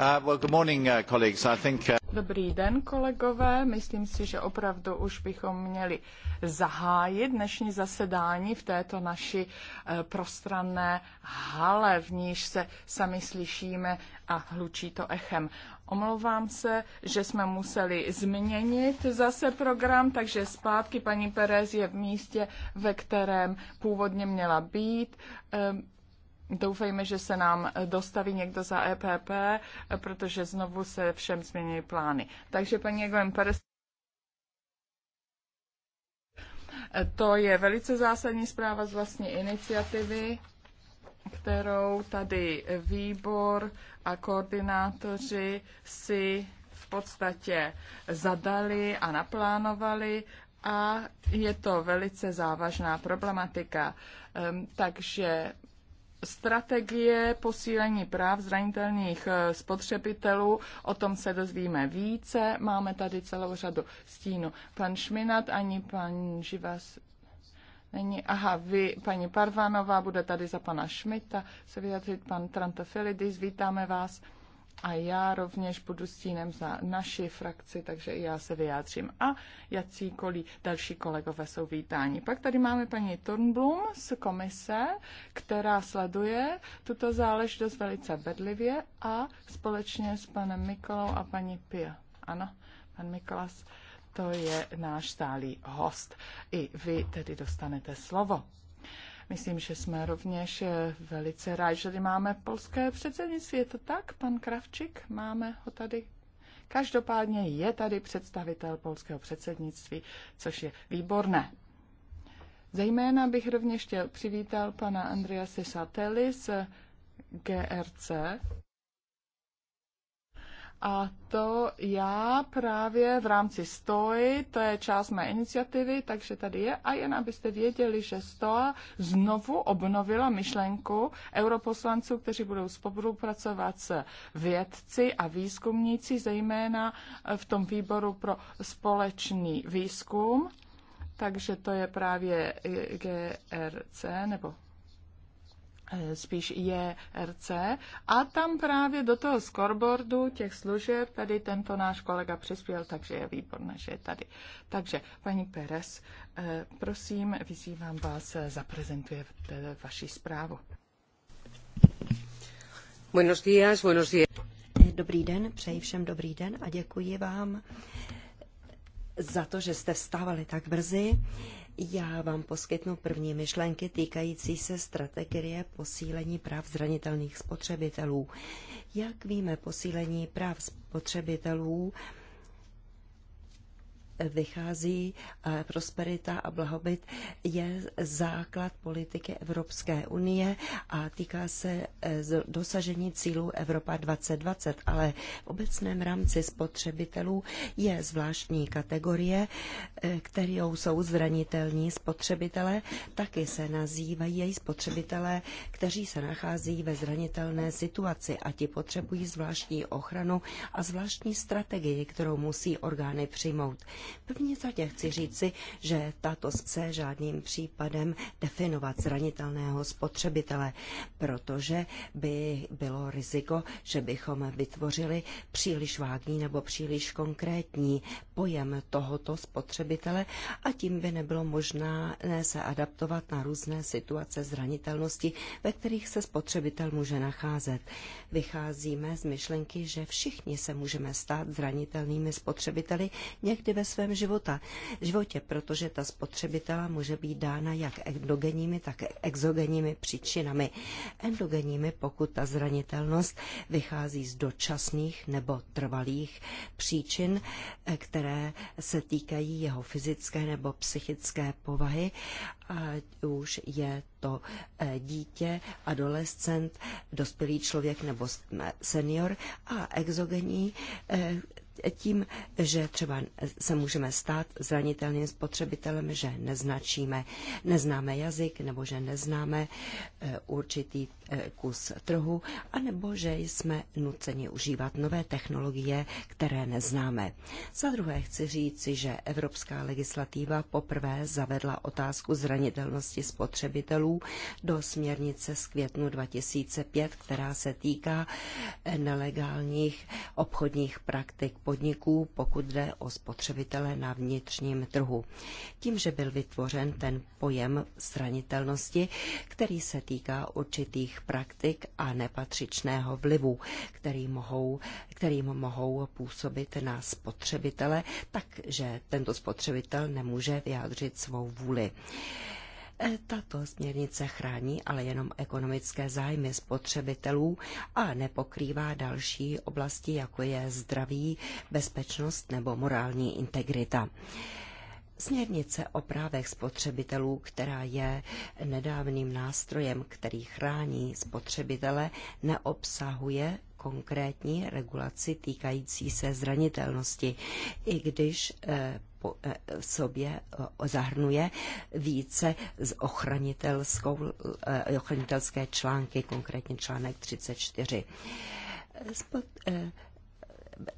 Uh, uh, uh, Dobrý den, kolegové. Myslím si, že opravdu už bychom měli zahájit dnešní zasedání v této naší eh, prostranné hale, v níž se sami slyšíme a hlučí to echem. Omlouvám se, že jsme museli změnit zase program, takže zpátky paní Perez je v místě, ve kterém původně měla být. Ehm, Doufejme, že se nám dostaví někdo za EPP, protože znovu se všem změní plány. Takže paní Egoem Perez. To je velice zásadní zpráva z vlastní iniciativy, kterou tady výbor a koordinátoři si v podstatě zadali a naplánovali a je to velice závažná problematika. Ehm, takže Strategie posílení práv zranitelných eh, spotřebitelů, o tom se dozvíme více. Máme tady celou řadu stínu. Pan Šminat ani pan Živas není. Aha, vy, paní Parvanová, bude tady za pana Šmita se vyjadřit pan Trantofilidis, Vítáme vás a já rovněž budu stínem za naši frakci, takže i já se vyjádřím. A jakýkoliv další kolegové jsou vítáni. Pak tady máme paní Turnblum z komise, která sleduje tuto záležitost velice bedlivě a společně s panem Mikolou a paní Pia. Ano, pan Mikolas, to je náš stálý host. I vy tedy dostanete slovo. Myslím, že jsme rovněž eh, velice rádi, že tady máme polské předsednictví. Je to tak, pan Kravčik? Máme ho tady? Každopádně je tady představitel polského předsednictví, což je výborné. Zejména bych rovněž chtěl přivítal pana Andreasa Satelis z GRC, a to já právě v rámci STOI, to je část mé iniciativy, takže tady je. A jen abyste věděli, že STOA znovu obnovila myšlenku europoslanců, kteří budou spolupracovat s vědci a výzkumníci, zejména eh, v tom výboru pro společný výzkum. Takže to je právě eh, GRC nebo Eh, spíš JRC. A tam právě do toho scoreboardu těch služeb tady tento náš kolega přispěl, takže je výborné, že je tady. Takže, paní Perez, eh, prosím, vyzývám vás, eh, zaprezentujete vaši zprávu. Buenos días, buenos días. Dobrý den, přeji všem dobrý den a děkuji vám za to, že jste vstávali tak brzy. Já vám poskytnu první myšlenky týkající se strategie posílení práv zranitelných spotřebitelů. Jak víme, posílení práv spotřebitelů vychází eh, prosperita a blahobyt, je základ politiky Evropské unie a týká se eh, dosažení cílů Evropa 2020, ale v obecném rámci spotřebitelů je zvláštní kategorie, eh, kterou jsou zranitelní spotřebitelé, taky se nazývají spotřebitelé, kteří se nachází ve zranitelné situaci a ti potřebují zvláštní ochranu a zvláštní strategii, kterou musí orgány přijmout. V první řadě chci říci, že tato se žádným případem definovat zranitelného spotřebitele, protože by bylo riziko, že bychom vytvořili příliš vágní nebo příliš konkrétní pojem tohoto spotřebitele a tím by nebylo možné se adaptovat na různé situace zranitelnosti, ve kterých se spotřebitel může nacházet. Vycházíme z myšlenky, že všichni se můžeme stát zranitelnými spotřebiteli někdy ve své svém života, životě, protože ta spotřebitela může být dána jak endogenními, tak exogenními příčinami. Endogenními, pokud ta zranitelnost vychází z dočasných nebo trvalých příčin, eh, které se týkají jeho fyzické nebo psychické povahy, a už je to eh, dítě, adolescent, dospělý člověk nebo senior a exogení eh, tím, že třeba se můžeme stát zranitelným spotřebitelem, že neznačíme, neznáme jazyk nebo že neznáme eh, určitý kus trhu, anebo že jsme nuceni užívat nové technologie, které neznáme. Za druhé chci říci, že evropská legislativa poprvé zavedla otázku zranitelnosti spotřebitelů do směrnice z květnu 2005, která se týká nelegálních obchodních praktik podniků, pokud jde o spotřebitele na vnitřním trhu. Tím, že byl vytvořen ten pojem zranitelnosti, který se týká určitých nekalých praktik a nepatřičného vlivu, který mohou, kterým mohou působit na spotřebitele, takže tento spotřebitel nemůže vyjádřit svou vůli. E, tato směrnice chrání ale jenom ekonomické zájmy spotřebitelů a nepokrývá další oblasti, jako je zdraví, bezpečnost nebo morální integrita. Směrnice o právech spotřebitelů, která je nedávným nástrojem, který chrání spotřebitele, neobsahuje konkrétní regulaci týkající se zranitelnosti, i když eh, eh, v sobě eh, zahrnuje více z ochranitelské články, konkrétně článek 34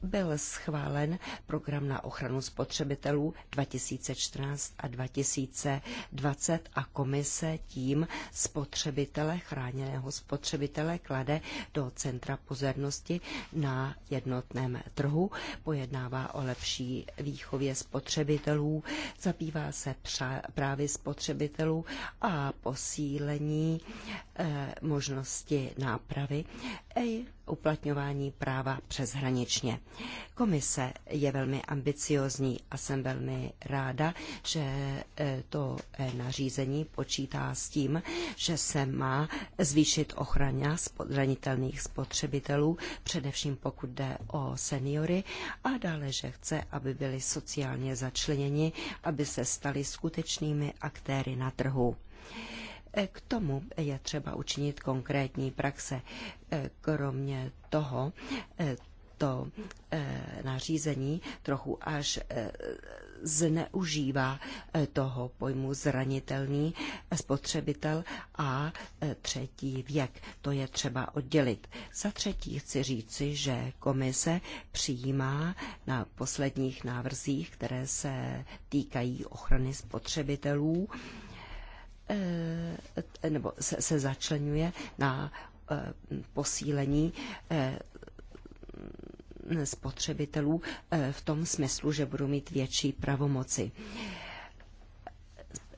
byl schválen program na ochranu spotřebitelů 2014 a 2020 a komise tím spotřebitele, chráněného spotřebitele, klade do centra pozornosti na jednotném trhu, pojednává o lepší výchově spotřebitelů, zabývá se právy spotřebitelů a posílení eh, možnosti nápravy. Ej, uplatňování práva přeshraničně. Komise je velmi ambiciozní a jsem velmi ráda, že e, to e, nařízení počítá s tím, že se má zvýšit ochrana zranitelných spotřebitelů, především pokud jde o seniory a dále, že chce, aby byli sociálně začleněni, aby se stali skutečnými aktéry na trhu. E, k tomu je třeba učinit konkrétní praxe. E, kromě toho e, to nařízení trochu až zneužívá toho pojmu zranitelný spotřebitel a třetí věk. To je třeba oddělit. Za třetí chci říci, že komise přijímá na posledních návrzích, které se týkají ochrany spotřebitelů, Eh, nebo se, se začlenuje na eh, posílení eh, spotřebitelů v tom smyslu, že budou mít větší pravomoci.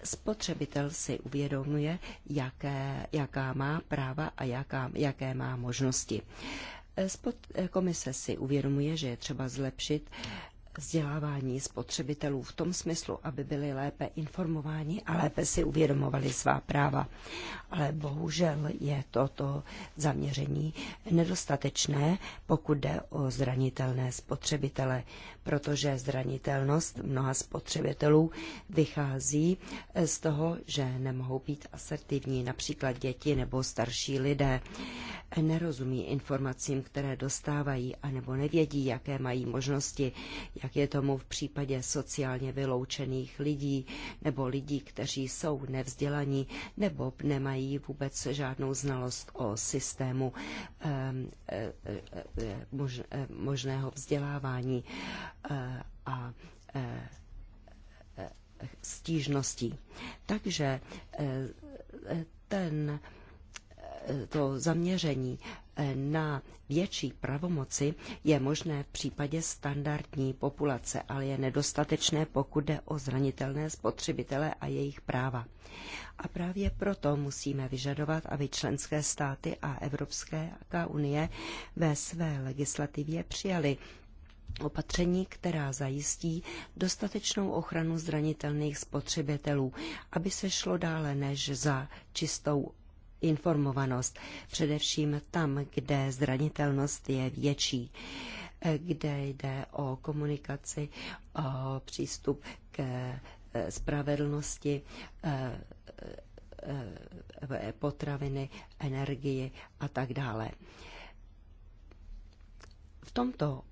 Spotřebitel si uvědomuje, jaké, jaká má práva a jaká, jaké má možnosti. Spot, komise si uvědomuje, že je třeba zlepšit vzdělávání spotřebitelů v tom smyslu, aby byli lépe informováni a lépe si uvědomovali svá práva. Ale bohužel je toto zaměření nedostatečné, pokud jde o zranitelné spotřebitele protože zranitelnost mnoha spotřebitelů vychází z toho, že nemohou být asertivní, například děti nebo starší lidé. Nerozumí informacím, které dostávají, anebo nevědí, jaké mají možnosti, jak je tomu v případě sociálně vyloučených lidí, nebo lidí, kteří jsou nevzdělaní, nebo nemají vůbec žádnou znalost o systému ehm, e, e, e, možného vzdělávání. Eh, a eh, stížností. Takže eh, ten, to zaměření na větší pravomoci je možné v případě standardní populace, ale je nedostatečné, pokud jde o zranitelné spotřebitele a jejich práva. A právě proto musíme vyžadovat, aby členské státy a Evropská unie ve své legislativě přijali opatření, která zajistí dostatečnou ochranu zranitelných spotřebitelů, aby se šlo dále než za čistou informovanost, především tam, kde zranitelnost je větší eh, kde jde o komunikaci, o přístup k eh, spravedlnosti, eh, potraviny, energii a tak dále. V tomto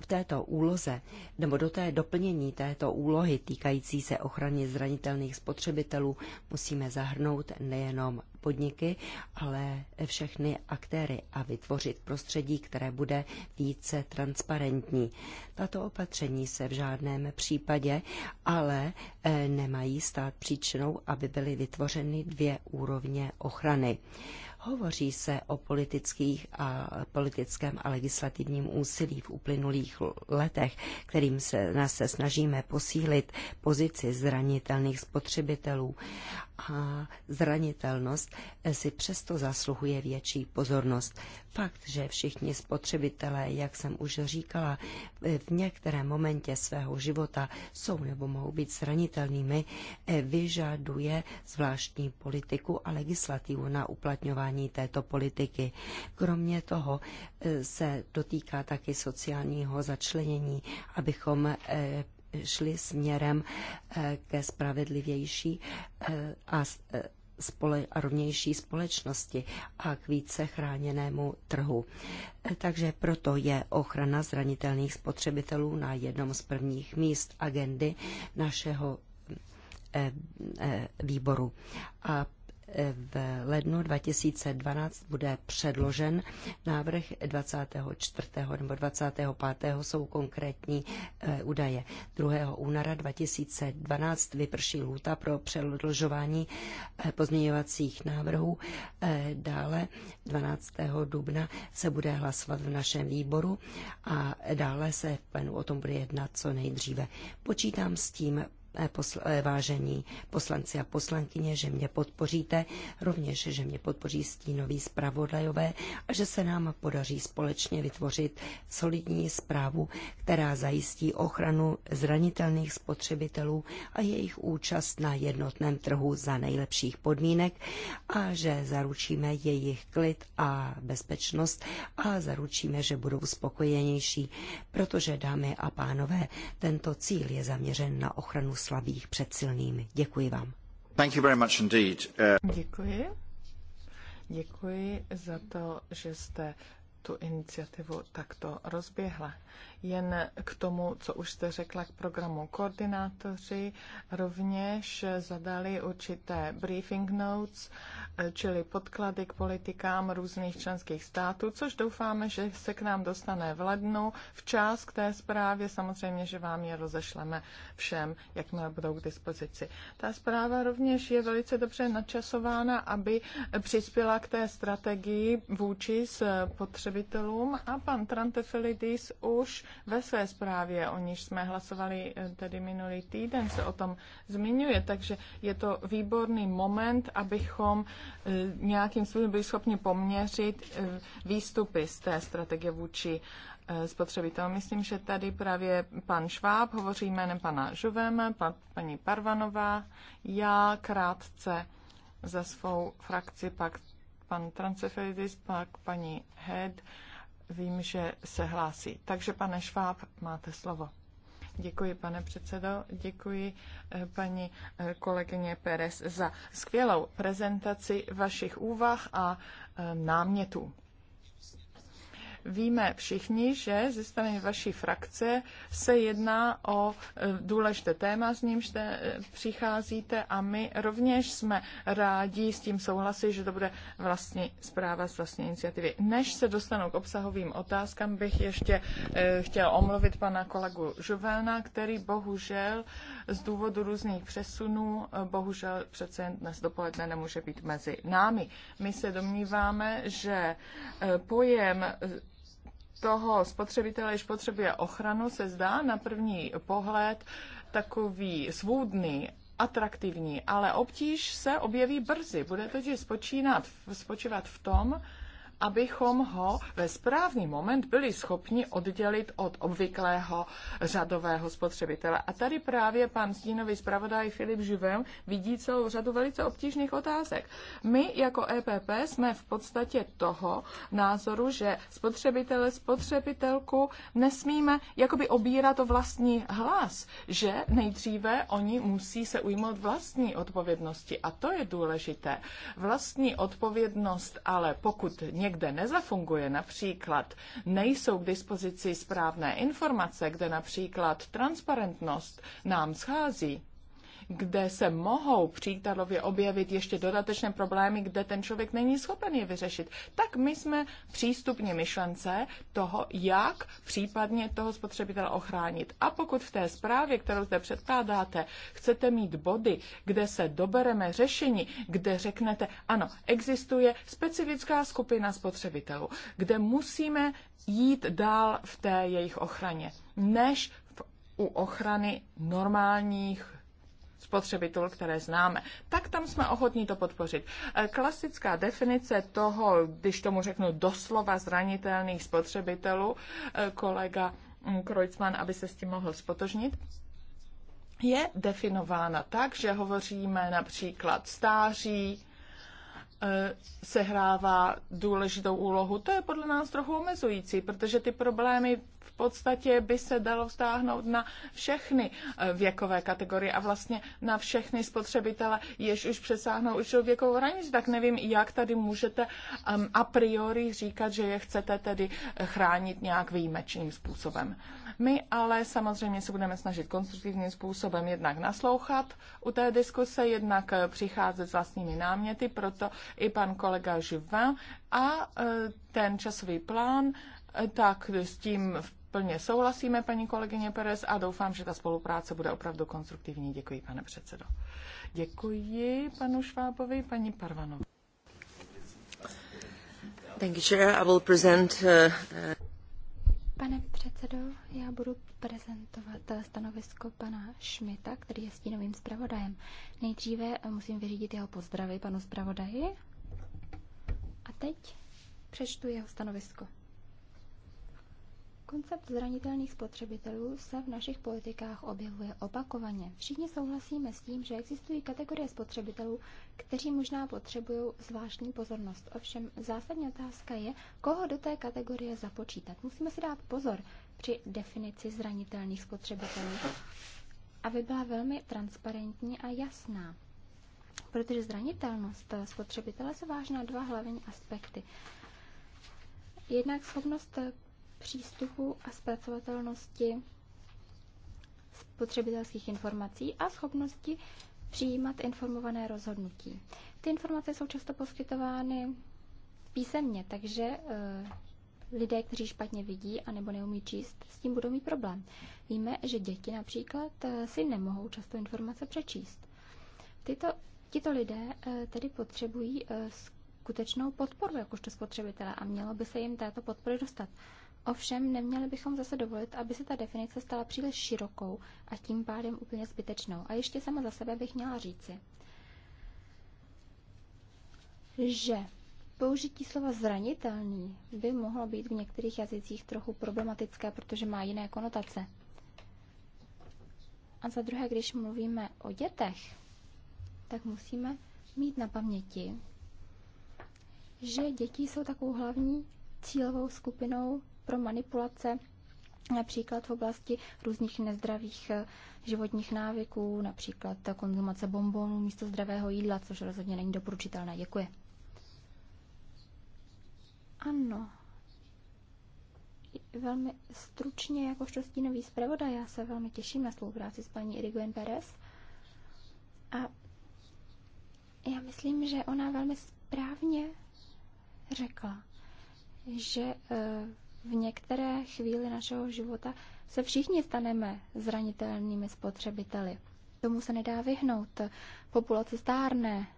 v této úloze nebo do té doplnění této úlohy týkající se ochrany zranitelných spotřebitelů musíme zahrnout nejenom podniky, ale všechny aktéry a vytvořit prostředí, které bude více transparentní. Tato opatření se v žádném případě ale eh, nemají stát příčinou, aby byly vytvořeny dvě úrovně ochrany. Hovoří se o politických a politickém a legislativním úsilí v uplynulých letech, kterým se, nás se snažíme posílit pozici zranitelných spotřebitelů. A zranitelnost si přesto zasluhuje větší pozornost fakt, že všichni spotřebitelé, jak jsem už říkala, eh, v některém momentě svého života jsou nebo mohou být zranitelnými, eh, vyžaduje zvláštní politiku a legislativu na uplatňování této politiky. Kromě toho eh, se dotýká taky sociálního začlenění, abychom šli směrem ke spravedlivější a spole, a rovnější společnosti a k více chráněnému trhu. E, takže proto je ochrana zranitelných spotřebitelů na jednom z prvních míst agendy našeho e, e, výboru. A v lednu 2012 bude předložen návrh 24. nebo 25. jsou konkrétní eh, údaje. 2. února 2012 vyprší lhůta pro předložování eh, pozměňovacích návrhů. Eh, dále 12. dubna se bude hlasovat v našem výboru a dále se v plenu o tom bude jednat co nejdříve. Počítám s tím Eh, posl- eh, vážení poslanci a poslankyně, že mě podpoříte, rovněž, že mě podpoří stínoví zpravodajové a že se nám podaří společně vytvořit solidní zprávu, která zajistí ochranu zranitelných spotřebitelů a jejich účast na jednotném trhu za nejlepších podmínek a že zaručíme jejich klid a bezpečnost a zaručíme, že budou spokojenější, protože, dámy a pánové, tento cíl je zaměřen na ochranu slabých před silnými. Děkuji vám. Thank you very much indeed. Uh, Děkuji. Děkuji za to, že jste tu iniciativu takto rozběhla jen k tomu, co už jste řekla k programu. Koordinátoři rovněž zadali určité briefing notes, čili podklady k politikám různých členských států, což doufáme, že se k nám dostane v lednu včas k té zprávě. Samozřejmě, že vám je rozešleme všem, jakmile budou k dispozici. Ta zpráva rovněž je velice dobře načasována, aby přispěla k té strategii vůči spotřebitelům a pan Trantefilidis už ve své zprávě, o níž jsme hlasovali eh, tedy minulý týden, se o tom zmiňuje, takže je to výborný moment, abychom eh, nějakým způsobem byli schopni poměřit eh, výstupy z té strategie vůči spotřebitel. Myslím, že tady právě pan Šváb hovoří jménem pana Žovem, pan, paní Parvanová, já krátce za svou frakci, pak pan Transeferidis, pak paní Head vím, že se hlásí. Takže, pane Šváb, máte slovo. Děkuji, pane předsedo, děkuji eh, paní eh, kolegyně Perez za skvělou prezentaci vašich úvah a eh, námětů. Víme všichni, že ze strany vaší frakce se jedná o e, důležité téma, s nímž e, přicházíte a my rovněž jsme rádi s tím souhlasí, že to bude vlastně zpráva z vlastní iniciativy. Než se dostanu k obsahovým otázkám, bych ještě e, chtěl omluvit pana kolegu Žovelna, který bohužel z důvodu různých přesunů, bohužel přece jen dnes dopoledne nemůže být mezi námi. My se domníváme, že pojem toho spotřebitele, když potřebuje ochranu, se zdá na první pohled takový svůdný, atraktivní, ale obtíž se objeví brzy. Bude totiž spočívat v tom, abychom ho ve správný moment byli schopni oddělit od obvyklého řadového spotřebitele. A tady právě pan stínový zpravodaj Filip Živem vidí celou řadu velice obtížných otázek. My jako EPP jsme v podstatě toho názoru, že spotřebitele spotřebitelku nesmíme jakoby obírat o vlastní hlas, že nejdříve oni musí se ujmout vlastní odpovědnosti. A to je důležité. Vlastní odpovědnost ale pokud někde nezafunguje, například nejsou k dispozici správné informace, kde například transparentnost nám schází, kde se mohou příkladově objevit ještě dodatečné problémy, kde ten člověk není schopen je vyřešit, tak my jsme přístupně myšlence toho, jak případně toho spotřebitele ochránit. A pokud v té zprávě, kterou zde předkládáte, chcete mít body, kde se dobereme řešení, kde řeknete, ano, existuje specifická skupina spotřebitelů, kde musíme jít dál v té jejich ochraně, než v, u ochrany normálních spotřebitel, které známe, tak tam jsme ochotní to podpořit. E, klasická definice toho, když tomu řeknu doslova zranitelných spotřebitelů, e, kolega mm, Kreutzmann, aby se s tím mohl spotožnit, je definována tak, že hovoříme například stáří, Eh, sehrává důležitou úlohu, to je podle nás trochu omezující, protože ty problémy v podstatě by se dalo vztáhnout na všechny eh, věkové kategorie a vlastně na všechny spotřebitele, jež už přesáhnou určitou věkovou hranici, tak nevím, jak tady můžete a priori říkat, že je chcete tedy chránit nějak výjimečným způsobem. My ale samozřejmě se budeme snažit konstruktivním způsobem jednak naslouchat u té diskuse, jednak eh, přicházet s vlastními náměty, proto i pan kolega Živin a eh, ten časový plán, eh, tak s tím plně souhlasíme, paní kolegyně Perez, a doufám, že ta spolupráce bude opravdu konstruktivní. Děkuji, pane předsedo. Děkuji panu Švábovi, paní Parvanovi. Thank you, Chair. I will present, uh, uh... Pane předsedo, já budu prezentovat stanovisko pana Šmita, který je stínovým zpravodajem. Nejdříve musím vyřídit jeho pozdravy panu zpravodaji. A teď přečtu jeho stanovisko. Koncept zranitelných spotřebitelů se v našich politikách objevuje opakovaně. Všichni souhlasíme s tím, že existují kategorie spotřebitelů, kteří možná potřebují zvláštní pozornost. Ovšem zásadní otázka je, koho do té kategorie započítat. Musíme si dát pozor při definici zranitelných spotřebitelů, aby byla velmi transparentní a jasná. Protože zranitelnost spotřebitele se váží na dva hlavní aspekty. Jednak schopnost přístupu a zpracovatelnosti spotřebitelských informací a schopnosti přijímat informované rozhodnutí. Ty informace jsou často poskytovány písemně, takže eh, lidé, kteří špatně vidí a nebo neumí číst, s tím budou mít problém. Víme, že děti například eh, si nemohou často informace přečíst. Tyto, tito lidé eh, tedy potřebují skutečnou podporu jakožto spotřebitele a mělo by se jim této podpory dostat. Ovšem neměli bychom zase dovolit, aby se ta definice stala příliš širokou a tím pádem úplně zbytečnou. A ještě sama za sebe bych měla říci, že použití slova zranitelný by mohlo být v některých jazycích trochu problematické, protože má jiné konotace. A za druhé, když mluvíme o dětech, tak musíme mít na paměti, že děti jsou takovou hlavní cílovou skupinou pro manipulace, například v oblasti různých nezdravých eh, životních návyků, například konzumace bonbonů místo zdravého jídla, což rozhodně není doporučitelné. Děkuji. Ano. Velmi stručně, jakožto stínový zpravodaj, já se velmi těším na spolupráci s paní Irigoyen Perez. A já myslím, že ona velmi správně řekla, že eh, v některé chvíli našeho života se všichni staneme zranitelnými spotřebiteli. Tomu se nedá vyhnout. Populace stárne.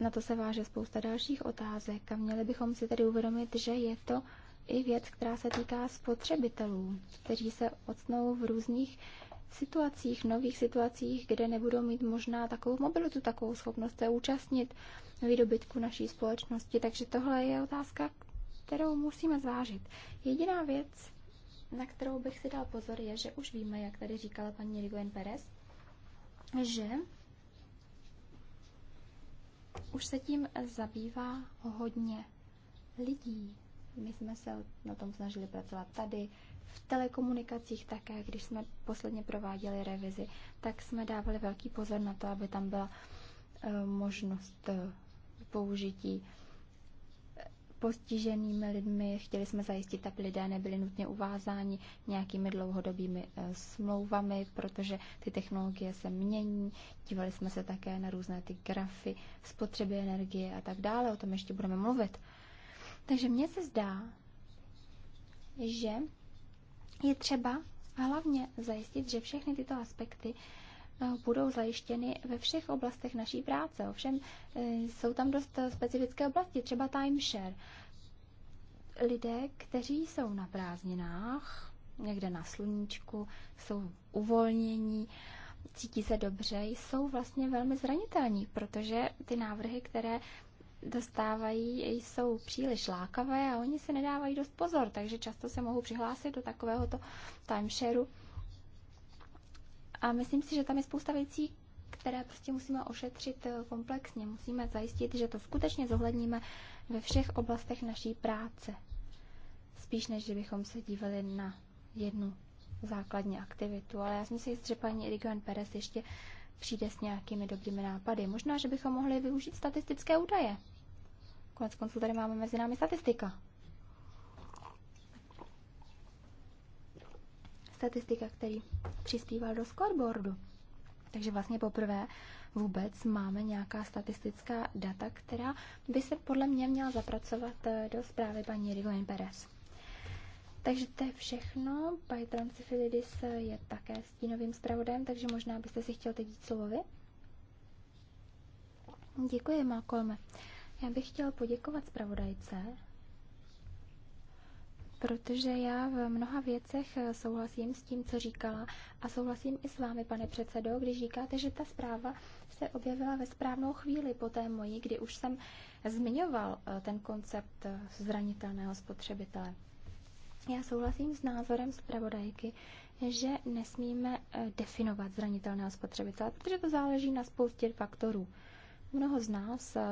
Na to se váže spousta dalších otázek a měli bychom si tedy uvědomit, že je to i věc, která se týká spotřebitelů, kteří se ocnou v různých situacích, nových situacích, kde nebudou mít možná takovou mobilitu, takovou schopnost se účastnit výdobytku naší společnosti. Takže tohle je otázka, kterou musíme zvážit. Jediná věc, na kterou bych si dal pozor, je, že už víme, jak tady říkala paní Riguen Perez, že už se tím zabývá hodně lidí. My jsme se na tom snažili pracovat tady, v telekomunikacích také, když jsme posledně prováděli revizi, tak jsme dávali velký pozor na to, aby tam byla eh, možnost eh, použití postiženými lidmi. Chtěli jsme zajistit, aby lidé nebyli nutně uvázáni nějakými dlouhodobými eh, smlouvami, protože ty technologie se mění. Dívali jsme se také na různé ty grafy spotřeby energie a tak dále. O tom ještě budeme mluvit. Takže mně se zdá, že je třeba hlavně zajistit, že všechny tyto aspekty budou zajištěny ve všech oblastech naší práce. Ovšem e, jsou tam dost specifické oblasti, třeba timeshare. Lidé, kteří jsou na prázdninách, někde na sluníčku, jsou uvolnění, cítí se dobře, jsou vlastně velmi zranitelní, protože ty návrhy, které dostávají, jsou příliš lákavé a oni se nedávají dost pozor, takže často se mohou přihlásit do takovéhoto timeshareu a myslím si, že tam je spousta věcí, které prostě musíme ošetřit eh, komplexně. Musíme zajistit, že to skutečně zohledníme ve všech oblastech naší práce. Spíš než kdybychom se dívali na jednu základní aktivitu. Ale já si myslím, že paní Irigoyen Perez ještě přijde s nějakými dobrými nápady. Možná, že bychom mohli využít statistické údaje. Konec konců tady máme mezi námi statistika. statistika, který přispíval do scoreboardu. Takže vlastně poprvé vůbec máme nějaká statistická data, která by se podle mě měla zapracovat eh, do zprávy paní Rigoyen Perez. Takže to je všechno. Python Cifilidis eh, je také stínovým zpravodajem, takže možná byste si chtěl teď dít slovo vy. Děkuji, Malcolme. Já bych chtěl poděkovat zpravodajce protože já v mnoha věcech eh, souhlasím s tím, co říkala a souhlasím i s vámi, pane předsedo, když říkáte, že ta zpráva se objevila ve správnou chvíli po té moji, kdy už jsem zmiňoval eh, ten koncept eh, zranitelného spotřebitele. Já souhlasím s názorem zpravodajky, že nesmíme definovat zranitelného spotřebitele, protože to záleží na spoustě faktorů. Mnoho z nás eh,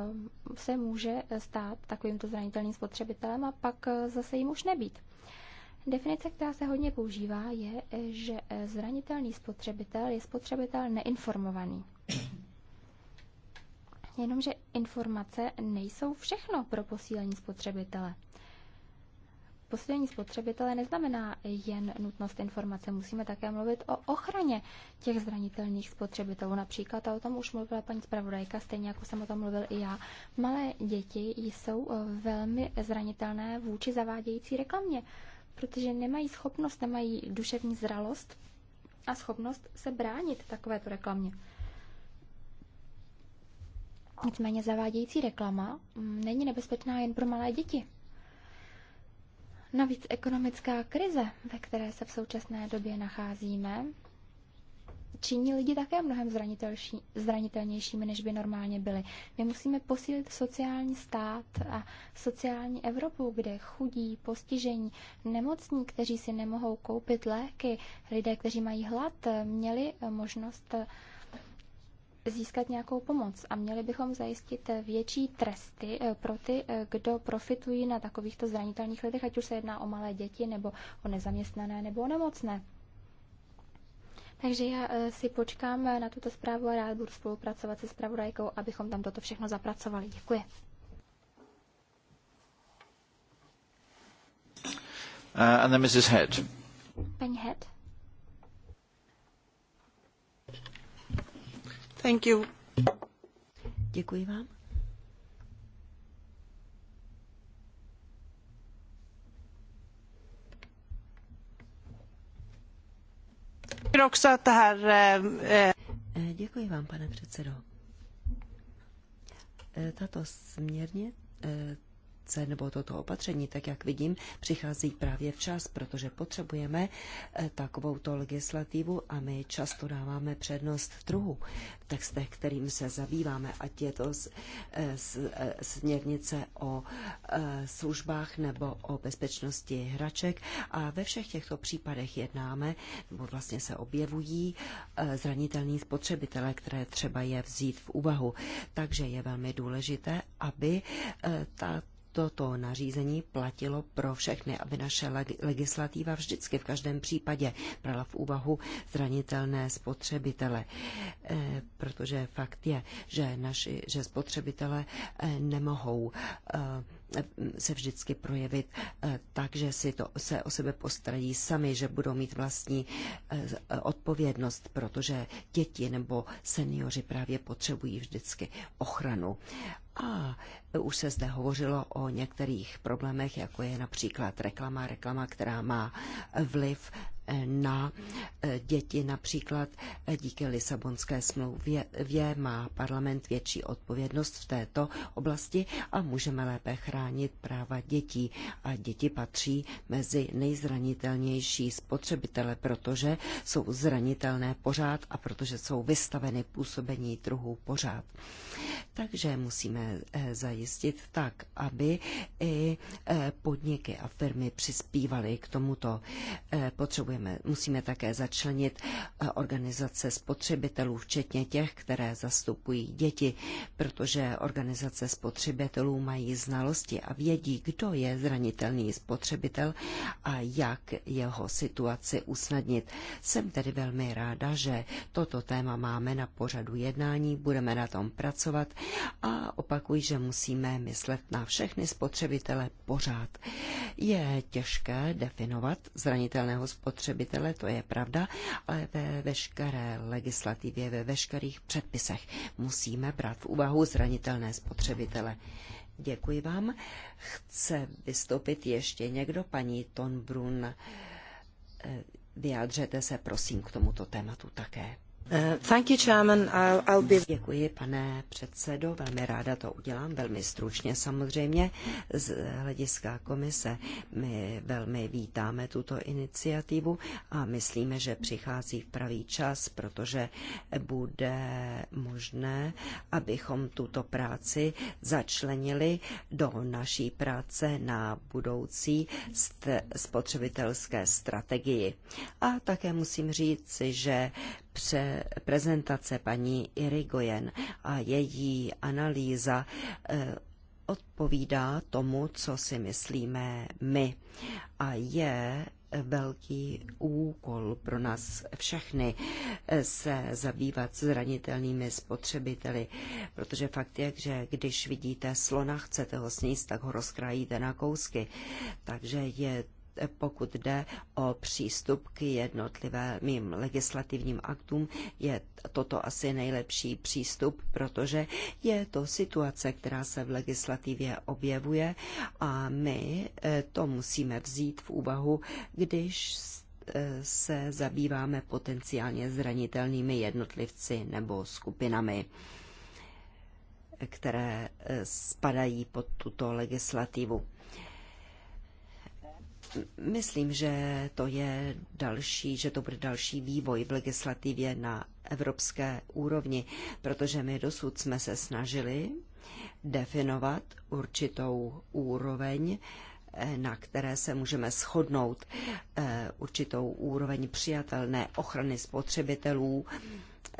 se může stát takovýmto zranitelným spotřebitelem a pak eh, zase jim už nebýt. Definice, která se hodně používá, je, že eh, zranitelný spotřebitel je spotřebitel neinformovaný. Jenomže informace nejsou všechno pro posílení spotřebitele. Posílení spotřebitele neznamená jen nutnost informace, musíme také mluvit o ochraně těch zranitelných spotřebitelů. Například, a o tom už mluvila paní zpravodajka, stejně jako jsem o tom mluvil i já, malé děti jsou eh, velmi zranitelné vůči zavádějící reklamě, protože nemají schopnost, nemají duševní zralost a schopnost se bránit takovéto reklamě. Nicméně zavádějící reklama mm, není nebezpečná jen pro malé děti. Navíc ekonomická krize, ve které se v současné době nacházíme, činí lidi také mnohem zranitelnějšími, než by normálně byli. My musíme posílit sociální stát a sociální Evropu, kde chudí, postižení, nemocní, kteří si nemohou koupit léky, lidé, kteří mají hlad, měli možnost získat nějakou pomoc a měli bychom zajistit větší tresty eh, pro ty, eh, kdo profitují na takovýchto zranitelných lidech, ať už se jedná o malé děti, nebo o nezaměstnané, nebo o nemocné. Takže já eh, si počkám na tuto zprávu a rád budu spolupracovat se zpravodajkou, abychom tam toto všechno zapracovali. Děkuji. Uh, and then Mrs. Head. Paní Head. Thank you. Děkuji vám. Eh, eh. Eh, děkuji vám, pane předsedo. Tato směrně, regulace nebo toto opatření, tak jak vidím, přichází právě včas, protože potřebujeme eh, takovouto legislativu a my často dáváme přednost v trhu v textech, kterým se zabýváme, ať je to z, eh, z, eh, směrnice o službách nebo o bezpečnosti hraček. A ve všech těchto případech jednáme, nebo vlastně se objevují zranitelní spotřebitele, které třeba je vzít v úvahu. Takže je velmi důležité, aby ta toto nařízení platilo pro všechny, aby naše legislativa vždycky v každém případě brala v úvahu zranitelné spotřebitele. Eh, protože fakt je, že, naši, že spotřebitele eh, nemohou eh, se vždycky projevit eh, tak, že si to, se o sebe postarají sami, že budou mít vlastní eh, odpovědnost, protože děti nebo seniori právě potřebují vždycky ochranu. A už se zde hovořilo o některých problémech, jako je například reklama, reklama, která má vliv na eh, děti. Například eh, díky Lisabonské smlouvě má parlament větší odpovědnost v této oblasti a můžeme lépe chránit práva dětí. A děti patří mezi nejzranitelnější spotřebitele, protože jsou zranitelné pořád a protože jsou vystaveny působení druhů pořád. Takže musíme eh, zajistit tak, aby i podniky a firmy přispívaly k tomuto. Potřebujeme musíme také začlenit eh, organizace spotřebitelů, včetně těch, které zastupují děti, protože organizace spotřebitelů mají znalosti a vědí, kdo je zranitelný spotřebitel a jak jeho situaci usnadnit. Jsem tedy velmi ráda, že toto téma máme na pořadu jednání, budeme na tom pracovat a opakuji, že musíme myslet na všechny spotřebitele pořád. Je těžké definovat zranitelného spotřebitele, spotřebitele, to je pravda, ale ve veškeré legislativě, ve veškerých předpisech musíme brát v úvahu zranitelné spotřebitele. Děkuji vám. Chce vystoupit ještě někdo, paní Tonbrun? Eh, vyjádřete se prosím k tomuto tématu také. Eh, thank you, Chairman. I'll, I'll be... Děkuji, pane předsedo. Velmi ráda to udělám, velmi stručně samozřejmě. Z hlediska komise my velmi vítáme tuto iniciativu a myslíme, že přichází v pravý čas, protože bude možné, abychom tuto práci začlenili do naší práce na budoucí spotřebitelské strategii. A také musím říct, že pře- prezentace paní Irigoyen a její analýza eh, odpovídá tomu, co si myslíme my. A je velký úkol pro nás všechny eh, se zabývat zranitelnými spotřebiteli, protože fakt je, že když vidíte slona, chcete ho sníst, tak ho rozkrájíte na kousky. Takže je pokud jde o přístup k jednotlivým legislativním aktům, je toto asi nejlepší přístup, protože je to situace, která se v legislativě objevuje a my eh, to musíme vzít v úvahu, když eh, se zabýváme potenciálně zranitelnými jednotlivci nebo skupinami které eh, spadají pod tuto legislativu. Myslím, že to je další, že to bude další vývoj v legislativě na evropské úrovni, protože my dosud jsme se snažili definovat určitou úroveň, eh, na které se můžeme shodnout, eh, určitou úroveň přijatelné ochrany spotřebitelů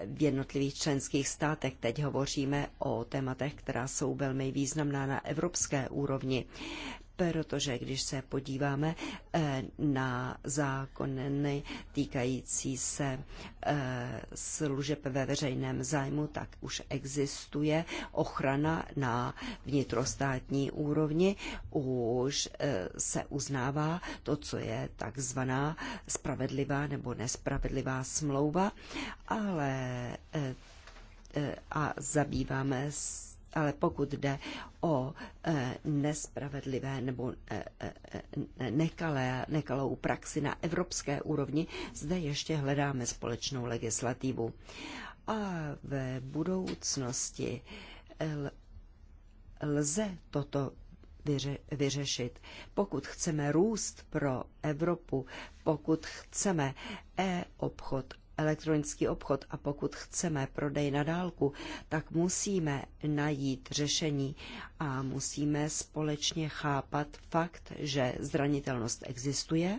v jednotlivých členských státech. Teď hovoříme o tématech, která jsou velmi významná na evropské úrovni protože když se podíváme eh, na zákony týkající se eh, služeb ve veřejném zájmu, tak už existuje ochrana na vnitrostátní úrovni, už eh, se uznává to, co je takzvaná spravedlivá nebo nespravedlivá smlouva, ale a zabýváme se ale pokud jde o eh, nespravedlivé nebo eh, eh, nekalé, nekalou praxi na evropské úrovni, zde ještě hledáme společnou legislativu. A v budoucnosti lze toto vyře- vyřešit. Pokud chceme růst pro Evropu, pokud chceme e-obchod elektronický obchod a pokud chceme prodej na dálku, tak musíme najít řešení a musíme společně chápat fakt, že zranitelnost existuje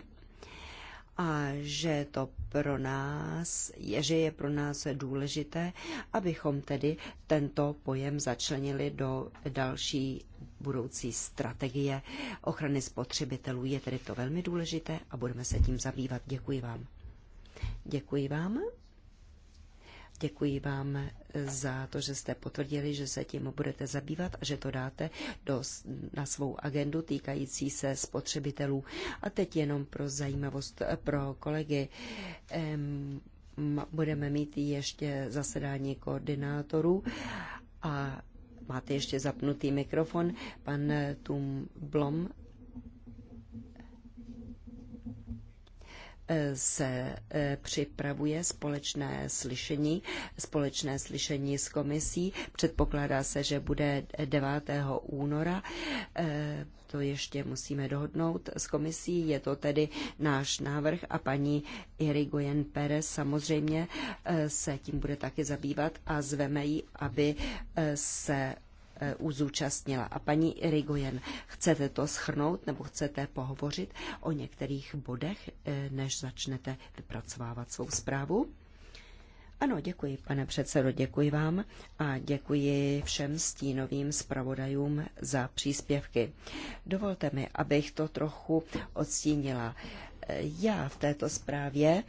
a že to pro nás, je, že je pro nás důležité, abychom tedy tento pojem začlenili do další budoucí strategie ochrany spotřebitelů. Je tedy to velmi důležité a budeme se tím zabývat. Děkuji vám. Děkuji vám. Děkuji vám za to, že jste potvrdili, že se tím budete zabývat a že to dáte do, na svou agendu týkající se spotřebitelů. A teď jenom pro zajímavost pro kolegy. Budeme mít ještě zasedání koordinátorů a máte ještě zapnutý mikrofon. Pan Tum Blom se e, připravuje společné slyšení, společné slyšení s komisí. Předpokládá se, že bude 9. února. E, to ještě musíme dohodnout s komisí. Je to tedy náš návrh a paní Irigoyen Perez samozřejmě e, se tím bude taky zabývat a zveme ji, aby se EU zúčastnila. A paní Rigojen, chcete to schrnout nebo chcete pohovořit o některých bodech, e, než začnete vypracovávat svou zprávu? Ano, děkuji, pane předsedo, děkuji vám a děkuji všem stínovým zpravodajům za příspěvky. Dovolte mi, abych to trochu odstínila. E, já v této zprávě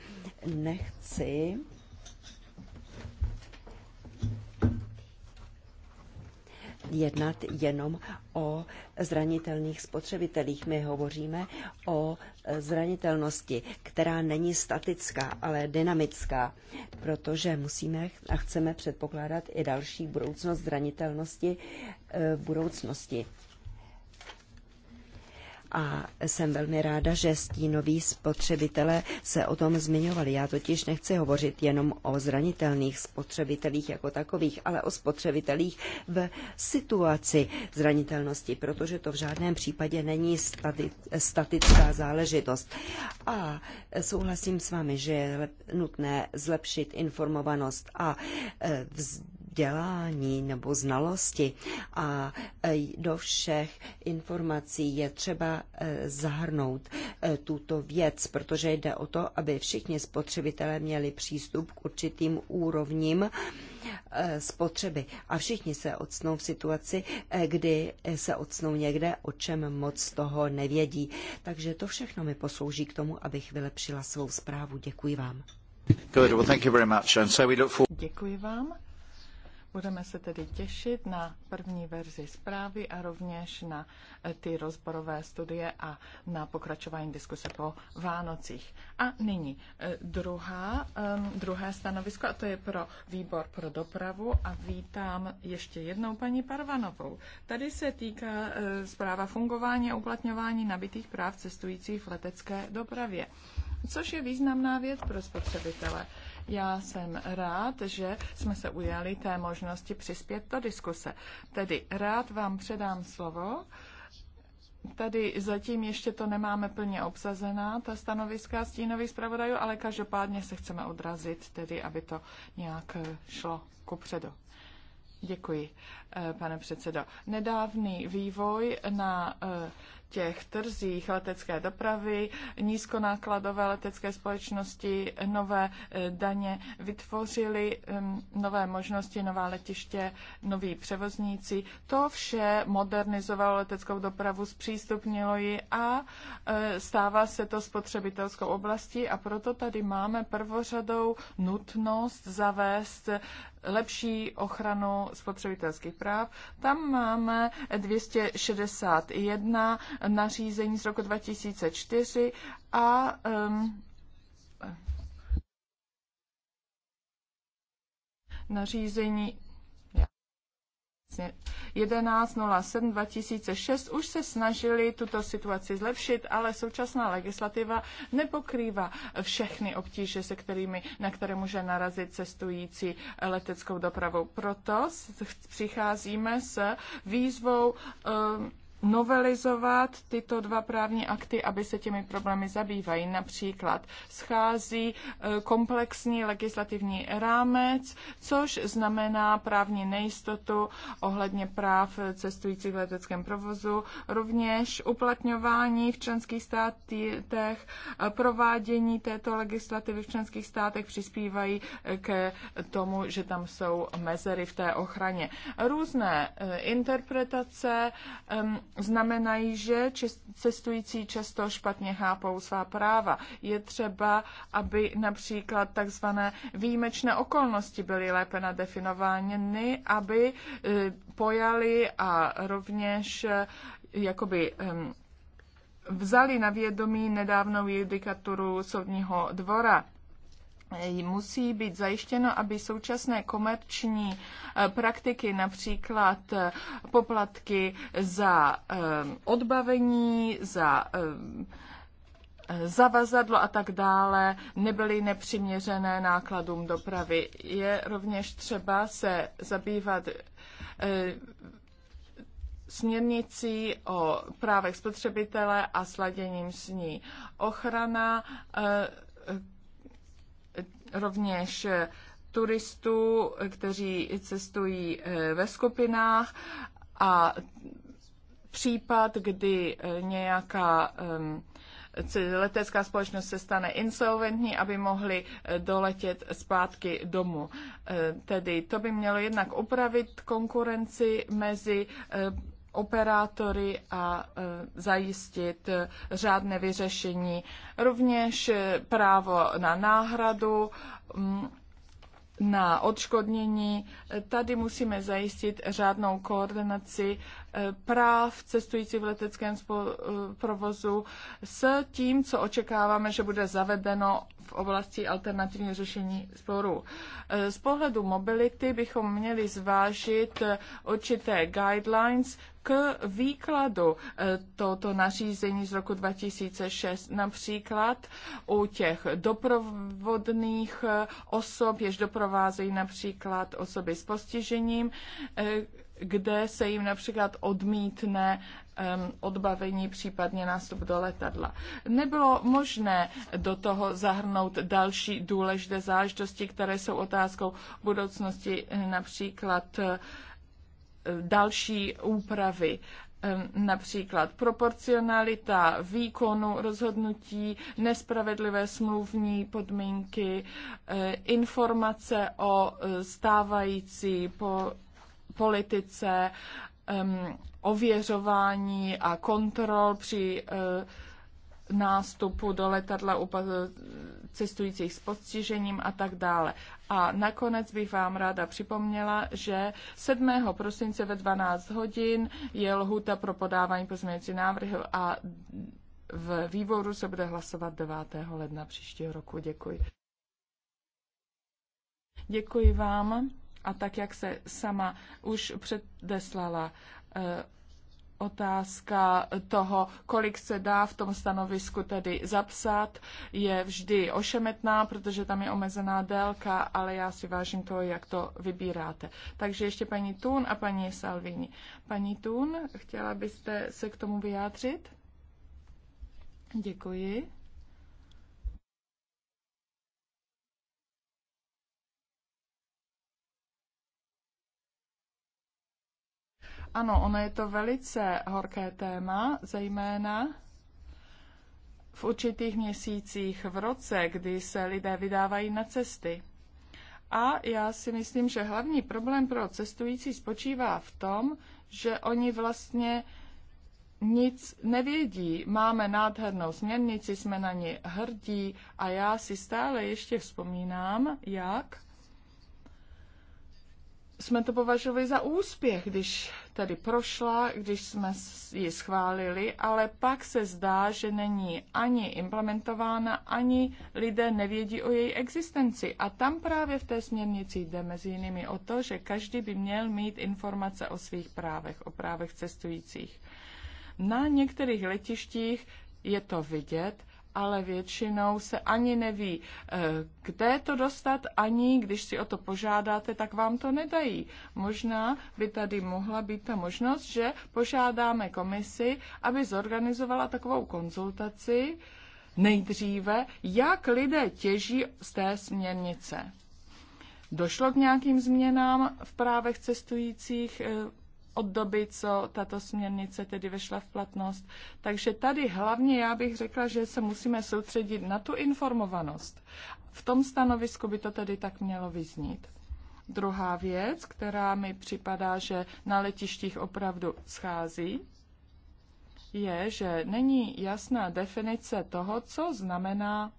nechci jednat jenom o zranitelných spotřebitelích. My hovoříme o zranitelnosti, která není statická, ale dynamická, protože musíme a chceme předpokládat i další budoucnost zranitelnosti eh, v budoucnosti a jsem velmi ráda, že stínoví spotřebitelé se o tom zmiňovali. Já totiž nechci hovořit jenom o zranitelných spotřebitelích jako takových, ale o spotřebitelích v situaci zranitelnosti, protože to v žádném případě není stati- statická záležitost. A souhlasím s vámi, že je nutné zlepšit informovanost a e, vzdělávání vzdělání nebo znalosti a e, do všech informací je třeba e, zahrnout e, tuto věc, protože jde o to, aby všichni spotřebitelé měli přístup k určitým úrovním spotřeby a všichni se odsnou v situaci, kdy se odsnou někde, o čem moc toho nevědí. Takže to všechno mi poslouží k tomu, abych vylepšila svou zprávu. Děkuji vám. Děkuji vám. Budeme se tedy těšit na první verzi zprávy a rovněž na eh, ty rozborové studie a na pokračování diskuse po Vánocích. A nyní eh, druhá, ehm, druhé stanovisko, a to je pro výbor pro dopravu a vítám ještě jednou paní Parvanovou. Tady se týká eh, zpráva fungování a uplatňování nabitých práv cestujících v letecké dopravě což je významná věc pro spotřebitele. Já jsem rád, že jsme se ujali té možnosti přispět do diskuse. Tedy rád vám předám slovo. Tady zatím ještě to nemáme plně obsazená, ta stanoviska stínových zpravodajů, ale každopádně se chceme odrazit, tedy aby to nějak eh, šlo kupředu. Děkuji, eh, pane předsedo. Nedávný vývoj na eh, těch trzích letecké dopravy, nízkonákladové letecké společnosti, nové eh, daně vytvořily nové možnosti, nová letiště, noví převozníci. To vše modernizovalo leteckou dopravu, zpřístupnilo ji a eh, stává se to spotřebitelskou oblastí a proto tady máme prvořadou nutnost zavést lepší ochranu spotřebitelských práv. Tam máme 261 nařízení z roku 2004 a um, nařízení 11.07.2006 už se snažili tuto situaci zlepšit, ale současná legislativa nepokrývá všechny obtíže, se kterými, na které může narazit cestující leteckou dopravou. Proto přicházíme s výzvou um, novelizovat tyto dva právní akty, aby se těmi problémy zabývají. Například schází e, komplexní legislativní rámec, což znamená právní nejistotu ohledně práv cestujících v leteckém provozu, rovněž uplatňování v členských státech, e, provádění této legislativy v členských státech přispívají e, k tomu, že tam jsou mezery v té ochraně. Různé interpretace znamenají, že cestující často špatně chápou svá práva. Je třeba, aby například takzvané výjimečné okolnosti byly lépe nadefinovány, aby e, pojali a rovněž e, jakoby vzali na vědomí nedávnou judikaturu soudního dvora musí být zajištěno, aby současné komerční eh, praktiky, například eh, poplatky za eh, odbavení, za zavazadlo a tak dále nebyly nepřiměřené nákladům dopravy. Je rovněž třeba se zabývat směrnicí o právech spotřebitele a sladěním s ní. Ochrana rovněž eh, turistů, kteří cestují eh, ve skupinách a případ, kdy eh, nějaká ehm, letecká společnost se stane insolventní, aby mohli doletět zpátky domů. Tedy to by mělo jednak upravit konkurenci mezi operátory a e, zajistit e, řádné vyřešení. Rovněž e, právo na náhradu, na odškodnění. Tady musíme zajistit řádnou koordinaci práv cestující v leteckém eh, provozu s tím, co očekáváme, že bude zavedeno v oblasti alternativní řešení sporů. Eh, z pohledu mobility bychom měli zvážit eh, určité guidelines k výkladu tohoto nařízení z roku 2006, například u těch doprovodných osob, jež doprovázejí například osoby s postižením, kde se jim například odmítne odbavení, případně nástup do letadla. Nebylo možné do toho zahrnout další důležité záležitosti, které jsou otázkou budoucnosti, například eh, další úpravy například proporcionalita výkonu rozhodnutí, nespravedlivé smluvní podmínky, eh, informace o eh, stávající po politice, ověřování a kontrol při eh, nástupu do letadla u cestujících s postižením a tak dále. A nakonec bych vám ráda připomněla, že 7. prosince ve 12 hodin je lhuta pro podávání pozměňující návrhu a v výboru se bude hlasovat 9. ledna příštího roku. Děkuji. Děkuji vám. A tak, jak se sama už předeslala, eh, otázka toho, kolik se dá v tom stanovisku tedy zapsat, je vždy ošemetná, protože tam je omezená délka, ale já si vážím toho, jak to vybíráte. Takže ještě paní Tun a paní Salvini. Paní Tun, chtěla byste se k tomu vyjádřit? Děkuji. Ano, ono je to velice horké téma, zejména v určitých měsících v roce, kdy se lidé vydávají na cesty. A já si myslím, že hlavní problém pro cestující spočívá v tom, že oni vlastně nic nevědí. Máme nádhernou směrnici, jsme na ní hrdí a já si stále ještě vzpomínám, jak jsme to považovali za úspěch, když tady prošla, když jsme ji schválili, ale pak se zdá, že není ani implementována, ani lidé nevědí o její existenci. A tam právě v té směrnici jde mezi jinými o to, že každý by měl mít informace o svých právech, o právech cestujících. Na některých letištích je to vidět, ale většinou se ani neví, eh, kde to dostat, ani když si o to požádáte, tak vám to nedají. Možná by tady mohla být ta možnost, že požádáme komisi, aby zorganizovala takovou konzultaci nejdříve, jak lidé těží z té směrnice. Došlo k nějakým změnám v právech cestujících eh, od doby, co tato směrnice tedy vešla v platnost. Takže tady hlavně já bych řekla, že se musíme soustředit na tu informovanost. V tom stanovisku by to tedy tak mělo vyznít. Druhá věc, která mi připadá, že na letištích opravdu schází, je, že není jasná definice toho, co znamená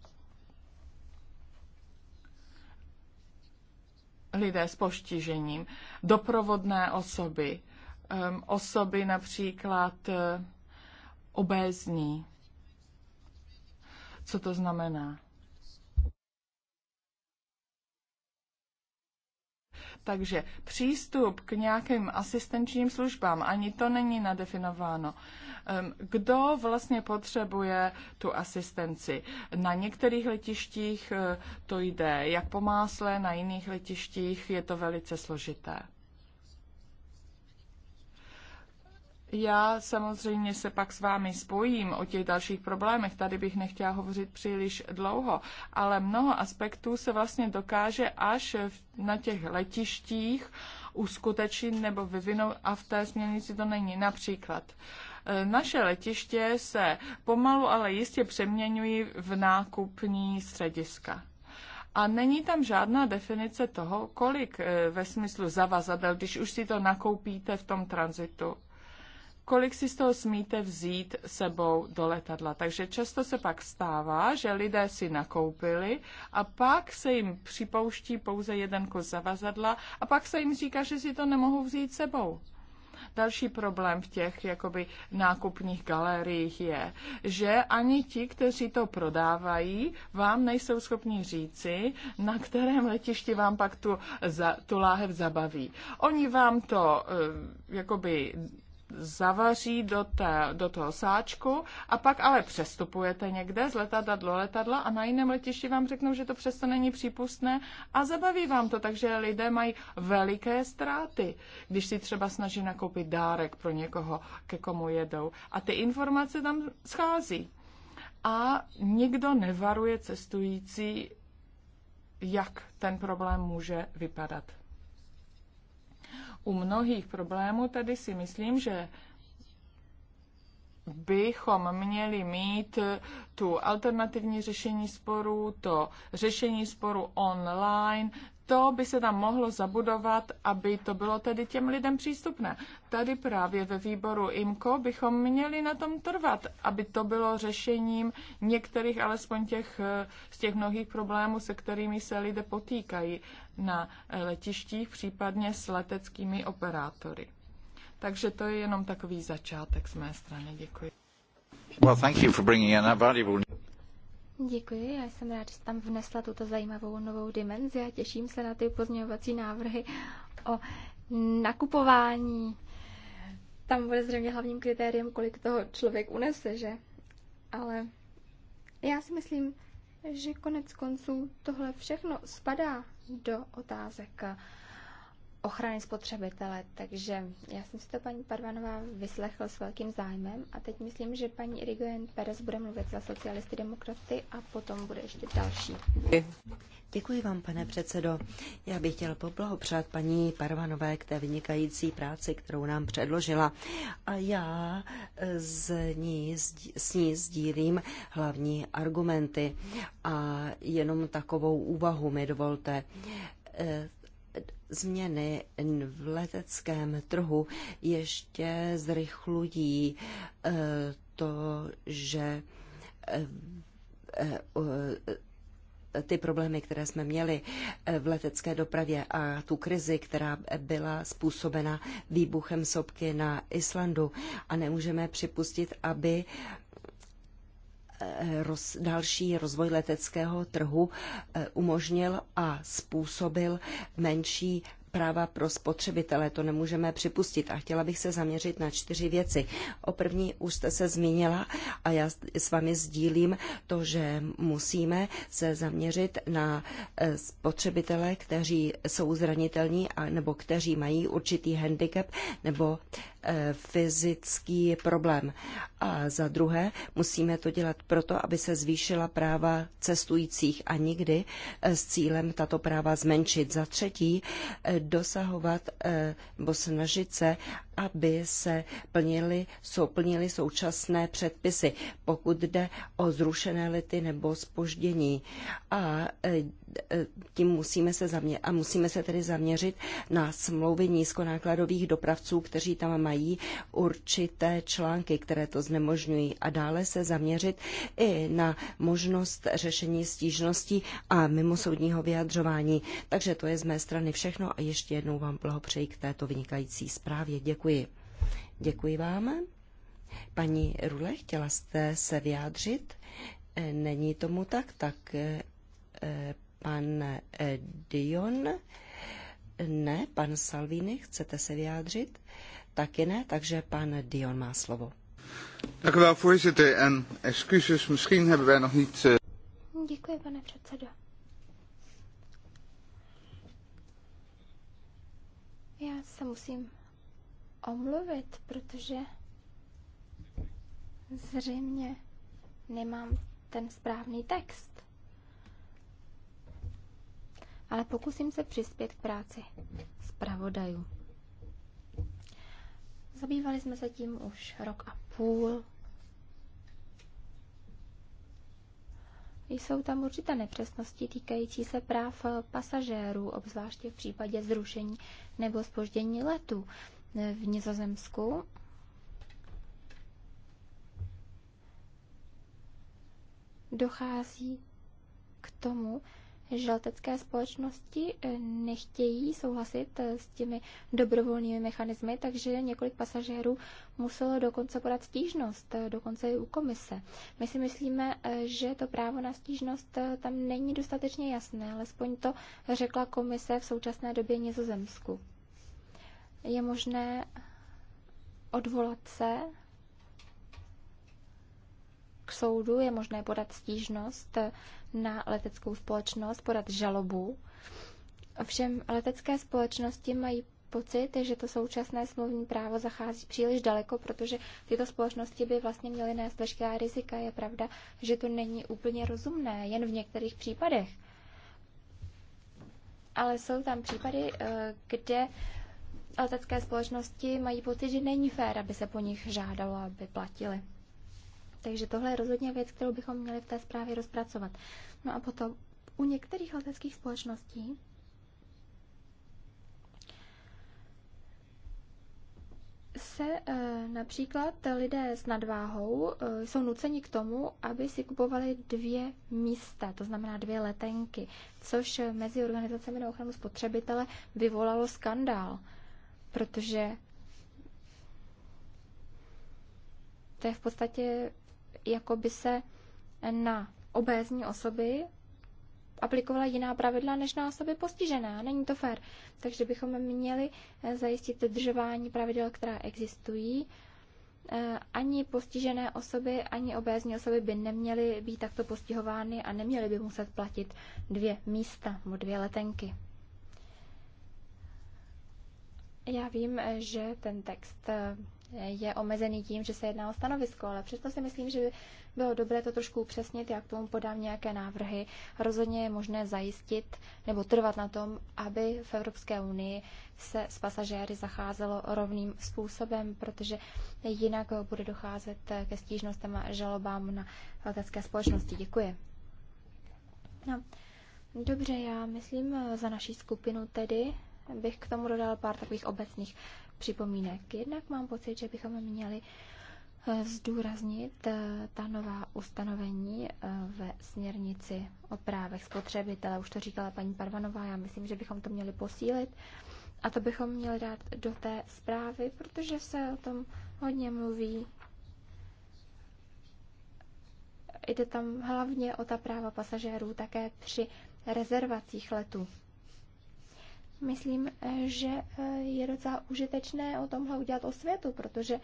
lidé s postižením, doprovodné osoby, um, osoby například uh, obézní. Co to znamená? Takže přístup k nějakým asistenčním službám, ani to není nadefinováno. Um, kdo vlastně potřebuje tu asistenci? Na některých letištích uh, to jde jak po másle, na jiných letištích je to velice složité. Já samozřejmě se pak s vámi spojím o těch dalších problémech. Tady bych nechtěla hovořit příliš dlouho, ale mnoho aspektů se vlastně dokáže až na těch letištích uskutečnit nebo vyvinout a v té směrnici to není. Například e, naše letiště se pomalu, ale jistě přeměňují v nákupní střediska. A není tam žádná definice toho, kolik e, ve smyslu zavazadel, když už si to nakoupíte v tom tranzitu, kolik si z toho smíte vzít sebou do letadla. Takže často se pak stává, že lidé si nakoupili a pak se jim připouští pouze jeden kus zavazadla a pak se jim říká, že si to nemohou vzít sebou. Další problém v těch jakoby nákupních galeriích je, že ani ti, kteří to prodávají, vám nejsou schopni říci, na kterém letišti vám pak tu, za, tu láhev zabaví. Oni vám to eh, jakoby zavaří do, té, do toho sáčku a pak ale přestupujete někde z letadla do letadla a na jiném letišti vám řeknou, že to přesto není přípustné a zabaví vám to, takže lidé mají veliké ztráty, když si třeba snaží nakoupit dárek pro někoho, ke komu jedou. A ty informace tam schází. A nikdo nevaruje cestující, jak ten problém může vypadat u mnohých problémů tady si myslím, že bychom měli mít tu alternativní řešení sporů, to řešení sporu online, to by se tam mohlo zabudovat, aby to bylo tedy těm lidem přístupné. Tady právě ve výboru Imko bychom měli na tom trvat, aby to bylo řešením některých, alespoň těch, z těch mnohých problémů, se kterými se lidé potýkají na letištích, případně s leteckými operátory. Takže to je jenom takový začátek z mé strany. Děkuji. Well, thank you for bringing in that valuable... Děkuji, já jsem rád, že jste tam vnesla tuto zajímavou novou dimenzi a těším se na ty pozměňovací návrhy o nakupování. Tam bude zřejmě hlavním kritériem, kolik toho člověk unese, že? Ale já si myslím, že konec konců tohle všechno spadá do otázek ochrany spotřebitele. Takže já jsem si to paní Parvanová vyslechl s velkým zájmem a teď myslím, že paní Irigoyen Perez bude mluvit za socialisty demokraty a potom bude ještě další. Děkuji vám, pane předsedo. Já bych chtěl poblahopřát paní Parvanové k té vynikající práci, kterou nám předložila. A já z ní, s ní sdílím hlavní argumenty a jenom takovou úvahu mi dovolte změny v leteckém trhu ještě zrychlují eh, to, že eh, eh, ty problémy, které jsme měli v letecké dopravě a tu krizi, která byla způsobena výbuchem sopky na Islandu. A nemůžeme připustit, aby roz, další rozvoj leteckého trhu eh, umožnil a způsobil menší práva pro spotřebitele. To nemůžeme připustit a chtěla bych se zaměřit na čtyři věci. O první už jste se zmínila a já s vámi sdílím to, že musíme se zaměřit na eh, spotřebitele, kteří jsou zranitelní a, nebo kteří mají určitý handicap nebo eh, fyzický problém. A za druhé, musíme to dělat proto, aby se zvýšila práva cestujících a nikdy eh, s cílem tato práva zmenšit. Za třetí, dosahovat eh, nebo snažit se, aby se plnili, jsou, plnili současné předpisy, pokud jde o zrušené lety nebo spoždění. A eh, tím musíme se zaměřit a musíme se tedy zaměřit na smlouvy nízkonákladových dopravců, kteří tam mají určité články, které to znemožňují a dále se zaměřit i na možnost řešení stížností a mimosoudního vyjadřování. Takže to je z mé strany všechno a ještě jednou vám blahopřeji k této vynikající zprávě. Děkuji. Děkuji vám. Paní Rule, chtěla jste se vyjádřit? Není tomu tak, tak eh, Pan eh, Dion? Ne, pan Salvini, chcete se vyjádřit? Taky ne, takže pan Dion má slovo. Dank wel, voorzitter. En excuses, misschien hebben wij nog niet... Eh, Děkuji, pane předsedo. Já se musím omluvit, protože zřejmě nemám ten správný text ale pokusím se přispět k práci zpravodajů. Zabývali jsme se tím už rok a půl. Jsou tam určité nepřesnosti týkající se práv pasažérů, obzvláště v případě zrušení nebo spoždění letu v Nizozemsku. Dochází k tomu, že letecké společnosti eh, nechtějí souhlasit eh, s těmi dobrovolnými mechanismy, takže několik pasažérů muselo dokonce podat stížnost, eh, dokonce i u komise. My si myslíme, že to právo na stížnost tam není dostatečně jasné, alespoň to řekla komise v současné době Nizozemsku. Je možné odvolat se k soudu, je možné podat stížnost na leteckou společnost, podat žalobu. Ovšem letecké společnosti mají pocit, že to současné smluvní právo zachází příliš daleko, protože tyto společnosti by vlastně měly nést veškerá rizika. Je pravda, že to není úplně rozumné, jen v některých případech. Ale jsou tam případy, eh, kde letecké společnosti mají pocit, že není fér, aby se po nich žádalo, aby platili. Takže tohle je rozhodně věc, kterou bychom měli v té zprávě rozpracovat. No a potom u některých leteckých společností se eh, například lidé s nadváhou eh, jsou nuceni k tomu, aby si kupovali dvě místa, to znamená dvě letenky, což mezi organizacemi na ochranu spotřebitele vyvolalo skandál, protože to je v podstatě jako by se na obézní osoby aplikovala jiná pravidla než na osoby postižené. Není to fér. Takže bychom měli eh, zajistit dodržování pravidel, která existují. Eh, ani postižené osoby, ani obézní osoby by neměly být takto postihovány a neměly by muset platit dvě místa nebo dvě letenky. Já vím, eh, že ten text je omezený tím, že se jedná o stanovisko, ale přesto si myslím, že by bylo dobré to trošku upřesnit, jak tomu podám nějaké návrhy. Rozhodně je možné zajistit nebo trvat na tom, aby v Evropské unii se s pasažéry zacházelo rovným způsobem, protože jinak bude docházet ke stížnostem a žalobám na letecké společnosti. Děkuji. No. Dobře, já myslím za naší skupinu tedy bych k tomu dodal pár takových obecných připomínek. Jednak mám pocit, že bychom měli eh, zdůraznit eh, ta nová ustanovení eh, ve směrnici o právech spotřebitele. Už to říkala paní Parvanová, já myslím, že bychom to měli posílit a to bychom měli dát do té zprávy, protože se o tom hodně mluví. Jde tam hlavně o ta práva pasažérů také při rezervacích letů myslím, eh, že eh, je docela užitečné o tomhle udělat osvětu, protože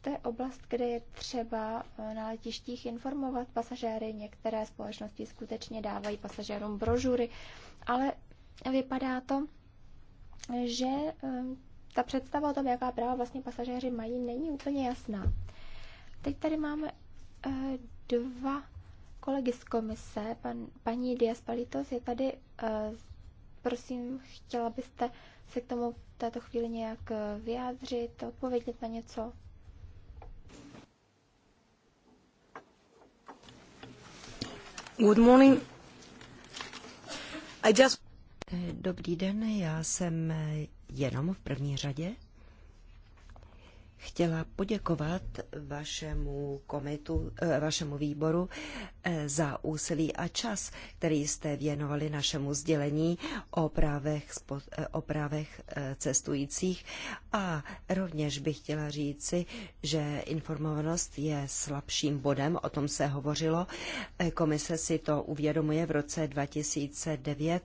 to je oblast, kde je třeba eh, na letištích informovat pasažéry. Některé společnosti skutečně dávají pasažérům brožury, ale vypadá to, že ta představa o tom, jaká práva vlastně pasažéři mají, není úplně jasná. Teď tady máme dva kolegy z komise. Pan, paní Diaz Palitos je tady Prosím, chtěla byste se k tomu v této chvíli nějak eh, vyjádřit, odpovědět na něco? Good morning. I just... Eh, dobrý den, já jsem eh, jenom v první řadě chtěla poděkovat vašemu komitu, vašemu výboru Eh, za úsilí a čas, který jste věnovali našemu sdělení o právech, eh, o právech eh, cestujících. A rovněž bych chtěla říci, že informovanost je slabším bodem, o tom se hovořilo. Komise si to uvědomuje v roce 2009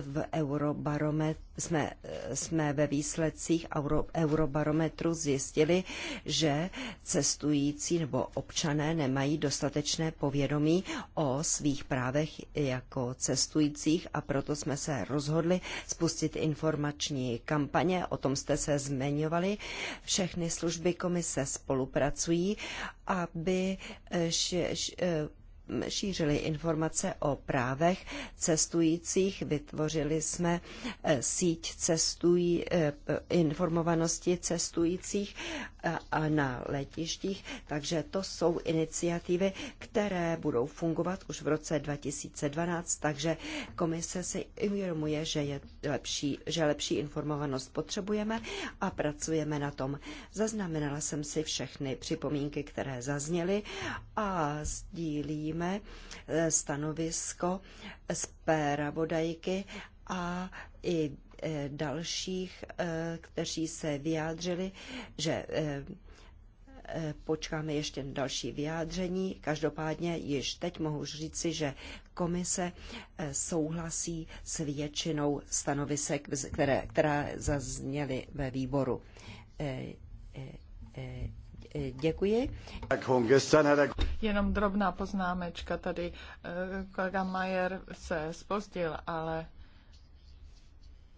v Eurobarometru jsme, jsme ve výsledcích Euro, Eurobarometru zjistili, že cestující nebo občané nemají dostatečné povědomí vědomí o svých právech jako cestujících a proto jsme se rozhodli spustit informační kampaně, o tom jste se zmiňovali. Všechny služby komise spolupracují, aby š, š, šířili informace o právech cestujících, vytvořili jsme eh, síť cestují, eh, informovanosti cestujících eh, a na letištích, takže to jsou iniciativy, které budou fungovat už v roce 2012, takže komise si uvědomuje, že je lepší, že lepší informovanost potřebujeme a pracujeme na tom. Zaznamenala jsem si všechny připomínky, které zazněly a sdílím máme eh, stanovisko z Péravodajky a i eh, dalších, eh, kteří se vyjádřili, že počkáme ještě na další vyjádření. Každopádně již teď mohu říci, že komise souhlasí s většinou stanovisek, které, která zazněly ve výboru. Děkuji. Jenom drobná poznámečka tady. Kolega Majer se spozdil, ale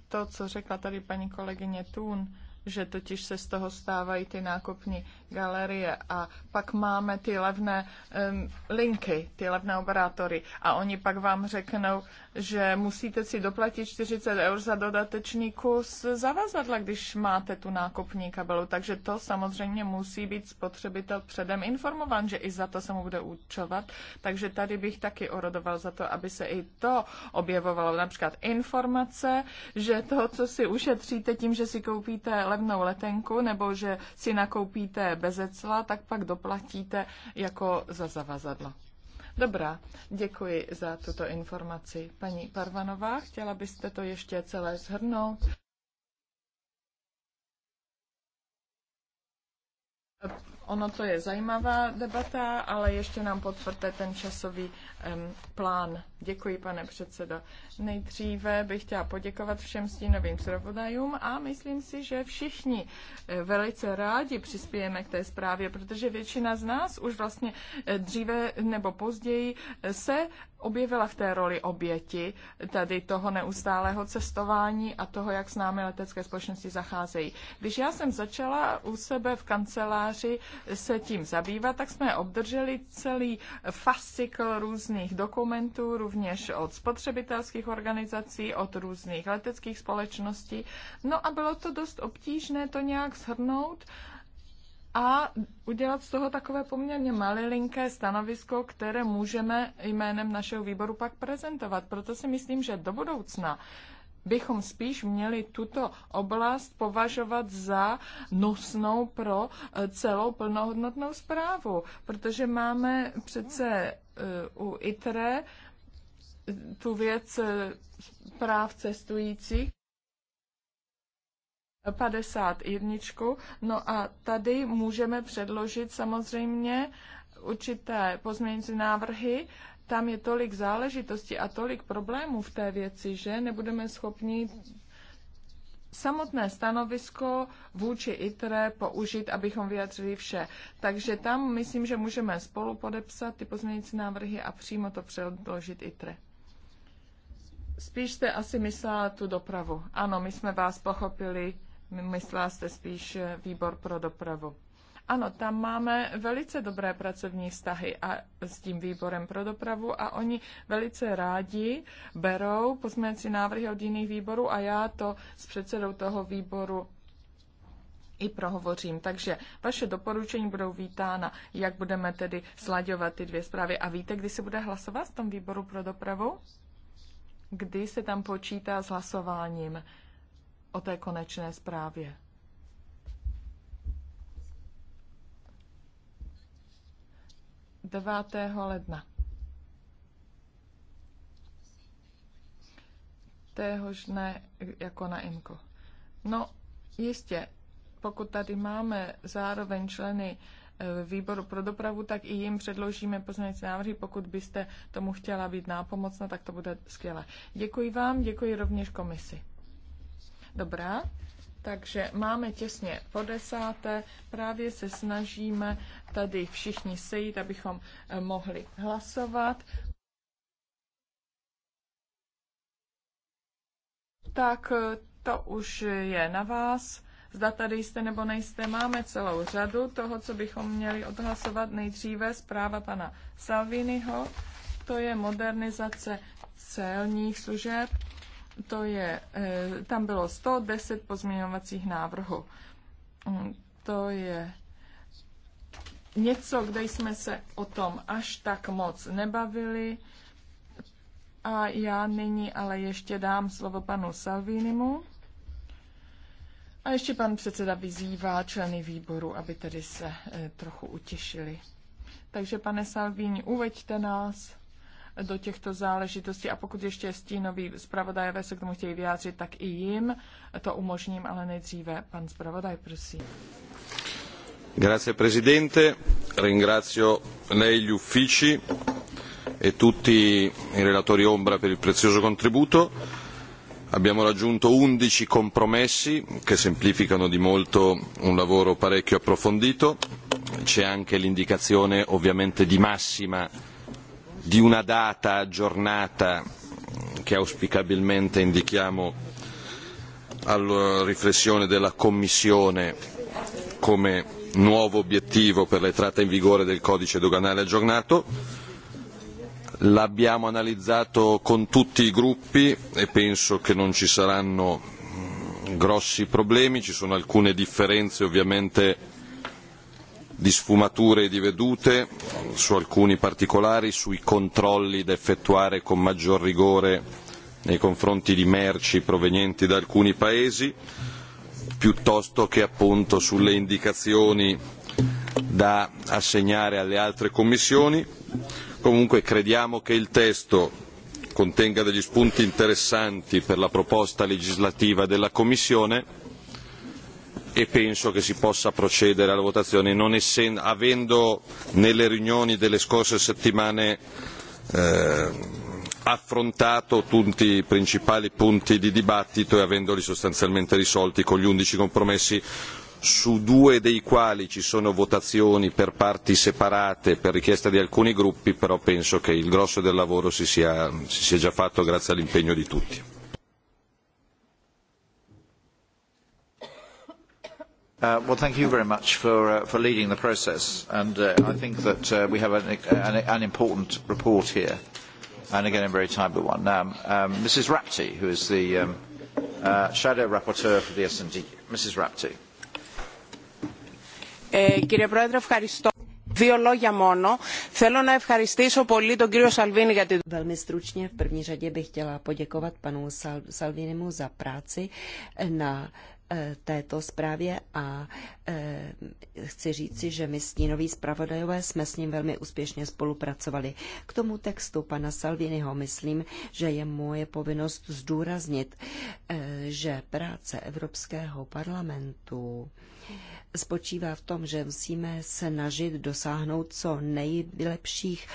to, co řekla tady paní kolegyně Thun, že totiž se z toho stávají ty nákupní galerie a pak máme ty levné um, linky, ty levné operátory a oni pak vám řeknou, že musíte si doplatit 40 eur za dodatečný kus zavazadla, když máte tu nákupní kabelu. Takže to samozřejmě musí být spotřebitel předem informovan, že i za to se mu bude účovat. Takže tady bych taky orodoval za to, aby se i to objevovalo. Například informace, že to, co si ušetříte tím, že si koupíte volebnou letenku nebo že si nakoupíte bezecla, tak pak doplatíte jako za zavazadlo. Dobrá, děkuji za tuto informaci. Paní Parvanová, chtěla byste to ještě celé shrnout? Ono to je zajímavá debata, ale ještě nám potvrdte ten časový um, plán. Děkuji, pane předsedo. Nejdříve bych chtěla poděkovat všem stínovým zpravodajům a myslím si, že všichni eh, velice rádi přispějeme k té zprávě, protože většina z nás už vlastně eh, dříve nebo později eh, se objevila v té roli oběti tady toho neustálého cestování a toho, jak s námi letecké společnosti zacházejí. Když já jsem začala u sebe v kanceláři se tím zabývat, tak jsme obdrželi celý fascikl různých dokumentů, rovněž od spotřebitelských organizací, od různých leteckých společností. No a bylo to dost obtížné to nějak shrnout a udělat z toho takové poměrně malilinké stanovisko, které můžeme jménem našeho výboru pak prezentovat. Proto si myslím, že do budoucna bychom spíš měli tuto oblast považovat za nosnou pro eh, celou plnohodnotnou zprávu, protože máme přece eh, u ITRE eh, tu věc práv cestujících, 51. No a tady můžeme předložit samozřejmě určité pozměňující návrhy, tam je tolik záležitostí a tolik problémů v té věci, že nebudeme schopni samotné stanovisko vůči ITRE použít, abychom vyjadřili vše. Takže tam myslím, že můžeme spolu podepsat ty pozměňující návrhy a přímo to předložit ITRE. Spíš jste asi myslela tu dopravu. Ano, my jsme vás pochopili, myslela jste spíš eh, výbor pro dopravu. Ano, tam máme velice dobré pracovní vztahy a s tím výborem pro dopravu a oni velice rádi berou pozměňovací návrhy od jiných výborů a já to s předsedou toho výboru i prohovořím. Takže vaše doporučení budou vítána, jak budeme tedy slaďovat ty dvě zprávy. A víte, kdy se bude hlasovat v tom výboru pro dopravu? Kdy se tam počítá s hlasováním o té konečné zprávě? 9. ledna. Téhož dne jako na inko. No, jistě, pokud tady máme zároveň členy e, výboru pro dopravu, tak i jim předložíme pozměňovací návrhy. Pokud byste tomu chtěla být nápomocna, tak to bude skvělé. Děkuji vám, děkuji rovněž komisi. Dobrá, takže máme těsně po desáté, právě se snažíme tady všichni sejít, abychom eh, mohli hlasovat. Tak eh, to už je na vás. Zda tady jste nebo nejste, máme celou řadu toho, co bychom měli odhlasovat nejdříve. Zpráva pana Salviniho, to je modernizace celních služeb to je, eh, tam bylo 110 pozměňovacích návrhů. Mm, to je něco, kde jsme se o tom až tak moc nebavili. A já nyní ale ještě dám slovo panu Salvinimu. A ještě pan předseda vyzývá členy výboru, aby tedy se eh, trochu utěšili. Takže pane Salvíni, uveďte nás do těchto záležitostí a pokud ještě stínoví zpravodajové se k tomu chtějí vyjádřit, tak i jim to umožním, ale nejdříve pan zpravodaj, prosím. Grazie Presidente, ringrazio lei gli uffici e tutti i relatori ombra per il prezioso contributo. Abbiamo raggiunto 11 compromessi che semplificano di molto un lavoro parecchio approfondito. C'è anche l'indicazione ovviamente di massima di una data aggiornata che auspicabilmente indichiamo alla riflessione della Commissione come nuovo obiettivo per l'entrata in vigore del codice doganale aggiornato. L'abbiamo analizzato con tutti i gruppi e penso che non ci saranno mm, grossi problemi, ci sono alcune differenze ovviamente di sfumature e di vedute su alcuni particolari, sui controlli da effettuare con maggior rigore nei confronti di merci provenienti da alcuni paesi, piuttosto che appunto sulle indicazioni da assegnare alle altre commissioni. Comunque crediamo che il testo contenga degli spunti interessanti per la proposta legislativa della Commissione e penso che si possa procedere alla votazione non essendo, avendo nelle riunioni delle scorse settimane eh, affrontato tutti i principali punti di dibattito e avendoli sostanzialmente risolti con gli undici compromessi su due dei quali ci sono votazioni per parti separate per richiesta di alcuni gruppi però penso che il grosso del lavoro si sia, si sia già fatto grazie all'impegno di tutti. Uh, well, thank you very much for, uh, for leading the process, and uh, I think that uh, we have an, an, an important report here, and again a very timely one. Now, um, um Mrs. Rapti, who is the um, uh, shadow rapporteur for the S&D. Mrs. Rapti. Ε, κύριε Πρόεδρε, ευχαριστώ. Δύο λόγια μόνο. Θέλω να ευχαριστήσω πολύ Velmi stručně v první řadě bych chtěla poděkovat panu Sal Salvinimu za práci na Eh, této zprávě a eh, chci říci, že my stínoví zpravodajové jsme s ním velmi úspěšně spolupracovali. K tomu textu pana Salviniho myslím, že je moje povinnost zdůraznit, eh, že práce Evropského parlamentu spočívá v tom, že musíme se nažit dosáhnout co nejlepších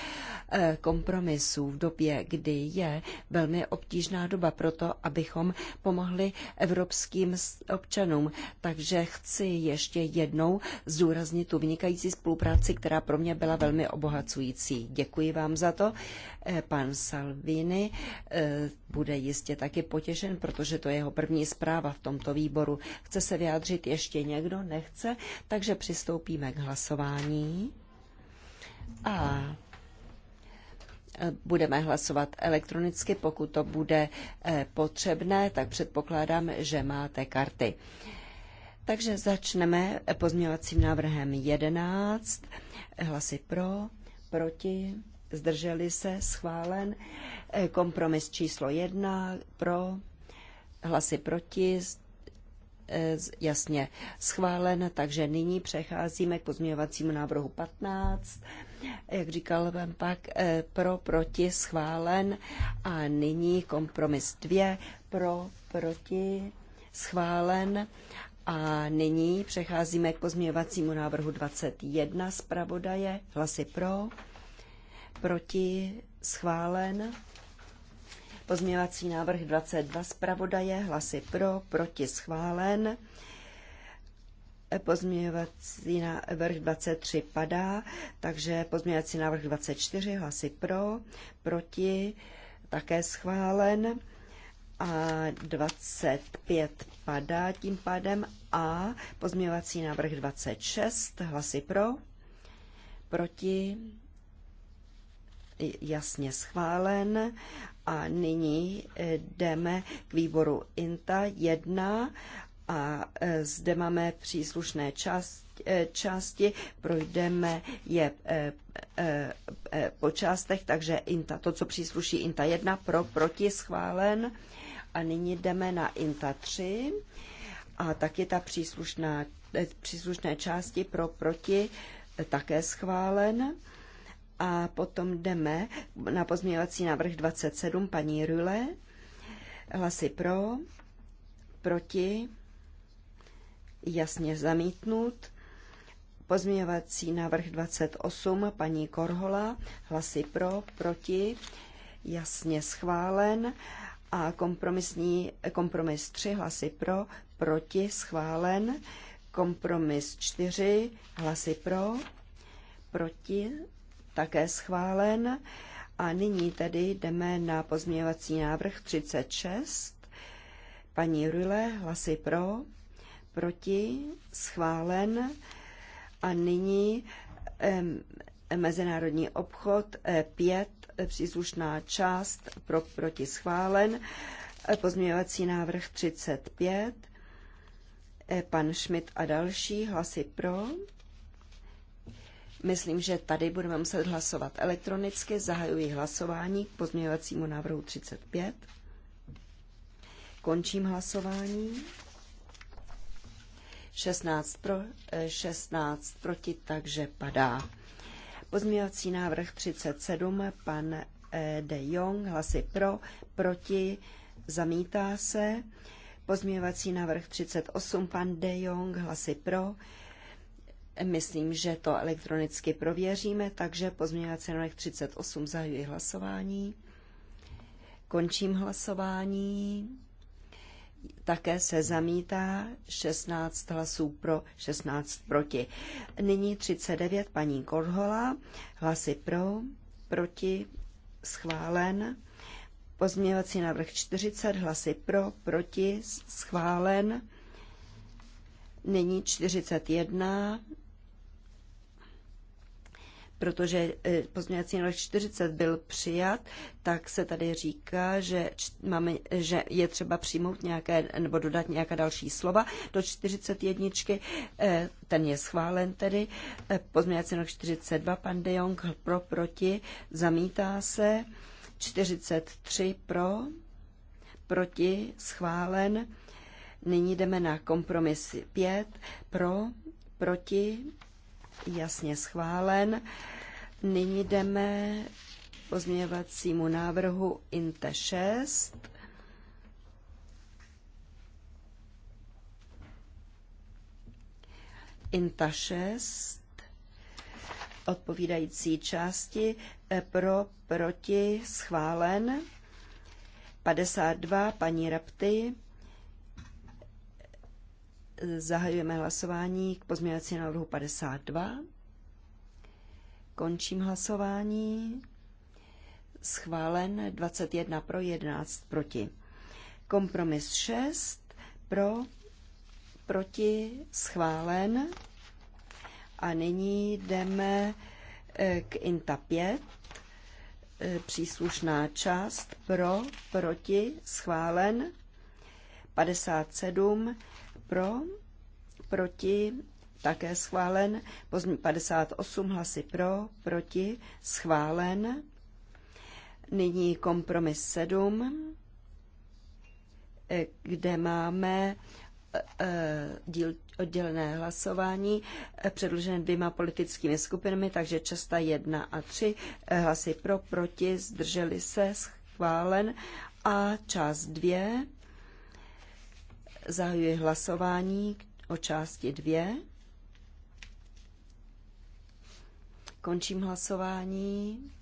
eh, kompromisů v době, kdy je velmi obtížná doba pro to, abychom pomohli evropským občanům. Takže chci ještě jednou zdůraznit tu vynikající spolupráci, která pro mě byla velmi obohacující. Děkuji vám za to. Eh, pan Salvini eh, bude jistě taky potěšen, protože to je jeho první zpráva v tomto výboru. Chce se vyjádřit ještě někdo? Nechce? konce, takže přistoupíme k hlasování. A e, budeme hlasovat elektronicky, pokud to bude e, potřebné, tak předpokládám, že máte karty. Takže začneme pozměňovacím návrhem 11. Hlasy pro, proti, zdrželi se, schválen. E, kompromis číslo 1, pro, hlasy proti, jasně schválen, takže nyní přecházíme k pozměňovacímu návrhu 15. Jak říkal vám pak, eh, pro, proti, schválen. A nyní kompromis 2, pro, proti, schválen. A nyní přecházíme k pozměňovacímu návrhu 21 zpravodaje. Hlasy pro, proti, schválen. Pozměvací návrh 22 zpravodaje, hlasy pro, proti schválen. Pozměvací návrh 23 padá, takže pozměvací návrh 24, hlasy pro, proti, také schválen. A 25 padá tím pádem a pozměvací návrh 26, hlasy pro, proti, jasně schválen a nyní eh, jdeme k výboru INTA 1 a eh, zde máme příslušné část, eh, části, projdeme je po částech, takže INTA, to, co přísluší INTA 1, pro, proti, schválen. A nyní jdeme na INTA 3 a taky ta příslušná, příslušné části pro, proti, také schválen. A potom jdeme na pozměňovací návrh 27 paní Rule. Hlasy pro, proti, jasně zamítnut. Pozměňovací návrh 28 paní Korhola. Hlasy pro, proti, jasně schválen. A kompromisní, kompromis 3 hlasy pro, proti, schválen. Kompromis 4 hlasy pro, proti, také schválen. A nyní tedy jdeme na pozměňovací návrh 36. Paní Rule, hlasy pro, proti, schválen. A nyní em, mezinárodní obchod 5, e, e, příslušná část pro, proti schválen, e, pozměňovací návrh 35, pan Schmidt a další, hlasy pro, Myslím, že tady budeme muset hlasovat elektronicky. Zahajuji hlasování k pozměňovacímu návrhu 35. Končím hlasování. 16, pro, 16 eh, proti, takže padá. Pozměňovací návrh 37, pan eh, De Jong, hlasy pro, proti, zamítá se. Pozměňovací návrh 38, pan De Jong, hlasy pro, Myslím, že to elektronicky prověříme, takže pozměňovací návrh 38 zahajuji hlasování. Končím hlasování. Také se zamítá 16 hlasů pro, 16 proti. Nyní 39 paní Korhola, hlasy pro, proti, schválen. Pozměňovací návrh 40, hlasy pro, proti, schválen. Nyní 41, protože e, pozměňovací návrh 40 byl přijat, tak se tady říká, že, máme, že je třeba přijmout nějaké nebo dodat nějaká další slova do 41. E, ten je schválen tedy. E, pozměňovací návrh 42, pan De Jong pro, proti, zamítá se. 43 pro, proti, schválen. Nyní jdeme na kompromis 5, pro, proti, jasně schválen. Nyní jdeme k pozměňovacímu návrhu INTE 6. INTA 6 odpovídající části e, pro, proti, schválen. 52 paní Rapty Zahajujeme hlasování k pozměňovací návrhu 52. Končím hlasování. Schválen 21 pro 11 proti. Kompromis 6 pro proti schválen. A nyní jdeme eh, k INTA 5 eh, příslušná část pro, proti, schválen, 57 pro, proti, také schválen. 58 hlasy pro, proti, schválen. Nyní kompromis 7, eh, kde máme eh, eh, díl, oddělené hlasování předložené dvěma politickými skupinami, takže česta 1 a 3 hlasy pro, proti, zdrželi se, schválen a část 2 Zahajuji hlasování o části dvě. Končím hlasování.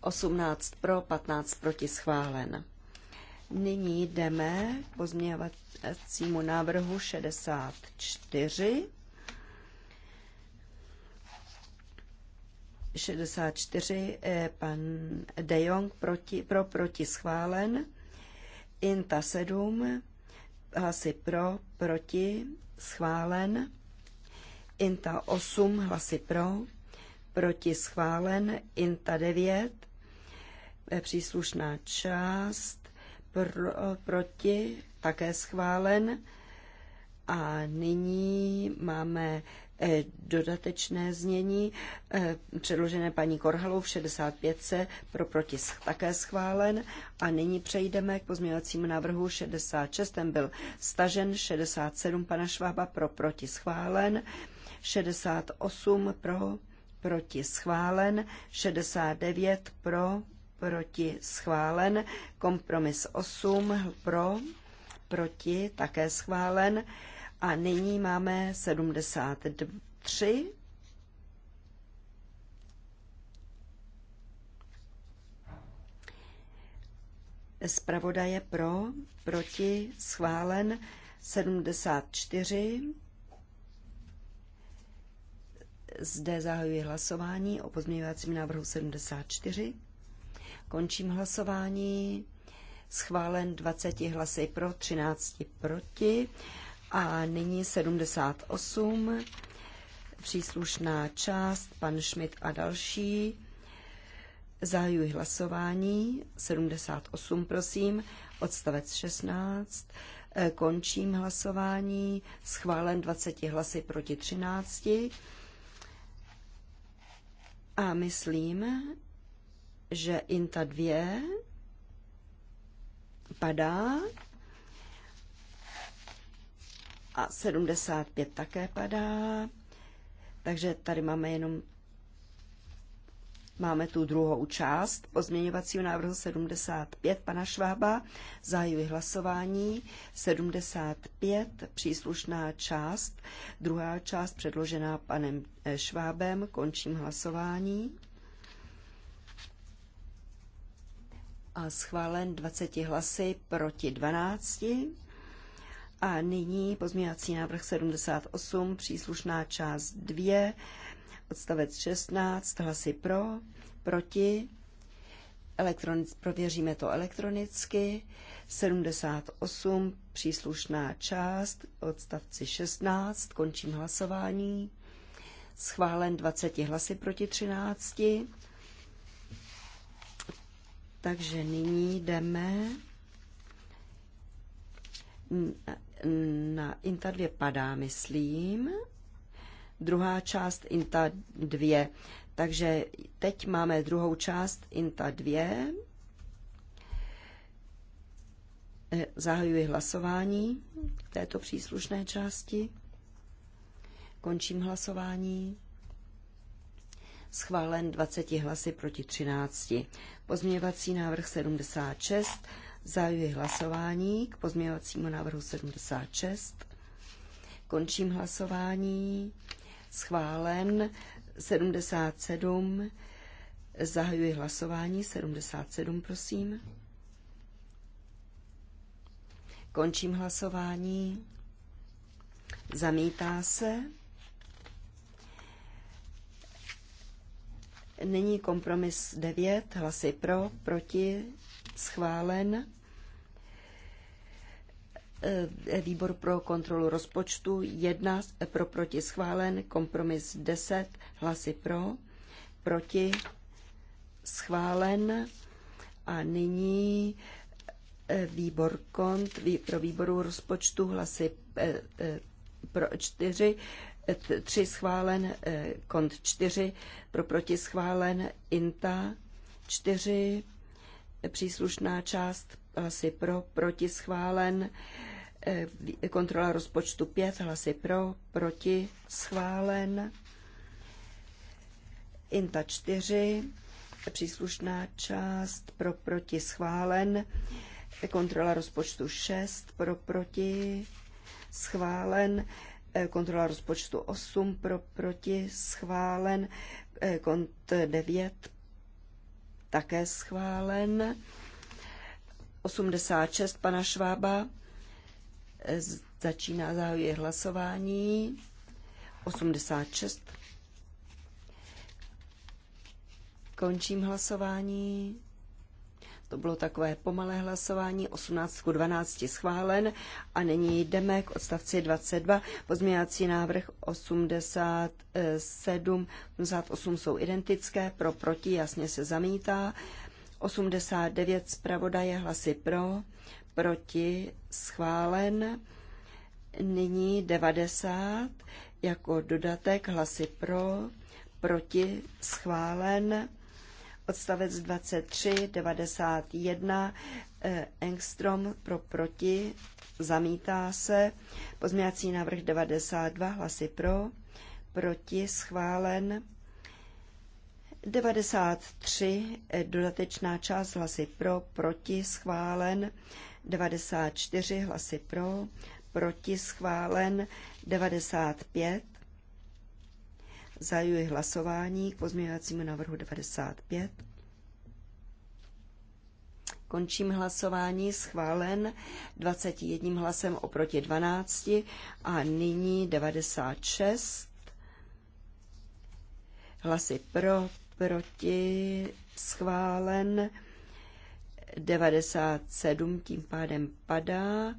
18 pro, 15 proti schválen. Nyní jdeme k pozměňovacímu návrhu 64. 64 je pan De Jong proti, pro proti schválen. Inta 7 hlasy pro, proti, schválen. Inta 8 hlasy pro, proti schválen. Inta 9, eh, příslušná část, pro, proti, také schválen. A nyní máme Eh, dodatečné znění eh, předložené paní Korhalou v 65 se pro proti také schválen a nyní přejdeme k pozměňovacímu návrhu 66, ten byl stažen 67 pana Švába pro proti schválen, 68 pro proti schválen, 69 pro proti schválen, kompromis 8 pro proti také schválen, a nyní máme 73. Zpravodaje pro, proti, schválen 74. Zde zahajuji hlasování o pozměňovacím návrhu 74. Končím hlasování. Schválen 20 hlasy pro, 13 proti. A nyní 78, příslušná část, pan Schmidt a další. Zahajuji hlasování, 78 prosím, odstavec 16. Eh, končím hlasování, schválen 20 hlasy proti 13. A myslím, že INTA 2 padá a 75 také padá. Takže tady máme jenom Máme tu druhou část pozměňovacího návrhu 75 pana Švába. Zahajuji hlasování. 75 příslušná část. Druhá část předložená panem eh, Švábem. Končím hlasování. A schválen 20 hlasy proti 12. A nyní pozměňovací návrh 78, příslušná část 2, odstavec 16, hlasy pro, proti, elektronic, prověříme to elektronicky, 78, příslušná část, odstavci 16, končím hlasování, schválen 20 hlasy proti 13. Takže nyní jdeme na INTA 2 padá, myslím. Druhá část INTA 2. Takže teď máme druhou část INTA 2. E, zahajuji hlasování v této příslušné části. Končím hlasování. Schválen 20 hlasy proti 13. Pozměňovací návrh 76 Zahajuji hlasování k pozměňovacímu návrhu 76. Končím hlasování. Schválen 77. Zahajuji hlasování 77, prosím. Končím hlasování. Zamítá se. Nyní kompromis 9, hlasy pro, proti, schválen. Eh, výbor pro kontrolu rozpočtu 1 pro proti schválen, kompromis 10 hlasy pro, proti schválen a nyní eh, výbor kont pro výboru rozpočtu hlasy eh, pro 4 3 schválen, kont 4 pro proti schválen, INTA 4 příslušná část hlasy pro, proti schválen. Eh, kontrola rozpočtu 5, hlasy pro, proti schválen. Inta 4, příslušná část pro, proti schválen. Eh, kontrola rozpočtu 6, pro, proti schválen. Eh, kontrola rozpočtu 8, pro, proti schválen. Kont 9, také schválen 86 pana Švába. Eh, začíná, zahajuje hlasování. 86. Končím hlasování. To bylo takové pomalé hlasování, 18 k 12 schválen a nyní jdeme k odstavci 22. Pozměňovací návrh 87, 88 jsou identické, pro proti jasně se zamítá. 89 zpravodaje hlasy pro, proti schválen. Nyní 90 jako dodatek hlasy pro, proti schválen. Odstavec 23, 91, eh, Engstrom pro proti, zamítá se. Pozměňovací návrh 92, hlasy pro, proti schválen. 93 eh, dodatečná část hlasy pro, proti schválen, 94 hlasy pro, proti schválen, 95. Zajuji hlasování k pozměňovacímu návrhu 95. Končím hlasování, schválen 21 hlasem oproti 12 a nyní 96 hlasy pro, proti, schválen. 97 tím pádem padá.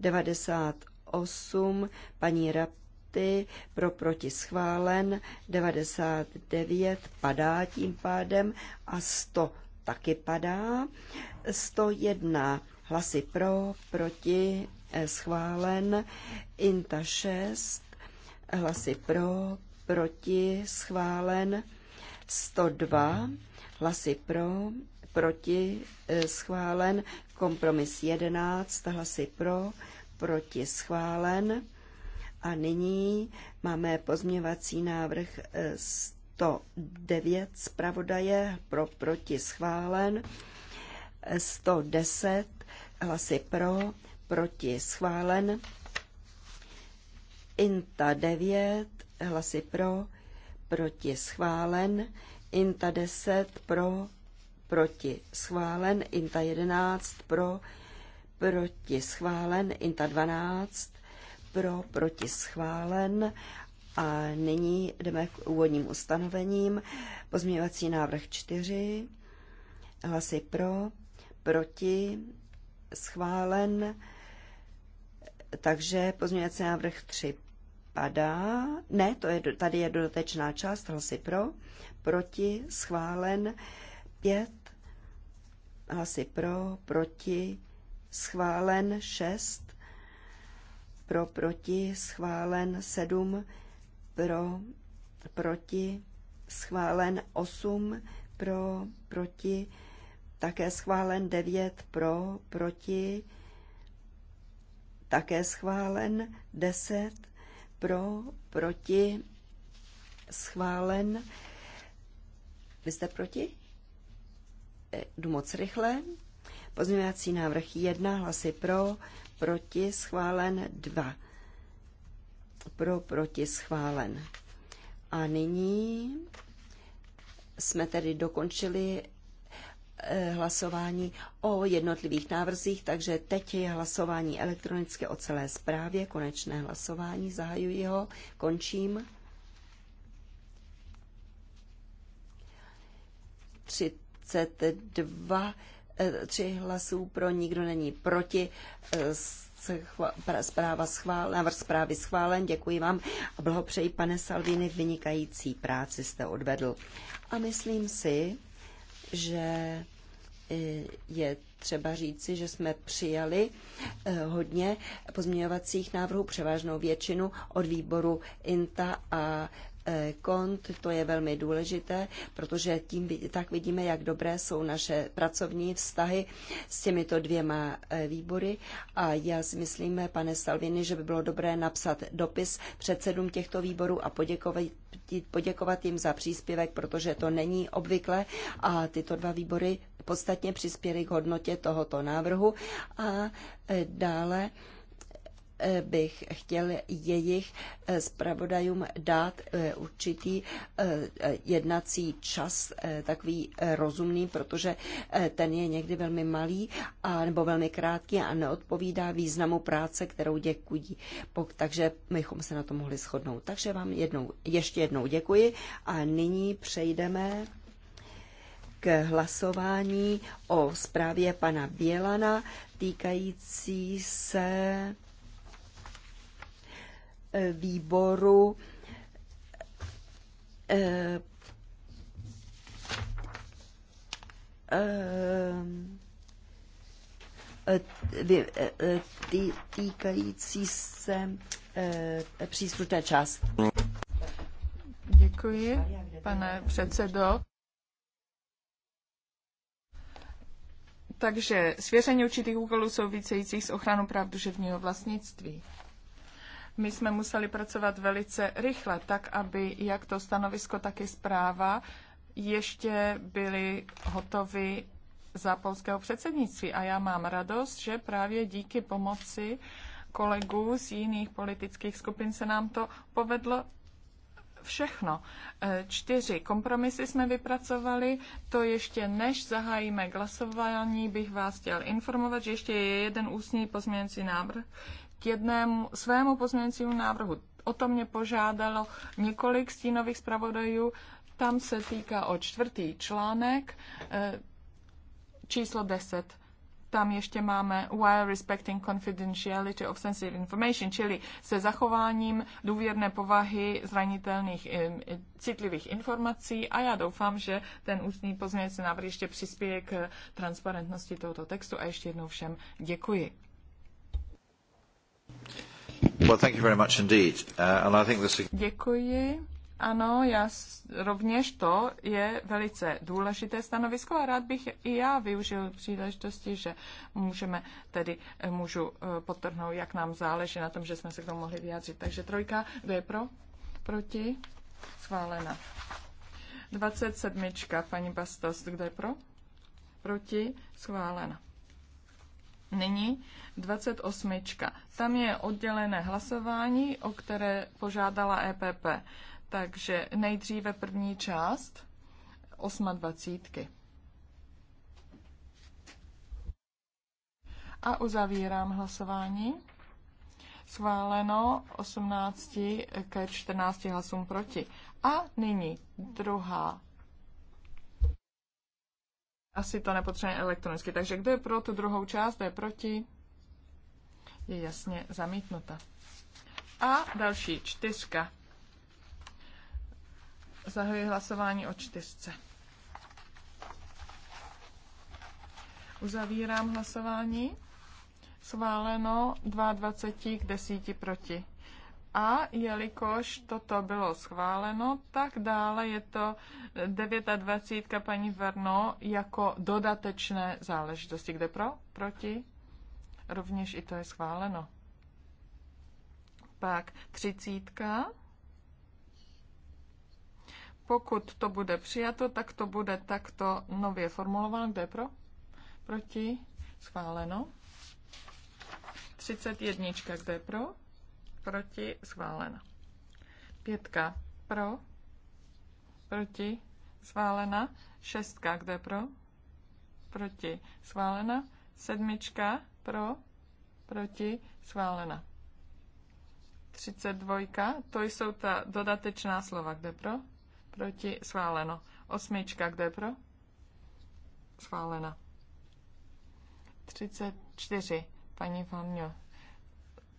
98 paní Rapty pro proti schválen. 99 padá tím pádem a 100 taky padá. 101 eh, hlasy pro, proti, schválen. Inta 6 hlasy pro, proti, schválen. 102 hlasy pro, proti eh, schválen, kompromis 11 hlasy pro, proti schválen. A nyní máme pozměvací návrh 109 eh, zpravodaje pro proti schválen, 110 eh, hlasy pro, proti schválen, INTA 9 hlasy pro, proti schválen, INTA 10 pro, proti schválen, INTA 11 pro, proti schválen, INTA 12 pro, proti schválen. A nyní jdeme k úvodním ustanovením. Pozměňovací návrh 4, hlasy pro, proti, schválen, takže pozměňovací návrh 3 padá. Ne, to je, tady je dodatečná část, hlasy pro, proti, schválen, pět, hlasy pro, proti, schválen, šest, pro, proti, schválen, sedm, pro, proti, schválen, osm, pro, proti, také schválen, devět, pro, proti, také schválen, deset, pro, proti, schválen. Vy jste proti? Eh, jdu moc rychle. Pozměňovací návrh 1, hlasy pro, proti, schválen 2. Pro, proti, schválen. A nyní jsme tedy dokončili Eh, hlasování o jednotlivých návrzích, takže teď je hlasování elektronicky o celé zprávě, konečné hlasování, zahajuji ho, končím. 32 eh, tři hlasů pro, nikdo není proti. Eh, zpráva schvál, návrh zprávy schválen, děkuji vám a blahopřeji, pane Salvini, vynikající práci jste odvedl. A myslím si, že eh, je třeba říci, že jsme přijali eh, hodně pozměňovacích návrhů, převážnou většinu od výboru INTA a kont, to je velmi důležité, protože tím tak vidíme, jak dobré jsou naše pracovní vztahy s těmito dvěma e, výbory a já si myslím, pane Salvini, že by bylo dobré napsat dopis předsedům těchto výborů a poděkovat, poděkovat jim za příspěvek, protože to není obvykle a tyto dva výbory podstatně přispěly k hodnotě tohoto návrhu a e, dále bych chtěl jejich eh, zpravodajům dát eh, určitý eh, jednací čas, takový rozumný, protože ten je někdy velmi malý a, nebo velmi krátký a neodpovídá významu práce, kterou děkují. Takže bychom se na to mohli shodnout. Takže vám jednou, ještě jednou děkuji a nyní přejdeme k hlasování o zprávě pana Bělana týkající se Eh, výboru eh, eh, týkající se příslušné části. Děkuji, pane předsedo. Takže svěření určitých úkolů souvisejících s ochranou práv duševního vlastnictví. My jsme museli pracovat velice rychle, tak aby jak to stanovisko, tak i zpráva ještě byly hotovy za polského předsednictví. A já mám radost, že právě díky pomoci kolegů z jiných politických skupin se nám to povedlo všechno. E, čtyři kompromisy jsme vypracovali, to ještě než zahájíme hlasování, bych vás chtěl informovat, že ještě je jeden ústní pozměňující návrh, k jednému svému pozměňujícímu návrhu. O to mě požádalo několik stínových zpravodajů. Tam se týká o čtvrtý článek eh, číslo 10 tam ještě máme while respecting confidentiality of sensitive information, čili se zachováním důvěrné povahy zranitelných eh, citlivých informací a já doufám, že ten ústní pozměňovací návrh ještě přispěje k transparentnosti tohoto textu a ještě jednou všem děkuji. Děkuji. Ano, já rovněž to je velice důležité stanovisko a rád bych i já využil příležitosti, že můžeme tedy, eh, můžu eh, potrhnout, jak nám záleží na tom, že jsme se k tomu mohli vyjádřit. Takže trojka, kdo je pro? Proti? Schválena. 27. paní Bastos, kdo je pro? Proti? Schválena. Nyní 28. Tam je oddělené hlasování, o které požádala EPP. Takže nejdříve první část 28. A uzavírám hlasování. Schváleno 18 ke 14 hlasům proti. A nyní druhá asi to nepotřebujeme elektronicky. Takže kdo je pro tu druhou část, kdo je proti, je jasně zamítnuta. A další čtyřka. Zahajuji hlasování o čtyřce. Uzavírám hlasování. Sváleno 22 k 10 proti. A jelikož toto bylo schváleno, tak dále je to 29. paní Verno jako dodatečné záležitosti. Kde pro? Proti? Rovněž i to je schváleno. Pak 30. Pokud to bude přijato, tak to bude takto nově formulováno. Kde pro? Proti? Schváleno. 31. Kde pro? proti, schválena. Pětka pro, proti, schválena. Šestka, kde pro, proti, schválena. Sedmička pro, proti, schválena. 32, to jsou ta dodatečná slova, kde pro, proti, schváleno. Osmička, kde pro, schválena. 34, paní Fanjo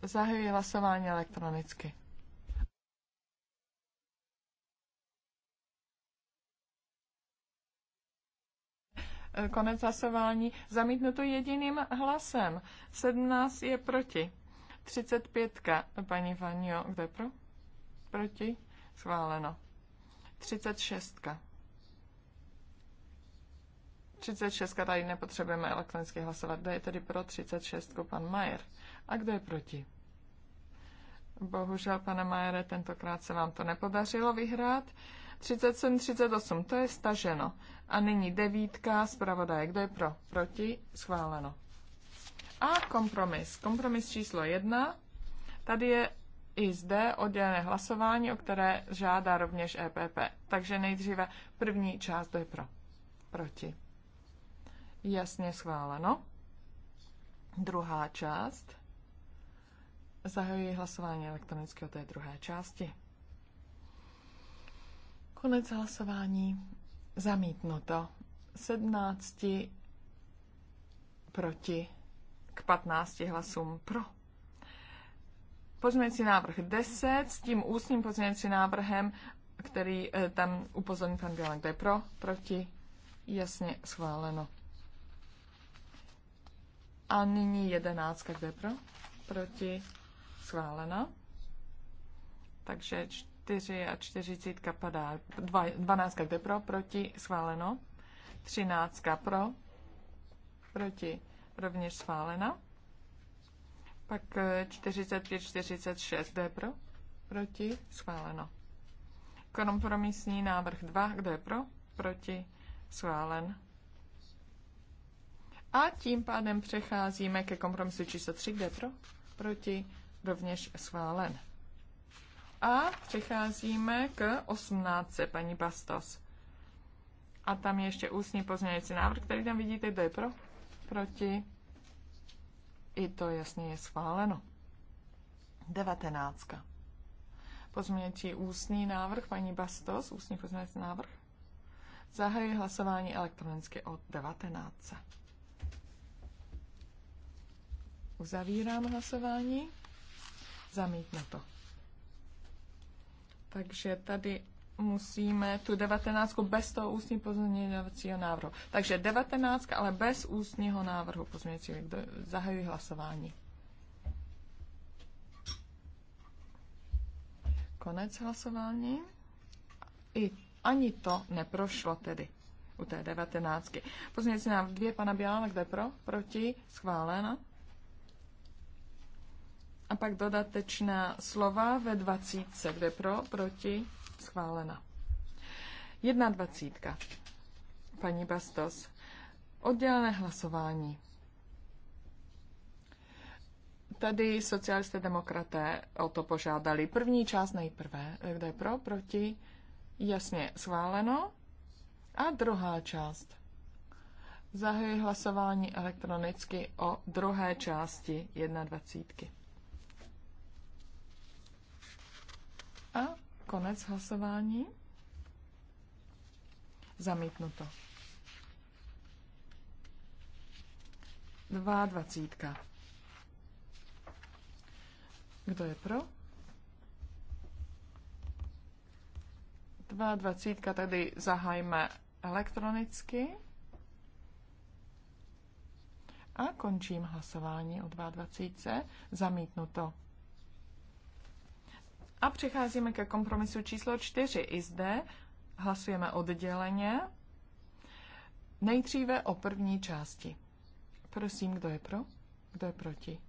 Zahajuji hlasování elektronicky. E, konec hlasování. Zamítnuto jediným hlasem. 17 je proti. 35. Paní Vanio, kde pro? Proti. Schváleno. 36. 36 tady nepotřebujeme elektronicky hlasovat. Kde je tedy pro 36 pan Majer? A kdo je proti? Bohužel, pane Majere, tentokrát se vám to nepodařilo vyhrát. 37, 38, to je staženo. A nyní devítka, zpravodaje, kdo je pro? Proti, schváleno. A kompromis. Kompromis číslo jedna. Tady je i zde oddělené hlasování, o které žádá rovněž EPP. Takže nejdříve první část, kdo je pro? Proti. Jasně schváleno. Druhá část. Zahajuji hlasování elektronicky o té druhé části. Konec hlasování. Zamítnuto. 17 proti k 15 hlasům pro. Pozměňující návrh 10 s tím ústním pozměňujícím návrhem, který eh, tam upozorní pan Bělan, kde je pro, proti, jasně schváleno. A nyní 11, kde je pro, proti, schválena. Takže 4 a 40 padá. 12 kde pro, proti, schváleno. 13 pro, proti, rovněž schválena. Pak 45, 46 kde pro, proti, schváleno. Kompromisní návrh 2, kde pro, proti, schválen. A tím pádem přecházíme ke kompromisu číslo 3, kde pro, proti, rovněž schválen. A přicházíme k 18. paní Bastos. A tam je ještě ústní pozměňující návrh, který tam vidíte, kdo je pro, proti. I to jasně je schváleno. 19. Pozměňující ústní návrh, paní Bastos, ústní pozměňující návrh. Zahajuji hlasování elektronicky od 19. Uzavírám hlasování. Zamítnuto. Takže tady musíme tu devatenáctku bez toho ústní pozměňovacího návrhu. Takže devatenáctka, ale bez ústního návrhu pozměňovacího. Zahajuji hlasování. Konec hlasování. I ani to neprošlo tedy u té devatenáctky. Pozměňovací návrh dvě pana Bělána, kde pro, proti, schválena. A pak dodatečná slova ve dvacítce, kde pro, proti, schválena. Jedna dvacítka. Paní Bastos. Oddělené hlasování. Tady socialisté demokraté o to požádali. První část nejprve, kde je pro, proti, jasně schváleno. A druhá část. Zahajuji hlasování elektronicky o druhé části 21. A konec hlasování. Zamítnuto. dvacítka. Kdo je pro? Dva dvacítka tedy zahajme elektronicky. A končím hlasování o 22. Zamítnuto. A přecházíme ke kompromisu číslo 4. I zde hlasujeme odděleně. Nejdříve o první části. Prosím, kdo je pro? Kdo je proti?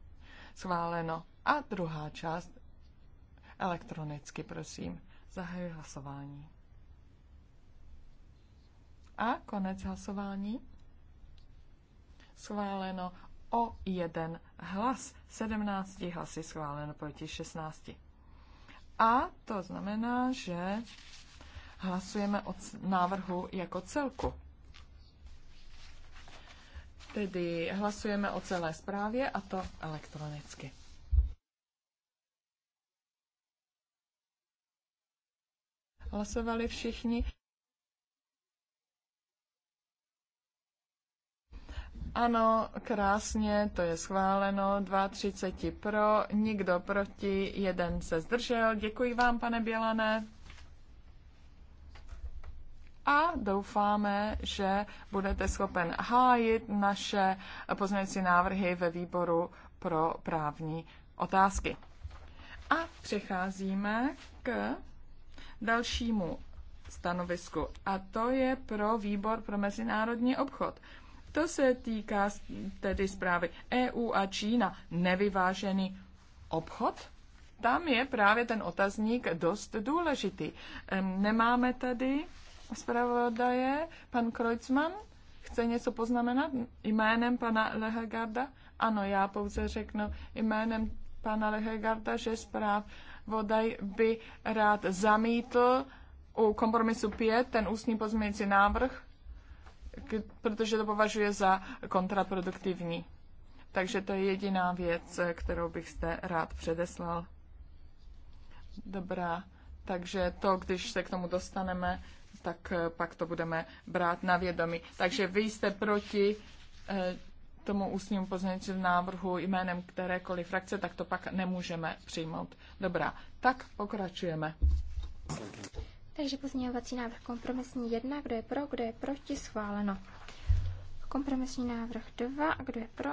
Schváleno. A druhá část elektronicky, prosím. Zahajuji hlasování. A konec hlasování. Schváleno o jeden hlas. 17 hlasy schváleno proti 16. A to znamená, že hlasujeme o návrhu jako celku. Tedy hlasujeme o celé zprávě a to elektronicky. Hlasovali všichni. Ano, krásně, to je schváleno. 2,30 pro, nikdo proti, jeden se zdržel. Děkuji vám, pane Bělané. A doufáme, že budete schopen hájit naše pozměňující návrhy ve výboru pro právní otázky. A přecházíme k dalšímu stanovisku, a to je pro výbor pro mezinárodní obchod. To se týká tedy zprávy EU a Čína. Nevyvážený obchod? Tam je právě ten otazník dost důležitý. Nemáme tady zpravodaje, pan Kreutzmann chce něco poznamenat jménem pana Lehegarda? Ano, já pouze řeknu jménem pana Lehegarda, že zpráv Vodaj by rád zamítl u kompromisu 5 ten ústní pozměnící návrh, protože to považuje za kontraproduktivní. Takže to je jediná věc, kterou bych zde rád předeslal. Dobrá, takže to, když se k tomu dostaneme, tak eh, pak to budeme brát na vědomí. Takže vy jste proti eh, tomu ústnímu pozměňovacímu návrhu jménem kterékoliv frakce, tak to pak nemůžeme přijmout. Dobrá, tak pokračujeme. Takže pozměňovací návrh kompromisní 1, kdo je pro, kdo je proti, schváleno. Kompromisní návrh 2, kdo je pro,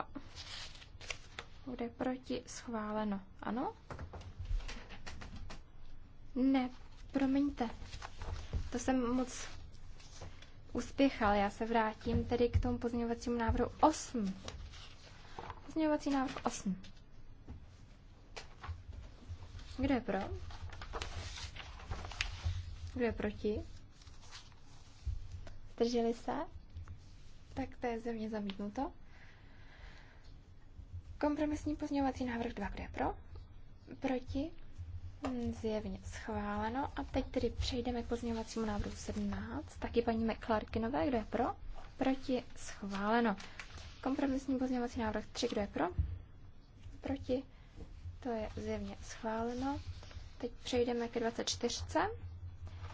kdo je proti, schváleno. Ano? Ne, promiňte. To jsem moc uspěchal. Já se vrátím tedy k tomu pozměňovacímu návrhu 8. Pozměňovací návrh 8. Kdo je pro? Kdo je proti? Zdrželi se? Tak to je mě zamítnuto. Kompromisní pozměňovací návrh 2, kdo je pro? Proti? Hm, zjevně schváleno. A teď tedy přejdeme k pozměňovacímu návrhu 17. Taky paní McClarkinové, kdo je pro? Proti? Schváleno. Kompromisní pozměňovací návrh 3, kdo je pro? Proti? To je zjevně schváleno. Teď přejdeme ke 24.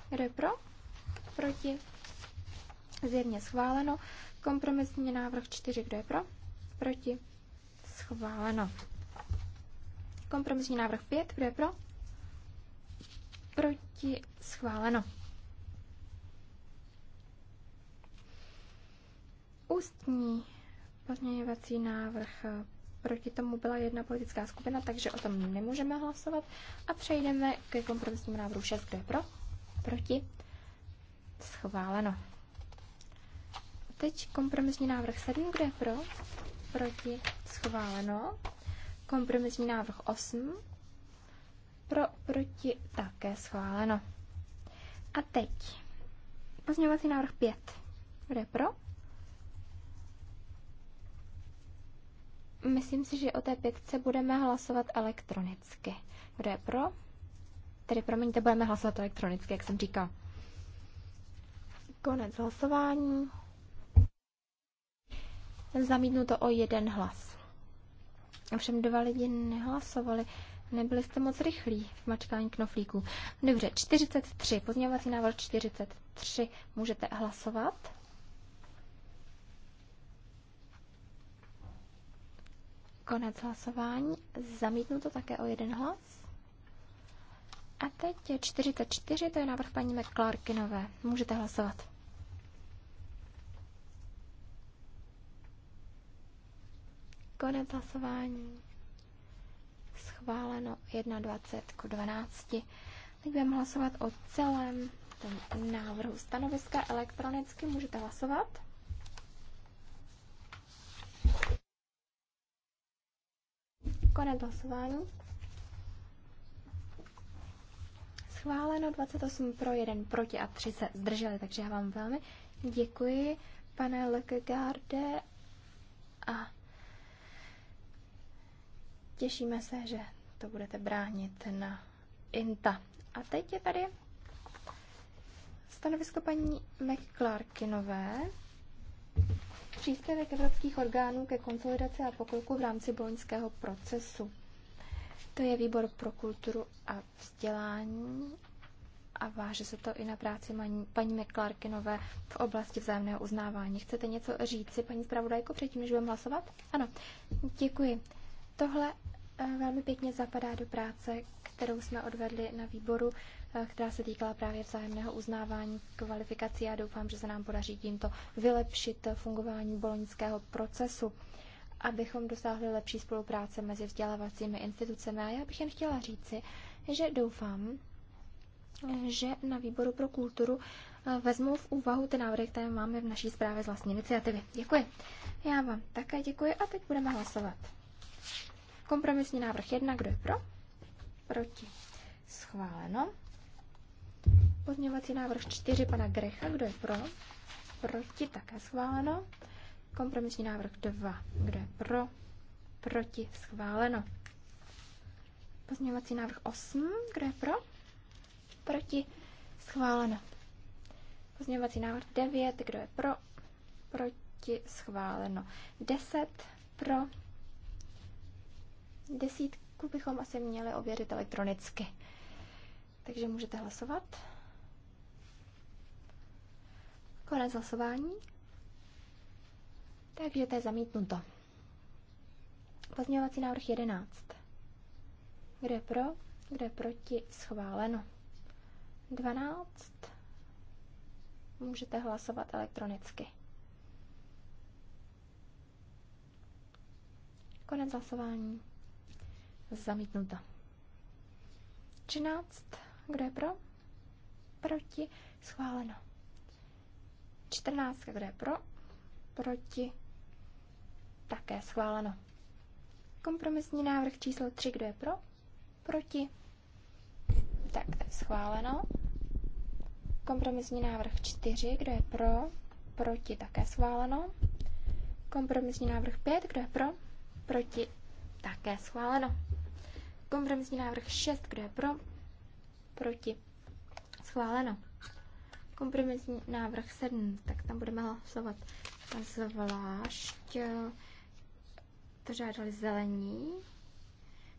Kdo je pro? Proti? Zjevně schváleno. Kompromisní návrh 4. Kdo je pro? Proti? Schváleno. Kompromisní návrh 5. Kdo je pro? Proti? Schváleno. Ústní pozměňovací návrh eh, proti tomu byla jedna politická skupina, takže o tom nemůžeme hlasovat. A přejdeme ke kompromisnímu návrhu 6, kdo je pro, proti, schváleno. Teď kompromisní návrh 7, kde je pro, proti, schváleno. Kompromisní návrh 8, pro, proti, také schváleno. A teď pozměňovací návrh 5, kde je pro, Myslím si, že o té pětce budeme hlasovat elektronicky. Kdo je pro? Tedy promiňte, budeme hlasovat elektronicky, jak jsem říkal. Konec hlasování. Zamítnu to o jeden hlas. Ovšem dva lidi nehlasovali. Nebyli jste moc rychlí v mačkání knoflíků. Dobře, 43. Pozměňovací návrh 43. Můžete hlasovat. Konec hlasování. Zamítnu to také o jeden hlas. A teď je 44, to je návrh paní McClarkinové. Můžete hlasovat. Konec hlasování. Schváleno 21 k 12. Teď budeme hlasovat o celém tom návrhu stanoviska elektronicky. Můžete hlasovat. Konec hlasování. schváleno, 28 pro, 1 proti a 3 se zdrželi, takže já vám velmi děkuji, pane Lekegarde, a těšíme se, že to budete bránit na INTA. A teď je tady stanovisko paní McClarkinové. Příspěvek evropských orgánů ke konsolidaci a pokolku v rámci boloňského procesu. To je výbor pro kulturu a vzdělání a váže se to i na práci paní McClarkinové v oblasti vzájemného uznávání. Chcete něco si, paní zpravodajko, předtím, než budeme hlasovat? Ano, děkuji. Tohle eh, velmi pěkně zapadá do práce, kterou jsme odvedli na výboru, eh, která se týkala právě vzájemného uznávání kvalifikací a doufám, že se nám podaří tímto vylepšit fungování boloňského procesu abychom dosáhli lepší spolupráce mezi vzdělávacími institucemi. A já bych jen chtěla říci, že doufám, že na výboru pro kulturu eh, vezmou v úvahu ty návrhy, které máme v naší zprávě z vlastní iniciativy. Děkuji. Já vám také děkuji a teď budeme hlasovat. Kompromisní návrh 1, kdo je pro? Proti. Schváleno. Pozměňovací návrh 4 pana Grecha, kdo je pro? Proti, také schváleno. Kompromisní návrh 2. Kdo je pro? Proti? Schváleno. Pozměňovací návrh 8. Kdo je pro? Proti? Schváleno. Pozměňovací návrh 9. Kdo je pro? Proti? Schváleno. 10. Pro? Desítku bychom asi měli ověřit elektronicky. Takže můžete hlasovat. Konec hlasování. Takže to je zamítnuto. Pozměňovací návrh 11. Kde pro, kde proti, schváleno. 12. Můžete hlasovat elektronicky. Konec hlasování. Zamítnuto. 13. Kdo je pro? Proti. Schváleno. 14. Kdo je pro? Proti. Také schváleno. Kompromisní návrh číslo 3, kdo je pro? Proti? Tak schváleno. Kompromisní návrh 4, kdo je pro? Proti také schváleno. Kompromisní návrh 5, kdo je pro? Proti také schváleno. Kompromisní návrh 6, kdo je pro? Proti schváleno. Kompromisní návrh 7, tak tam budeme hlasovat zvlášť. Eh, to žádali zelení.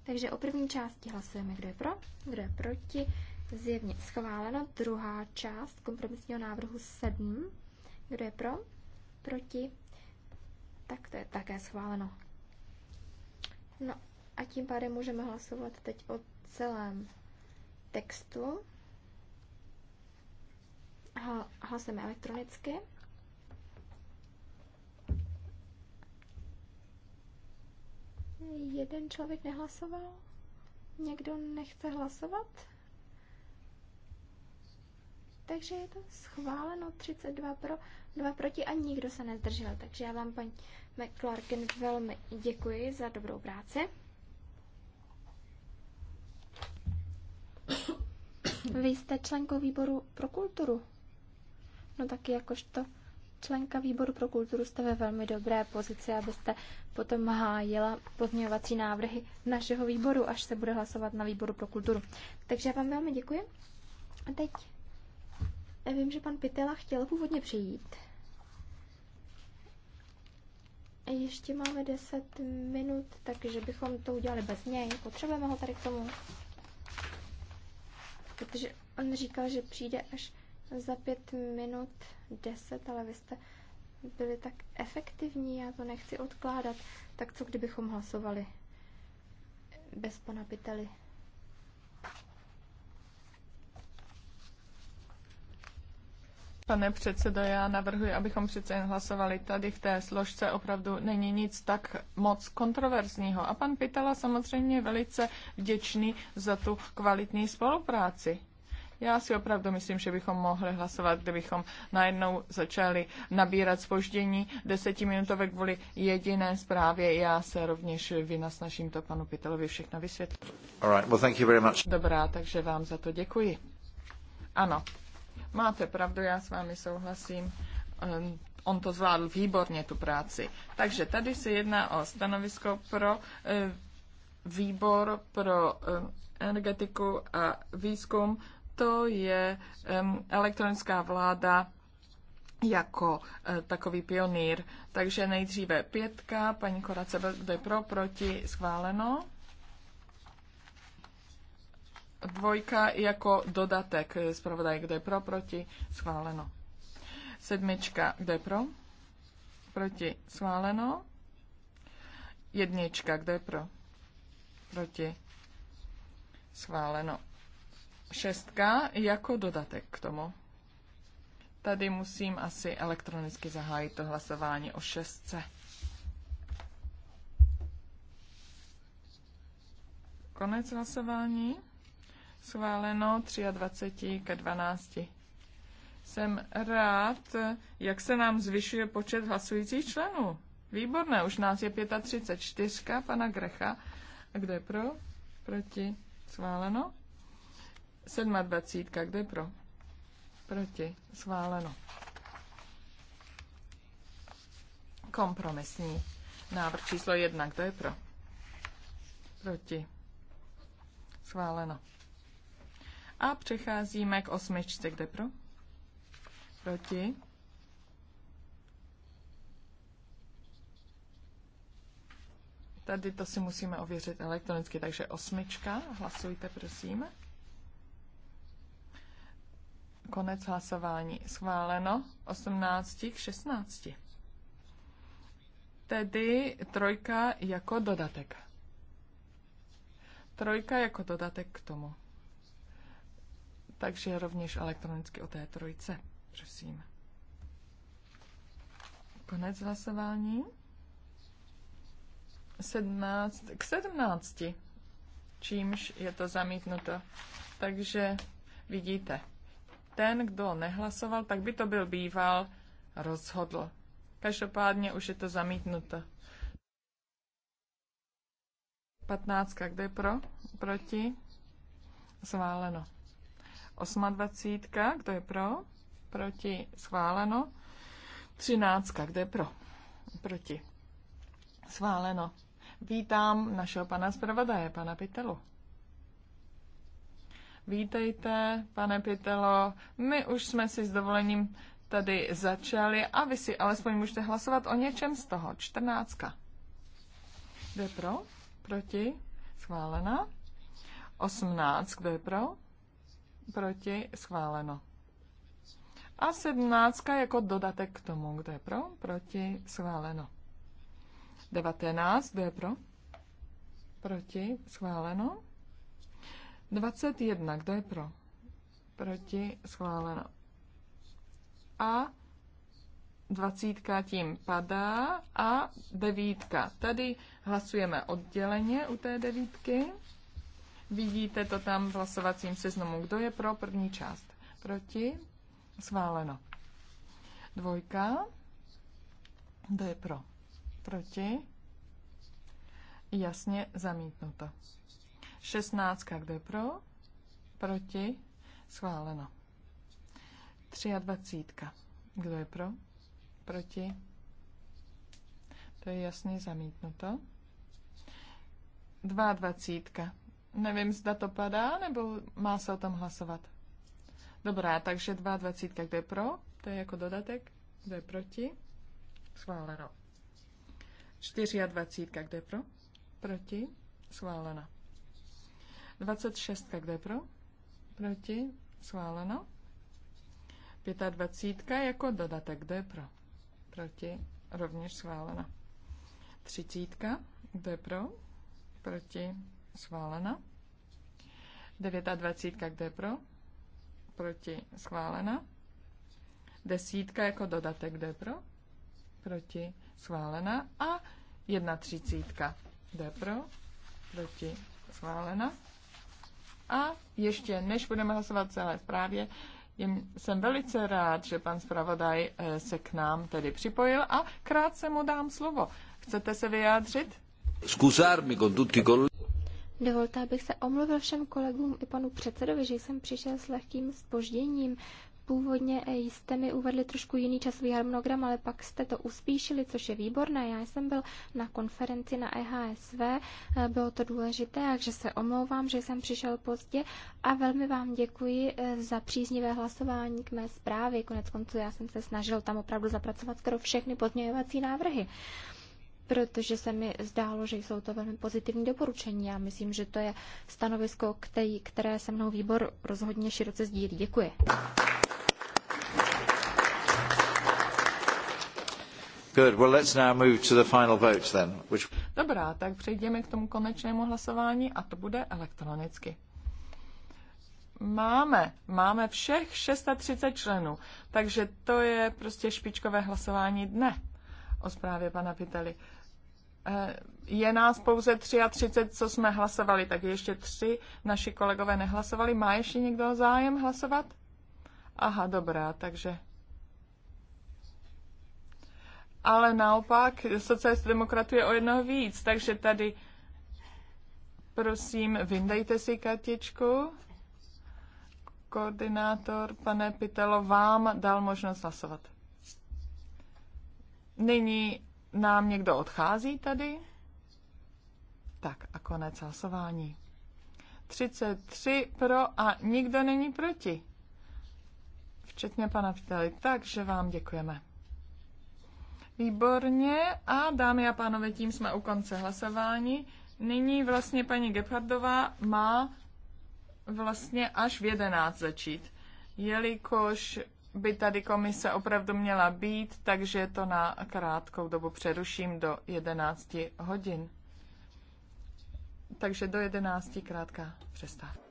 Takže o první části hlasujeme, kdo je pro, kdo je proti. Zjevně schváleno. Druhá část kompromisního návrhu 7. Kdo je pro, proti. Tak to je také schváleno. No a tím pádem můžeme hlasovat teď o celém textu. Hlasujeme elektronicky. Jeden člověk nehlasoval? Někdo nechce hlasovat? Takže je to schváleno 32 pro, 2 proti a nikdo se nezdržel. Takže já vám, paní McClarkin velmi děkuji za dobrou práci. Vy jste členkou výboru pro kulturu. No taky jakožto členka výboru pro kulturu jste ve velmi dobré pozici, abyste potom hájila pozměňovací návrhy našeho výboru, až se bude hlasovat na výboru pro kulturu. Takže já vám velmi děkuji. A teď já vím, že pan Pitela chtěl původně přijít. Ještě máme 10 minut, takže bychom to udělali bez něj. Potřebujeme ho tady k tomu. Protože on říkal, že přijde až za pět minut deset, ale vy jste byli tak efektivní, já to nechci odkládat. Tak co kdybychom hlasovali bez pana Piteli? Pane předsedo, já navrhuji, abychom přece jen hlasovali tady v té složce. Opravdu není nic tak moc kontroverzního. A pan Pitala samozřejmě velice vděčný za tu kvalitní spolupráci. Já si opravdu myslím, že bychom mohli hlasovat, kdybychom najednou začali nabírat spoždění desetiminutové kvůli jediné zprávě. Já se rovněž vynasnažím to panu Pitelovi všechno vysvětlit. Right. Well, thank you very much. Dobrá, takže vám za to děkuji. Ano, máte pravdu, já s vámi souhlasím. Ehm, on to zvládl výborně, tu práci. Takže tady se jedná o stanovisko pro eh, výbor pro eh, energetiku a výzkum to je elektronická vláda jako e, takový pionýr. Takže nejdříve pětka, paní Korace bude pro, proti, schváleno. Dvojka jako dodatek, zpravodaj, kde je pro, proti, schváleno. Sedmička, kde je pro, proti, schváleno. Jednička, kde je pro, proti, schváleno šestka jako dodatek k tomu. Tady musím asi elektronicky zahájit to hlasování o šestce. Konec hlasování. Schváleno 23 ke 12. Jsem rád, jak se nám zvyšuje počet hlasujících členů. Výborné, už nás je 35, Čtyřka, pana Grecha. A kdo je pro? Proti? Schváleno. 27. Kdo pro? Proti. Schváleno. Kompromisní. Návrh číslo 1. Kdo je pro? Proti. Schváleno. A přecházíme k osmičce. Kde pro? Proti. Tady to si musíme ověřit elektronicky, takže osmička. Hlasujte, prosím. Konec hlasování. Schváleno 18 k 16. Tedy trojka jako dodatek. Trojka jako dodatek k tomu. Takže rovněž elektronicky o té trojce. Prosím. Konec hlasování. 17 k 17, čímž je to zamítnuto. Takže vidíte, ten, kdo nehlasoval, tak by to byl býval rozhodl. Každopádně už je to zamítnuto. 15. Kde je pro? Proti? Schváleno. 28. Kdo je pro? Proti? Schváleno. 13. Kde je pro? Proti? Schváleno. Vítám našeho pana zpravodaje, pana Pitelu. Vítejte, pane Pitelo. My už jsme si s dovolením tady začali a vy si alespoň můžete hlasovat o něčem z toho. Čtrnáctka. Kdo pro? Proti? Schválena. Osmnáct. Kdo je pro? Proti? Schváleno. A sedmnáctka jako dodatek k tomu. Kdo je pro? Proti? Schváleno. Devatenáct. Kdo je pro? Proti? Schváleno. 21, kdo je pro? Proti, schválena. A dvacítka tím padá a devítka. Tady hlasujeme odděleně u té devítky. Vidíte to tam v hlasovacím seznamu. Kdo je pro první část? Proti? Schváleno. Dvojka. Kdo je pro? Proti? Jasně zamítnuto. 16. Kdo je pro? Proti? Schváleno. 23. Kdo je pro? Proti? To je jasně zamítnuto. 22. Nevím, zda to padá, nebo má se o tom hlasovat. Dobrá, takže 22. Kdo je pro? To je jako dodatek. Kdo je proti? Schváleno. 24. Kdo je pro? Proti? Schváleno. 26, kde je pro? Proti? Schváleno. 25 jako dodatek, kde je pro? Proti? Rovněž schválena. 30, kde je pro? Proti? Schválena. 29, kde je pro? Proti? Schválena. Desítka jako dodatek, D pro? Proti? Schválena. A jedna třicítka, D pro? Proti? Schválena. A ještě než budeme hlasovat celé zprávě, jsem velice rád, že pan zpravodaj eh, se k nám tedy připojil a krátce mu dám slovo. Chcete se vyjádřit? Scusarmi con tutti Dovolte, abych se omluvil všem kolegům i panu předsedovi, že jsem přišel s lehkým spožděním. Původně eh, jste mi uvedli trošku jiný časový harmonogram, ale pak jste to uspíšili, což je výborné. Já jsem byl na konferenci na e EHSV, bylo to důležité, takže se omlouvám, že jsem přišel pozdě a velmi vám děkuji eh, za příznivé hlasování k mé zprávě. Konec konců já jsem se snažil tam opravdu zapracovat skoro všechny pozměňovací návrhy protože se mi zdálo, že jsou to velmi pozitivní doporučení. Já myslím, že to je stanovisko, který, které se mnou výbor rozhodně široce sdílí. Děkuji. Good. Well, let's now move to the final then, which... Dobrá, tak přejdeme k tomu konečnému hlasování a to bude elektronicky. Máme, máme všech 630 členů, takže to je prostě špičkové hlasování dne o zprávě pana Piteli. Eh, je nás pouze 33, co jsme hlasovali, tak ještě tři naši kolegové nehlasovali. Má ještě někdo zájem hlasovat? Aha, dobrá, takže ale naopak sociální demokratů je o jednoho víc. Takže tady prosím, vyndejte si kartičku. Koordinátor, pane Pitelo, vám dal možnost hlasovat. Nyní nám někdo odchází tady? Tak a konec hlasování. 33 pro a nikdo není proti. Včetně pana Piteli. Takže vám děkujeme. Výborně a dámy a pánové, tím jsme u konce hlasování. Nyní vlastně paní Gebhardová má vlastně až v 11 začít, jelikož by tady komise opravdu měla být, takže to na krátkou dobu přeruším do 11 hodin. Takže do 11 krátká přestávka.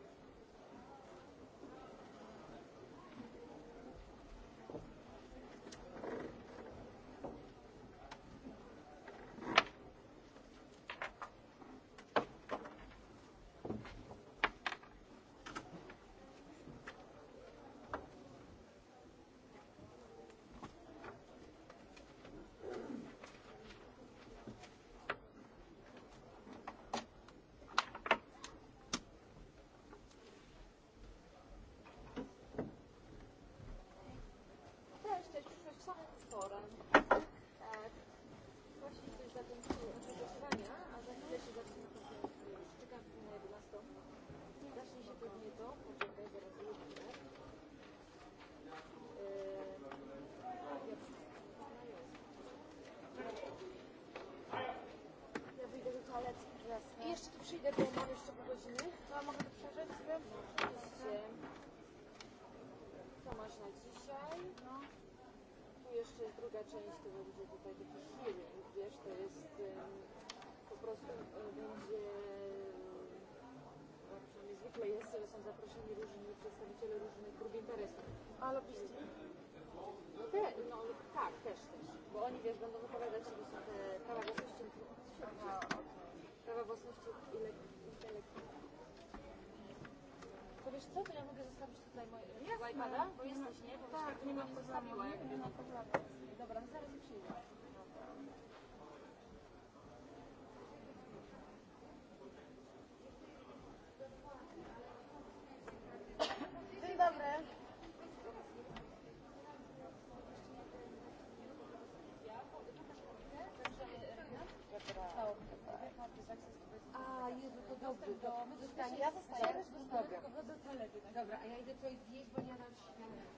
zakończyły nasze głosowania, a za chwilę się zaczyna konferencja. na 11. Zacznie się pewnie to, poczekaj, zaraz wyjdziemy. Ja wyjdę do toalety teraz. I tu przyjdę, bo mam jeszcze pół godziny. To mogę to przeżyć? Oczywiście. Co masz na dzisiaj? No jeszcze jest druga część to będzie tutaj taki hearing, wiesz, to jest um, po prostu um, będzie, um, przynajmniej zwykle jest, są zaproszeni różni przedstawiciele różnych grup interesów, a lobbyści. No, te, no tak, też, też, bo oni, wiesz, będą wypowiadać, że są te prawa własności, prawa własności intelektualne wiesz co, to ja mogę zostawić tutaj moje... Jasne. bo jesteś, nie? Bo tak, nie mam Nie problemu. Dobra, no zaraz przyjdę. Dobrze, to my dostaniemy. Ja zostaję. Dobra, a ja idę coś zjeść, bo nie mam śniadania.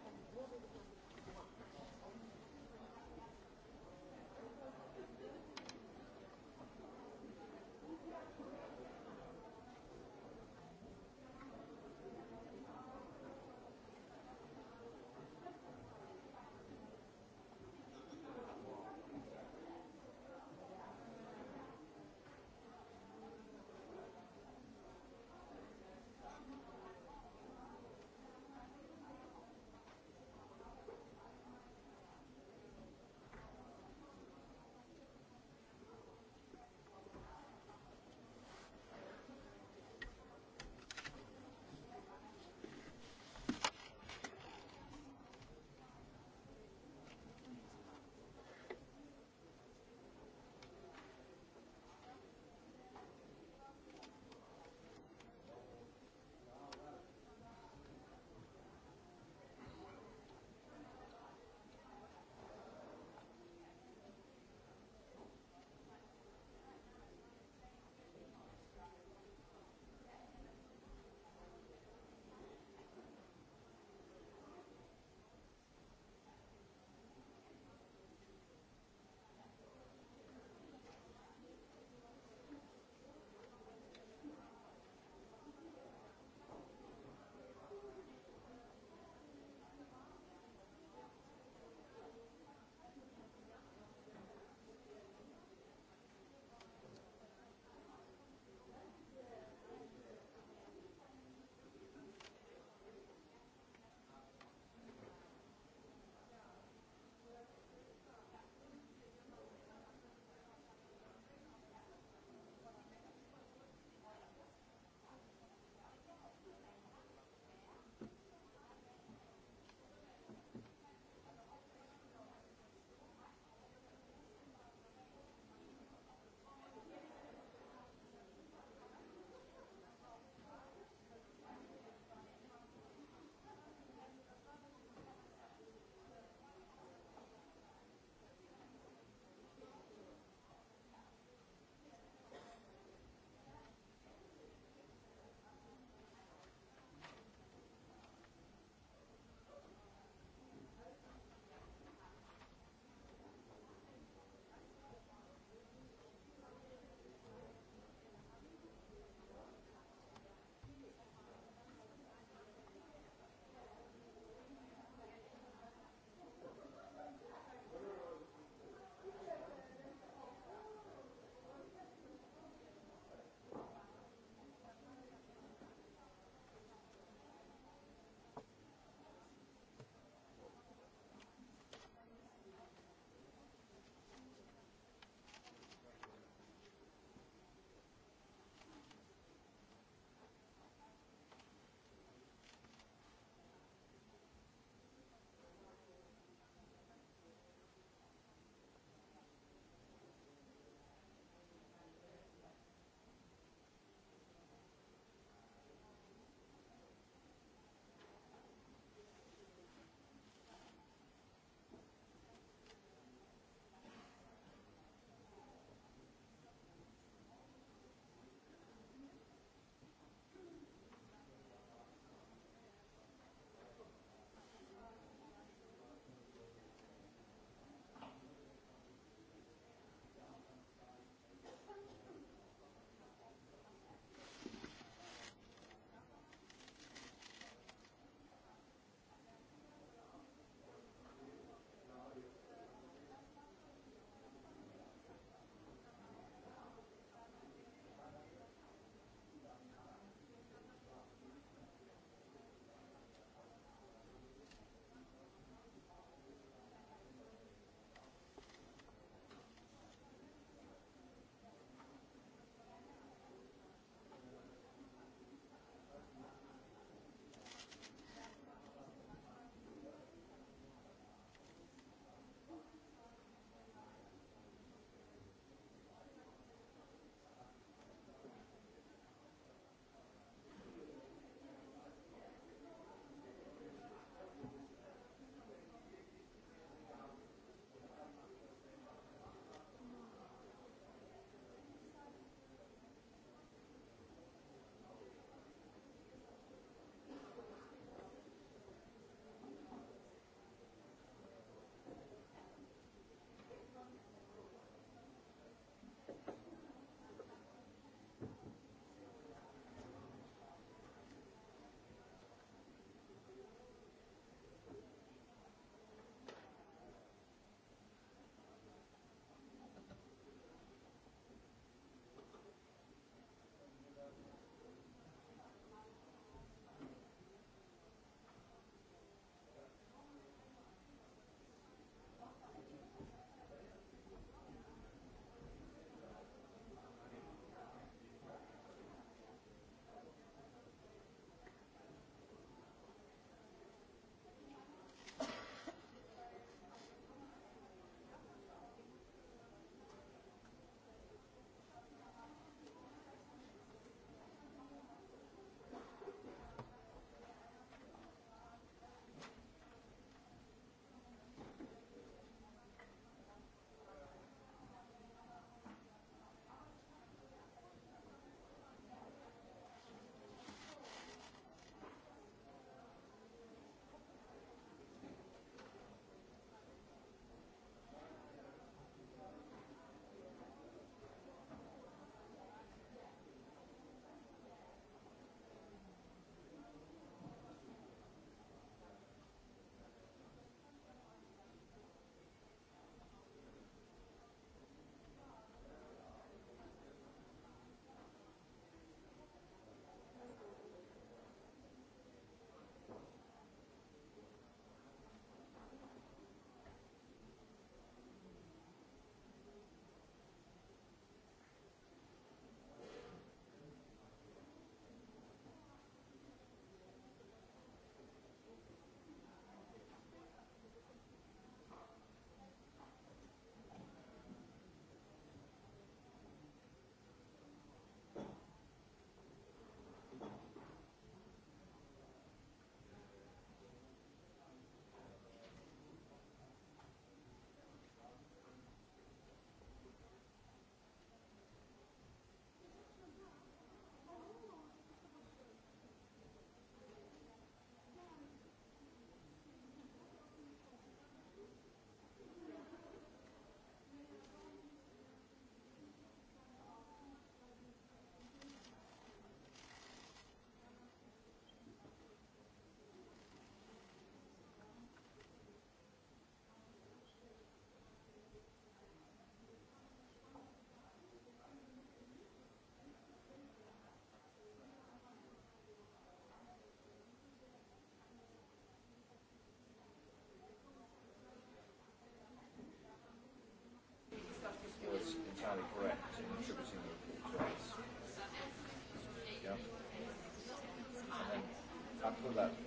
ricordate.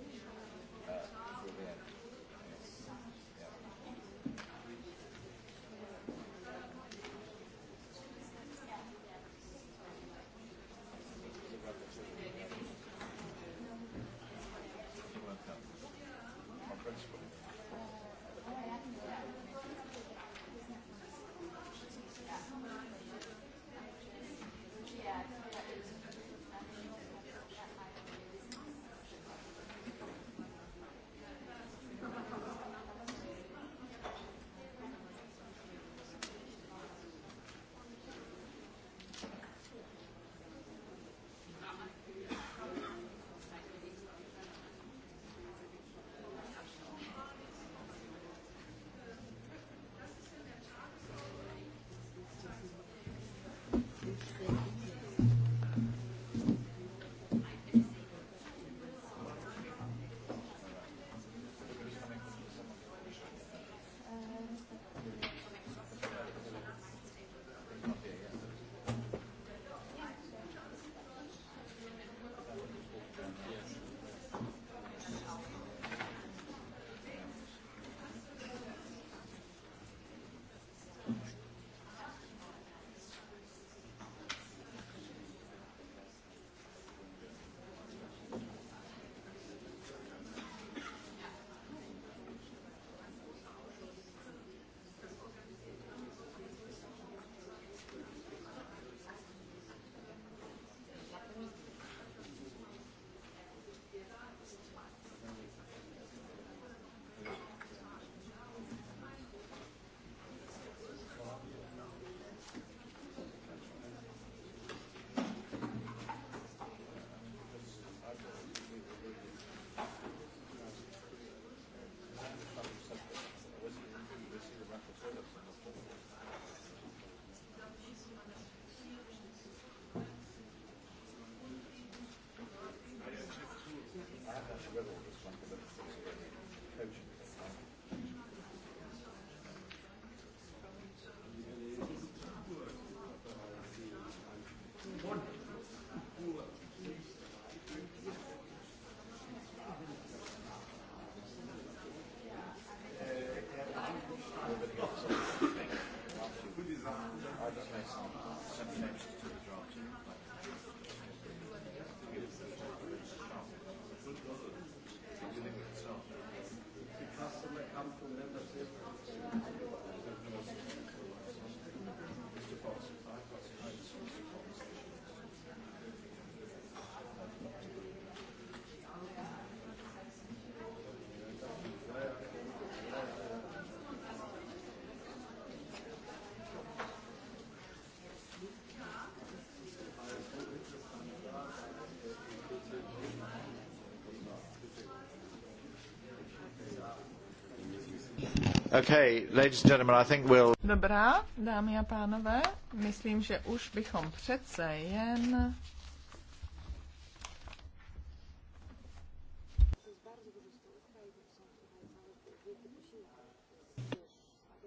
Okay, ladies and gentlemen, I think we'll... Dobrá, dámy a pánové, myslím, že už bychom přece jen...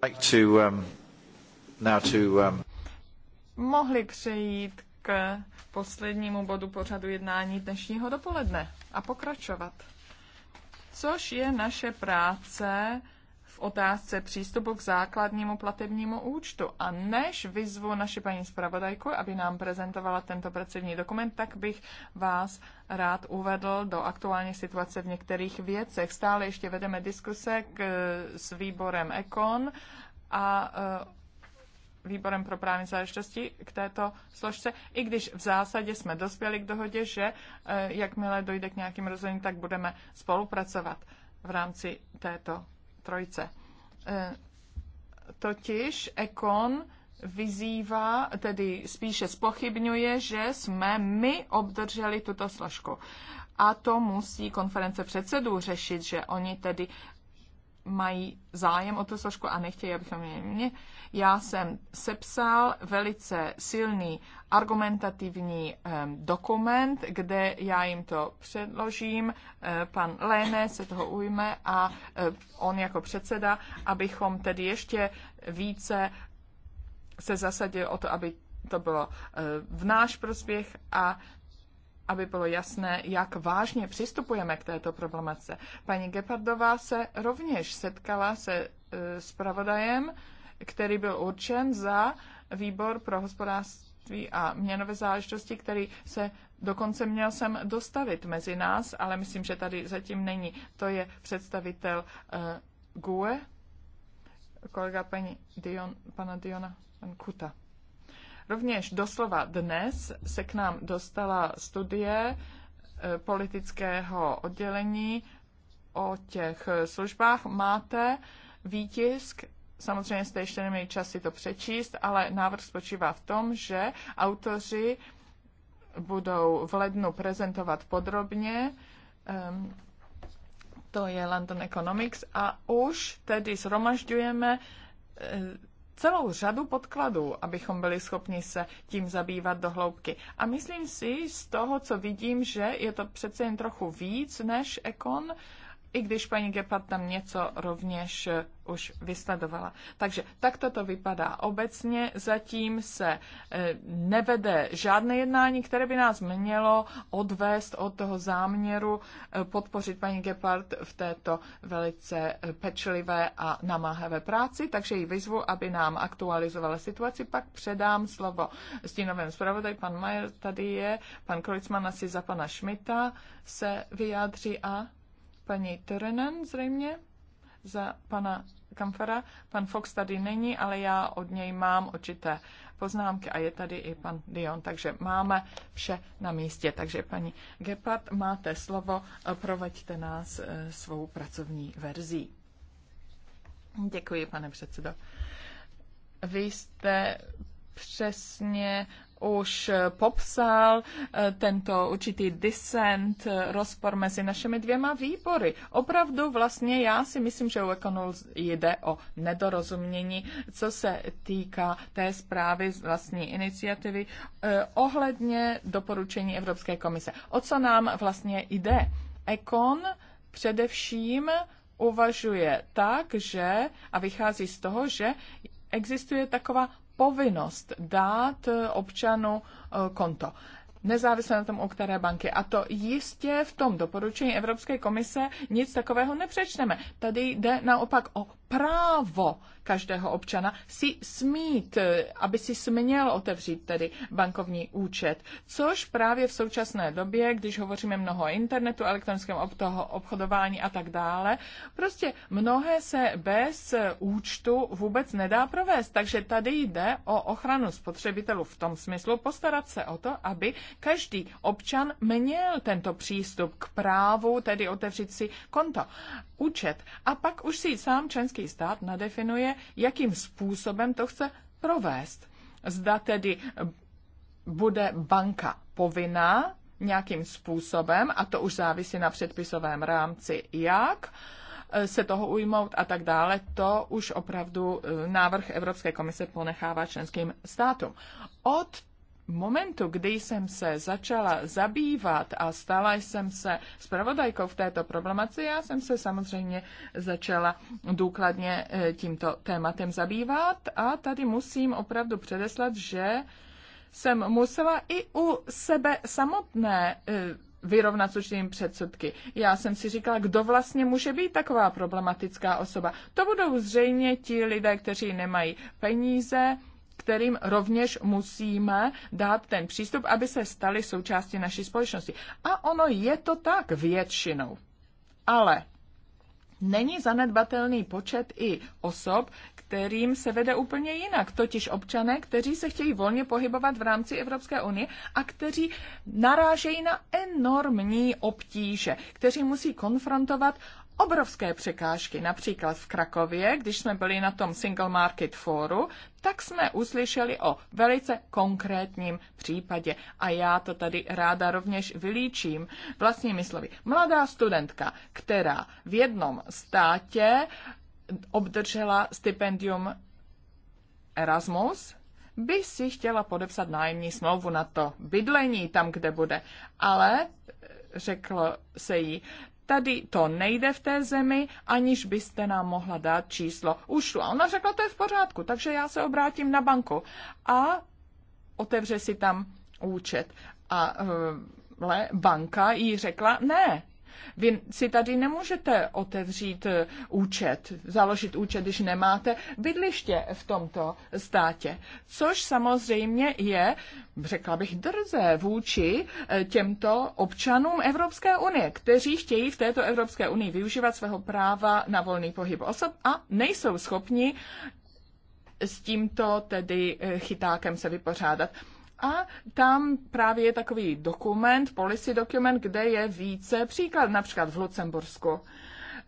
Like to, um, now to, um... Mohli přejít k poslednímu bodu pořadu jednání dnešního dopoledne a pokračovat. Což je naše práce v otázce přístupu k základnímu platebnímu účtu. A než vyzvu naši paní zpravodajku, aby nám prezentovala tento pracovní dokument, tak bych vás rád uvedl do aktuální situace v některých věcech. Stále ještě vedeme diskuse k, s výborem Econ a e, výborem pro právní záležitosti k této složce, i když v zásadě jsme dospěli k dohodě, že e, jakmile dojde k nějakým rozhodnutím, tak budeme spolupracovat v rámci této trojce. E, totiž Ekon vyzývá, tedy spíše spochybňuje, že jsme my obdrželi tuto složku. A to musí konference předsedů řešit, že oni tedy mají zájem o tu složku a nechtějí, abychom je měli. Já jsem sepsal velice silný argumentativní dokument, kde já jim to předložím, e, pan Léne se toho ujme a e, on jako předseda, abychom tedy ještě více se zasadili o to, aby to bylo e, v náš prospěch a aby bylo jasné, jak vážně přistupujeme k této problematice. Paní Gepardová se rovněž setkala se e, zpravodajem, který byl určen za výbor pro hospodářství a měnové záležitosti, který se dokonce měl sem dostavit mezi nás, ale myslím, že tady zatím není. To je představitel e, GUE, kolega paní Dion, pana Diona, pan Kuta. Rovněž doslova dnes se k nám dostala studie e, politického oddělení o těch službách. Máte výtisk Samozřejmě jste ještě neměli čas si to přečíst, ale návrh spočívá v tom, že autoři budou v lednu prezentovat podrobně, um, to je London Economics, a už tedy zhromažďujeme e, celou řadu podkladů, abychom byli schopni se tím zabývat do hloubky. A myslím si z toho, co vidím, že je to přece jen trochu víc než ekon, i když paní Gepard tam něco rovněž eh, už vysledovala. Takže takto to vypadá. Obecně zatím se eh, nevede žádné jednání, které by nás mělo odvést od toho záměru eh, podpořit paní Gepard v této velice pečlivé a namáhavé práci, takže ji vyzvu, aby nám aktualizovala situaci, pak předám slovo stínovém zpravodaj, pan Majer tady je, pan Krojcman asi za pana Šmita se vyjádří a paní Terenen zřejmě za pana Kamfera. Pan Fox tady není, ale já od něj mám určité poznámky a je tady i pan Dion, takže máme vše na místě. Takže paní Gepard, máte slovo, proveďte nás e, svou pracovní verzí. Děkuji, pane předsedo. Vy jste přesně už eh, popsal eh, tento určitý dissent, eh, rozpor mezi našimi dvěma výbory. Opravdu vlastně já si myslím, že u Econol jde o nedorozumění, co se týká té zprávy z vlastní iniciativy ohledně doporučení Evropské komise. O co nám vlastně jde? Econ především uvažuje tak, že a vychází z toho, že existuje taková povinnost dát eh, občanu eh, konto nezávisle na tom, u které banky. A to jistě v tom doporučení Evropské komise nic takového nepřečteme. Tady jde naopak o právo každého občana si smít, eh, aby si směl otevřít tedy bankovní účet, což právě v současné době, když hovoříme mnoho o internetu, elektronickém obchodování a tak dále, prostě mnohé se bez eh, účtu vůbec nedá provést. Takže tady jde o ochranu spotřebitelů v tom smyslu postarat se o to, aby každý občan měl tento přístup k právu, tedy otevřít si konto, účet. A pak už si sám členský členský stát nadefinuje, jakým způsobem to chce provést. Zda tedy bude banka povinná nějakým způsobem, a to už závisí na předpisovém rámci, jak se toho ujmout a tak dále, to už opravdu eh, návrh Evropské komise ponechává členským státům. Od momentu, kdy jsem se začala zabývat a stala jsem se spravodajkou v této problematice, já jsem se samozřejmě začala důkladně eh, tímto tématem zabývat a tady musím opravdu předeslat, že jsem musela i u sebe samotné eh, vyrovnat s určitými předsudky. Já jsem si říkala, kdo vlastně může být taková problematická osoba. To budou zřejmě ti lidé, kteří nemají peníze, kterým rovněž musíme dát ten přístup, aby se stali součástí naší společnosti. A ono je to tak většinou. Ale není zanedbatelný počet i osob, kterým se vede úplně jinak, totiž občané, kteří se chtějí volně pohybovat v rámci Evropské unie a kteří narážejí na enormní obtíže, kteří musí konfrontovat obrovské překážky. Například v Krakově, když jsme byli na tom Single Market Foru, tak jsme uslyšeli o velice konkrétním případě. A já to tady ráda rovněž vylíčím vlastními slovy. Mladá studentka, která v jednom státě obdržela stipendium Erasmus, by si chtěla podepsat nájemní smlouvu na to bydlení tam, kde bude. Ale řeklo se jí, tady to nejde v té zemi, aniž byste nám mohla dát číslo. Ušlo. A ona řekla, to je v pořádku, takže já se obrátím na banku a otevře si tam účet. A eh, le, banka jí řekla, ne, vy si tady nemůžete otevřít účet, založit účet, když nemáte bydliště v tomto státě. Což samozřejmě je, řekla bych, drze vůči eh, těmto občanům Evropské unie, kteří chtějí v této Evropské unii využívat svého práva na volný pohyb osob a nejsou schopni s tímto tedy eh, chytákem se vypořádat. A tam právě je takový dokument, policy dokument, kde je více příklad, například v Lucembursku.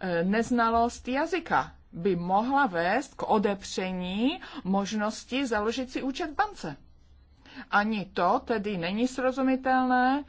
E, neznalost jazyka by mohla vést k odepření možnosti založit si účet v bance. Ani to tedy není srozumitelné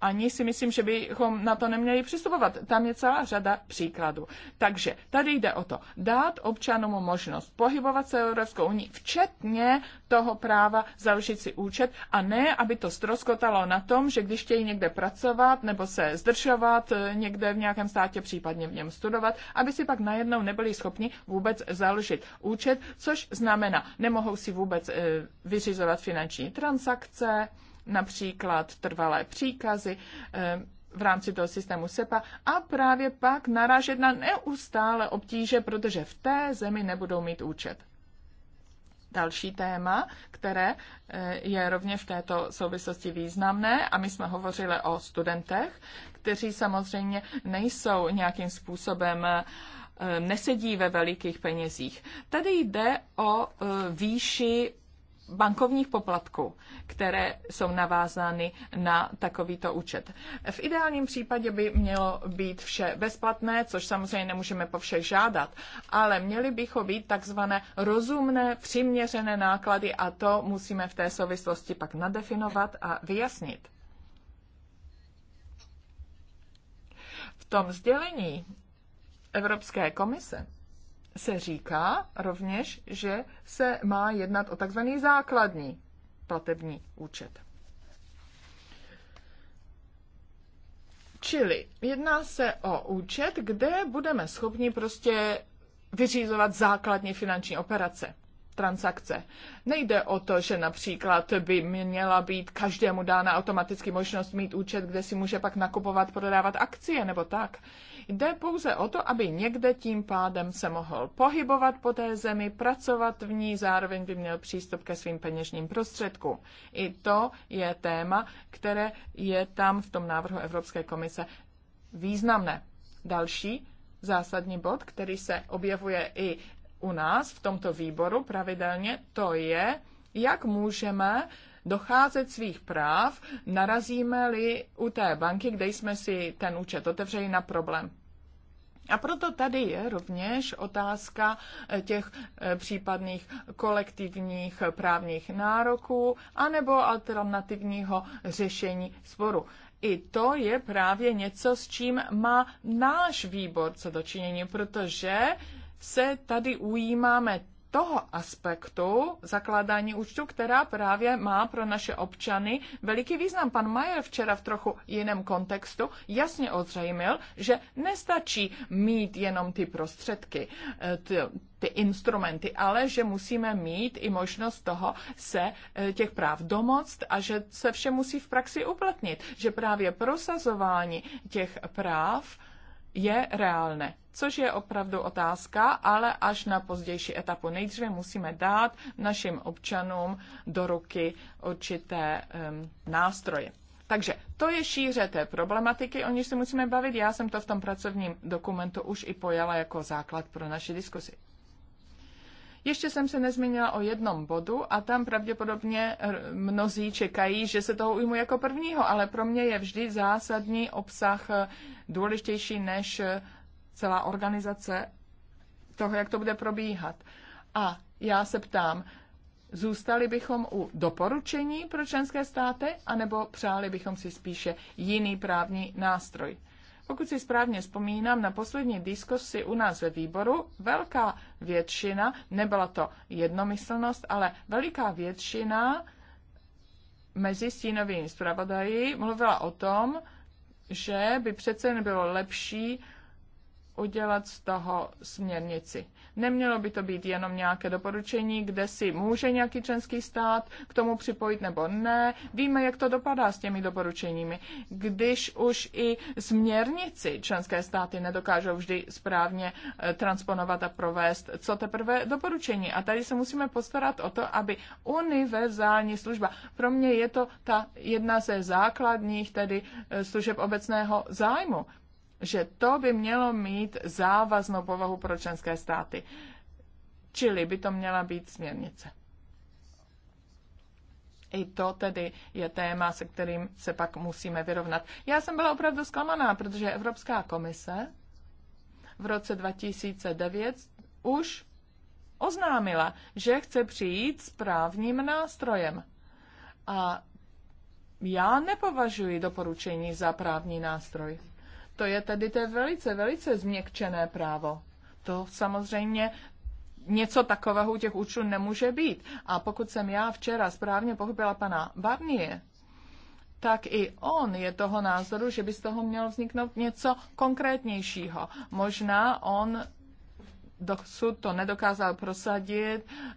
ani si myslím, že bychom na to neměli přistupovat. Tam je celá řada příkladů. Takže tady jde o to dát občanům možnost pohybovat se Evropskou unii, včetně toho práva založit si účet a ne, aby to stroskotalo na tom, že když chtějí někde pracovat nebo se zdržovat eh, někde v nějakém státě, případně v něm studovat, aby si pak najednou nebyli schopni vůbec založit účet, což znamená, nemohou si vůbec eh, vyřizovat finanční transakce, například trvalé příkazy eh, v rámci toho systému SEPA a právě pak narážet na neustále obtíže, protože v té zemi nebudou mít účet. Další téma, které eh, je rovněž v této souvislosti významné, a my jsme hovořili o studentech, kteří samozřejmě nejsou nějakým způsobem eh, nesedí ve velikých penězích. Tady jde o výši bankovních poplatků, které jsou navázány na takovýto účet. V ideálním případě by mělo být vše bezplatné, což samozřejmě nemůžeme po všech žádat, ale měly bychom být takzvané rozumné, přiměřené náklady a to musíme v té souvislosti pak nadefinovat a vyjasnit. V tom sdělení Evropské komise se říká rovněž, že se má jednat o takzvaný základní platební účet. Čili jedná se o účet, kde budeme schopni prostě vyřizovat základní finanční operace, transakce. Nejde o to, že například by měla být každému dána automaticky možnost mít účet, kde si může pak nakupovat, prodávat akcie nebo tak. Jde pouze o to, aby někde tím pádem se mohl pohybovat po té zemi, pracovat v ní, zároveň by měl přístup ke svým peněžním prostředkům. I to je téma, které je tam v tom návrhu Evropské komise významné. Další zásadní bod, který se objevuje i u nás v tomto výboru pravidelně, to je, jak můžeme docházet svých práv, narazíme-li u té banky, kde jsme si ten účet otevřeli na problém. A proto tady je rovněž otázka eh, těch eh, případných kolektivních právních nároků anebo alternativního řešení sporu. I to je právě něco, s čím má náš výbor co dočinění, protože se tady ujímáme toho aspektu zakládání účtu, která právě má pro naše občany veliký význam. Pan Majer včera v trochu jiném kontextu jasně ozřejmil, že nestačí mít jenom ty prostředky, eh, ty, ty instrumenty, ale že musíme mít i možnost toho se eh, těch práv domoct a že se vše musí v praxi uplatnit. Že právě prosazování těch práv je reálné. Což je opravdu otázka, ale až na pozdější etapu. Nejdříve musíme dát našim občanům do ruky určité um, nástroje. Takže to je šíře té problematiky, o níž se musíme bavit. Já jsem to v tom pracovním dokumentu už i pojala jako základ pro naše diskusi. Ještě jsem se nezmínila o jednom bodu a tam pravděpodobně eh, mnozí čekají, že se toho ujmu jako prvního, ale pro mě je vždy zásadní obsah eh, důležitější než eh, celá organizace toho, jak to bude probíhat. A já se ptám, zůstali bychom u doporučení pro členské státy, anebo přáli bychom si spíše jiný právní nástroj? Pokud si správně vzpomínám, na poslední diskusi u nás ve výboru velká většina, nebyla to jednomyslnost, ale veliká většina mezi stínovými zpravodaji mluvila o tom, že by přece nebylo lepší udělat z toho směrnici. Nemělo by to být jenom nějaké doporučení, kde si může nějaký členský stát k tomu připojit nebo ne. Víme, jak to dopadá s těmi doporučeními. Když už i směrnici členské státy nedokážou vždy správně eh, transponovat a provést, co teprve doporučení. A tady se musíme postarat o to, aby univerzální služba, pro mě je to ta jedna ze základních tedy eh, služeb obecného zájmu, že to by mělo mít závaznou povahu pro členské státy. Čili by to měla být směrnice. I to tedy je téma, se kterým se pak musíme vyrovnat. Já jsem byla opravdu zklamaná, protože Evropská komise v roce 2009 už oznámila, že chce přijít s právním nástrojem. A já nepovažuji doporučení za právní nástroj. To je tedy to velice, velice změkčené právo. To samozřejmě něco takového u těch účtů nemůže být. A pokud jsem já včera správně pochopila pana Barnie, tak i on je toho názoru, že by z toho mělo vzniknout něco konkrétnějšího. Možná on dosud to nedokázal prosadit eh,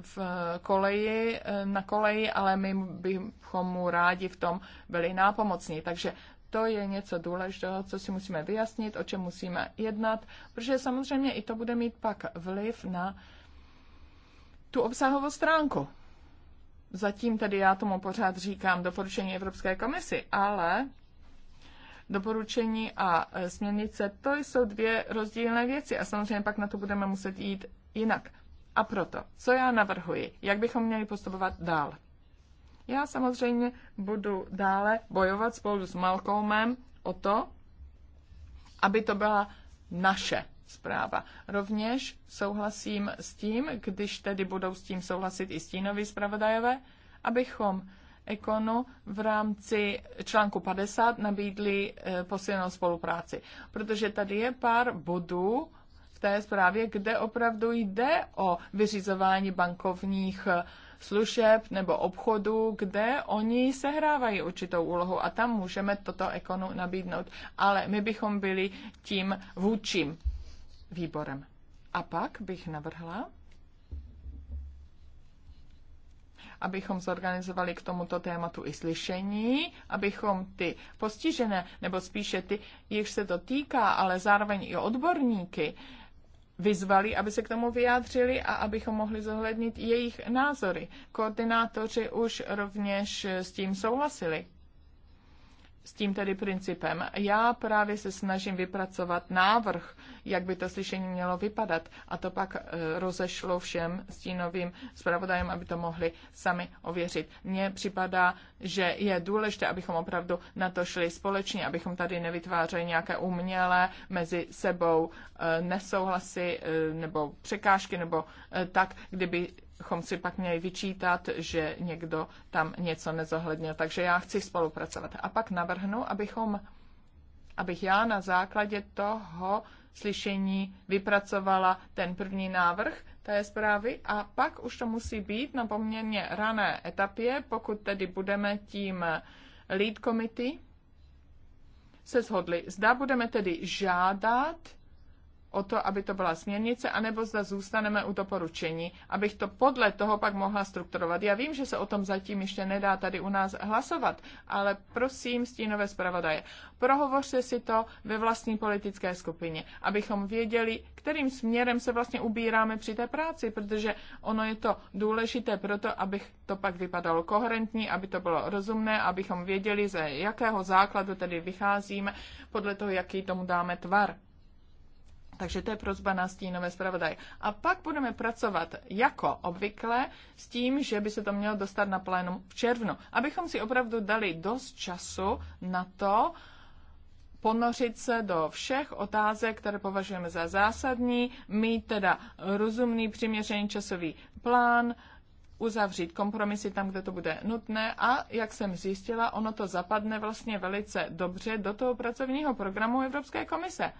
v koleji, eh, na koleji, ale my bychom mu rádi v tom byli nápomocní. Takže to je něco důležitého, co si musíme vyjasnit, o čem musíme jednat, protože samozřejmě i to bude mít pak vliv na tu obsahovou stránku. Zatím tedy já tomu pořád říkám doporučení Evropské komisi, ale doporučení a e, směrnice, to jsou dvě rozdílné věci a samozřejmě pak na to budeme muset jít jinak. A proto, co já navrhuji, jak bychom měli postupovat dál? Já samozřejmě budu dále bojovat spolu s Malcolmem o to, aby to byla naše zpráva. Rovněž souhlasím s tím, když tedy budou s tím souhlasit i stínoví zpravodajové, abychom Ekonu v rámci článku 50 nabídli eh, posílenou spolupráci. Protože tady je pár bodů v té zprávě, kde opravdu jde o vyřizování bankovních eh, služeb nebo obchodu, kde oni sehrávají určitou úlohu a tam můžeme toto ekonu nabídnout. Ale my bychom byli tím vůčím výborem. A pak bych navrhla, abychom zorganizovali k tomuto tématu i slyšení, abychom ty postižené, nebo spíše ty, jichž se to týká, ale zároveň i odborníky, vyzvali, aby se k tomu vyjádřili a abychom mohli zohlednit jejich názory. Koordinátoři už rovněž s tím souhlasili s tím tedy principem. Já právě se snažím vypracovat návrh, jak by to slyšení mělo vypadat a to pak eh, rozešlo všem stínovým zpravodajem, aby to mohli sami ověřit. Mně připadá, že je důležité, abychom opravdu na to šli společně, abychom tady nevytvářeli nějaké umělé mezi sebou eh, nesouhlasy eh, nebo překážky nebo tak, kdyby bychom si pak měli vyčítat, že někdo tam něco nezohlednil. Takže já chci spolupracovat. A pak navrhnu, abychom, abych já na základě toho slyšení vypracovala ten první návrh té zprávy a pak už to musí být na poměrně rané etapě, pokud tedy budeme tím lead committee, se shodli. Zda budeme tedy žádat o to, aby to byla směrnice, anebo zda zůstaneme u doporučení, abych to podle toho pak mohla strukturovat. Já vím, že se o tom zatím ještě nedá tady u nás hlasovat, ale prosím stínové zpravodaje, prohovořte si to ve vlastní politické skupině, abychom věděli, kterým směrem se vlastně ubíráme při té práci, protože ono je to důležité proto, abych to pak vypadalo koherentní, aby to bylo rozumné, abychom věděli, ze jakého základu tedy vycházíme, podle toho, jaký tomu dáme tvar. Takže to je prozba na stínové zpravodaje. A pak budeme pracovat jako obvykle s tím, že by se to mělo dostat na plénum v červnu, abychom si opravdu dali dost času na to, ponořit se do všech otázek, které považujeme za zásadní, mít teda rozumný, přiměřený časový plán, uzavřít kompromisy tam, kde to bude nutné a, jak jsem zjistila, ono to zapadne vlastně velice dobře do toho pracovního programu Evropské komise.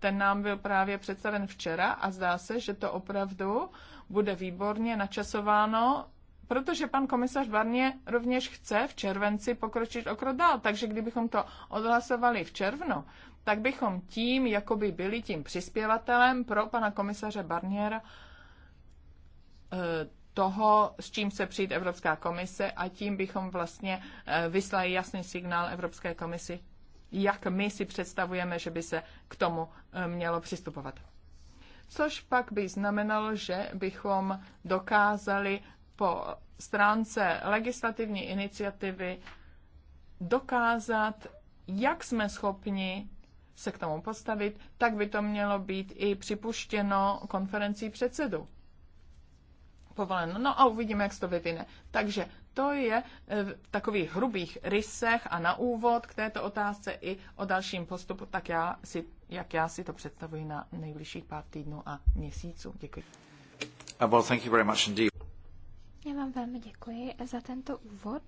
Ten nám byl právě představen včera a zdá se, že to opravdu bude výborně načasováno, protože pan komisař Barně rovněž chce v červenci pokročit o dál. Takže kdybychom to odhlasovali v červnu, tak bychom tím, jakoby byli tím přispěvatelem pro pana komisaře Barniera eh, toho, s čím se přijde Evropská komise a tím bychom vlastně eh, vyslali jasný signál Evropské komisi jak my si představujeme, že by se k tomu eh, mělo přistupovat. Což pak by znamenalo, že bychom dokázali po stránce legislativní iniciativy dokázat, jak jsme schopni se k tomu postavit, tak by to mělo být i připuštěno konferencí předsedů povoleno. No a uvidíme, jak se to vyvine. Takže to je e, v takových hrubých rysech a na úvod k této otázce i o dalším postupu, tak já si, jak já si to představuji na nejbližších pár týdnů a měsíců. Děkuji. Uh, well, thank you very much indeed. Já vám velmi děkuji za tento úvod.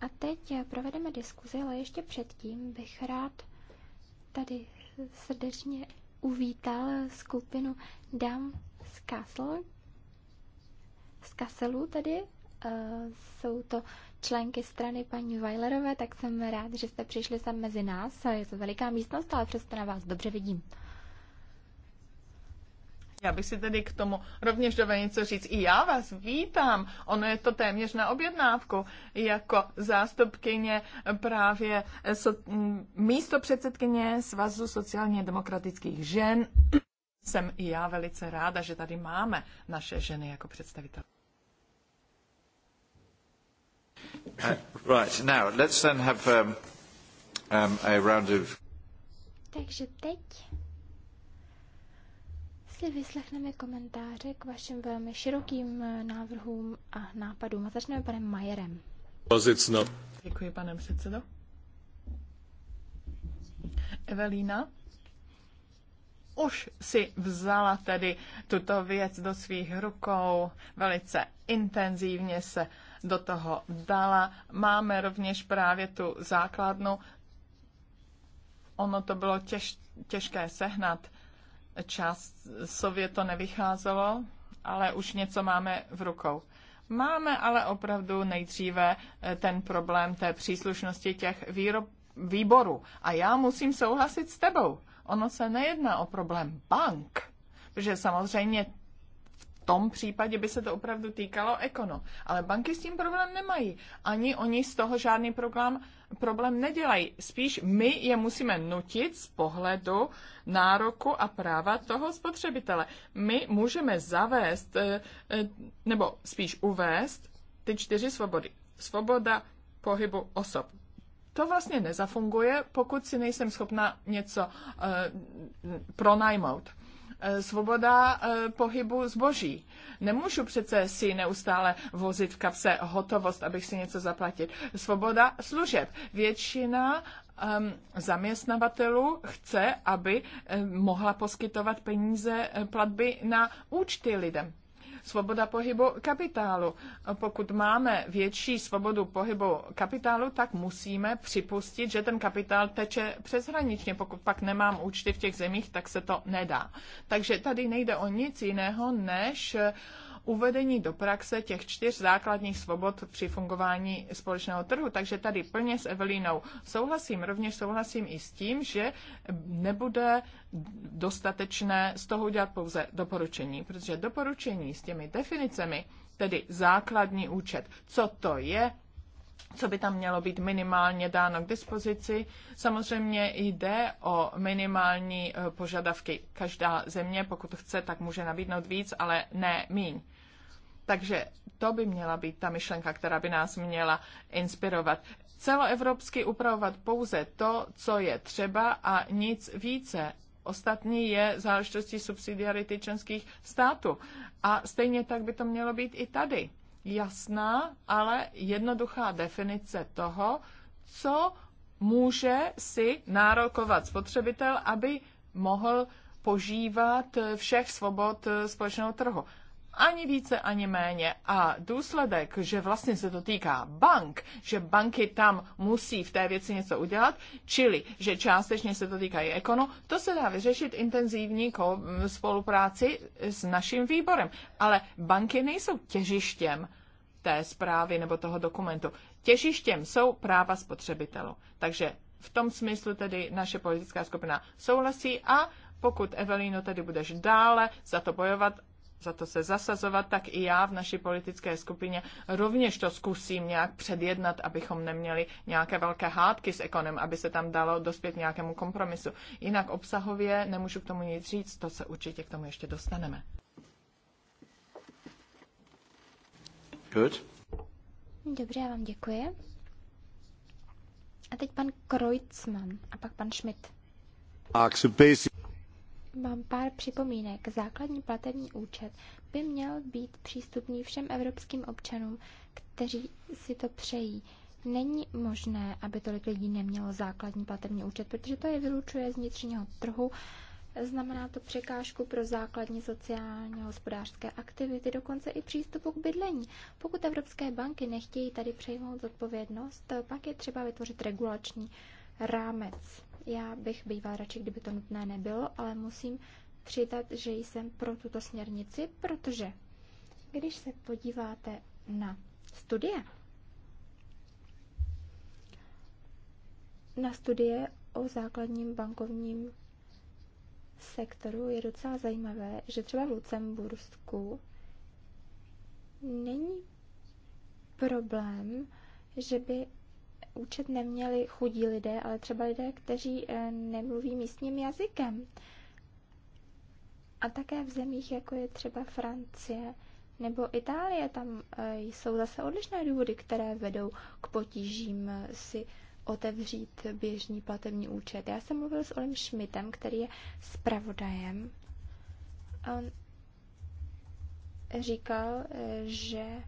A teď eh, provedeme diskuzi, ale ještě předtím bych rád tady srdečně uvítal skupinu Dam z Castle, z Kasselu tady, jsou to členky strany paní Weilerové, tak jsem rád, že jste přišli sem mezi nás. Je to veliká místnost, ale přesto na vás dobře vidím. Já bych si tedy k tomu rovněž dovedl něco říct. I já vás vítám. Ono je to téměř na objednávku. Jako zástupkyně právě so, mm, místo předsedkyně Svazu sociálně demokratických žen jsem i já velice ráda, že tady máme naše ženy jako představitelky. Uh, right, now let's then have um, um, a round of... Takže teď si vyslechneme komentáře k vašim velmi širokým eh, návrhům a nápadům. A začneme panem Majerem. Pozicno. Děkuji, pane předsedo. Evelína už si vzala tedy tuto věc do svých rukou, velice intenzivně se uh, do toho dala. Máme rovněž právě tu základnu. Ono to bylo těž, těžké sehnat. sově to nevycházelo, ale už něco máme v rukou. Máme ale opravdu nejdříve eh, ten problém té příslušnosti těch výrob, výborů. A já musím souhlasit s tebou. Ono se nejedná o problém bank, protože samozřejmě tom případě by se to opravdu týkalo ekono. Ale banky s tím problém nemají. Ani oni z toho žádný problém, problém nedělají. Spíš my je musíme nutit z pohledu nároku a práva toho spotřebitele. My můžeme zavést, eh, eh, nebo spíš uvést ty čtyři svobody. Svoboda pohybu osob. To vlastně nezafunguje, pokud si nejsem schopna něco eh, pronajmout. Eh, svoboda eh, pohybu zboží. Nemůžu přece si neustále vozit v kapse hotovost, abych si něco zaplatil. Svoboda služeb. Většina ehm, zaměstnavatelů chce, aby eh, mohla poskytovat peníze, platby na účty lidem. Svoboda pohybu kapitálu. Pokud máme větší svobodu pohybu kapitálu, tak musíme připustit, že ten kapitál teče přeshraničně. Pokud pak nemám účty v těch zemích, tak se to nedá. Takže tady nejde o nic jiného, než uh, uvedení do praxe těch čtyř základních svobod při fungování společného trhu. Takže tady plně s Evelínou souhlasím. Rovněž souhlasím i s tím, že nebude dostatečné z toho udělat pouze doporučení, protože doporučení s těmi definicemi, tedy základní účet, co to je, co by tam mělo být minimálně dáno k dispozici. Samozřejmě jde o minimální eh, požadavky. Každá země, pokud chce, tak může nabídnout víc, ale ne míň. Takže to by měla být ta myšlenka, která by nás měla inspirovat. Celoevropsky upravovat pouze to, co je třeba a nic více. Ostatní je záležitostí subsidiarity členských států. A stejně tak by to mělo být i tady. Jasná, ale jednoduchá definice toho, co může si nárokovat spotřebitel, aby mohl požívat všech svobod eh, společného trhu ani více, ani méně. A důsledek, že vlastně se to týká bank, že banky tam musí v té věci něco udělat, čili že částečně se to týká i ekonu, to se dá vyřešit intenzivní spolupráci s naším výborem. Ale banky nejsou těžištěm té zprávy nebo toho dokumentu. Těžištěm jsou práva spotřebitelů. Takže v tom smyslu tedy naše politická skupina souhlasí a pokud Evelino tedy budeš dále za to bojovat, za to se zasazovat, tak i já v naší politické skupině rovněž to zkusím nějak předjednat, abychom neměli nějaké velké hádky s ekonem, aby se tam dalo dospět nějakému kompromisu. Jinak obsahově nemůžu k tomu nic říct, to se určitě k tomu ještě dostaneme. Good. Dobře, já vám děkuji. A teď pan Kreutzmann a pak pan Schmidt mám pár připomínek. Základní platební účet by měl být přístupný všem evropským občanům, kteří si to přejí. Není možné, aby tolik lidí nemělo základní platební účet, protože to je vylučuje z vnitřního trhu. Znamená to překážku pro základní sociálně hospodářské aktivity, dokonce i přístupu k bydlení. Pokud evropské banky nechtějí tady přejmout zodpovědnost, pak je třeba vytvořit regulační uh, rámec. Já bych bývala radši, kdyby to nutné nebylo, ale musím přidat, že jsem pro tuto směrnici, protože když se podíváte na studie, na studie o základním bankovním sektoru je docela zajímavé, že třeba v Lucembursku není problém, že by účet neměli chudí lidé, ale třeba lidé, kteří eh, nemluví místním jazykem. A také v zemích, jako je třeba Francie nebo Itálie, tam eh, jsou zase odlišné důvody, které vedou k potížím eh, si otevřít běžný platební účet. Já jsem mluvil s Olem Schmidtem, který je zpravodajem. on říkal, že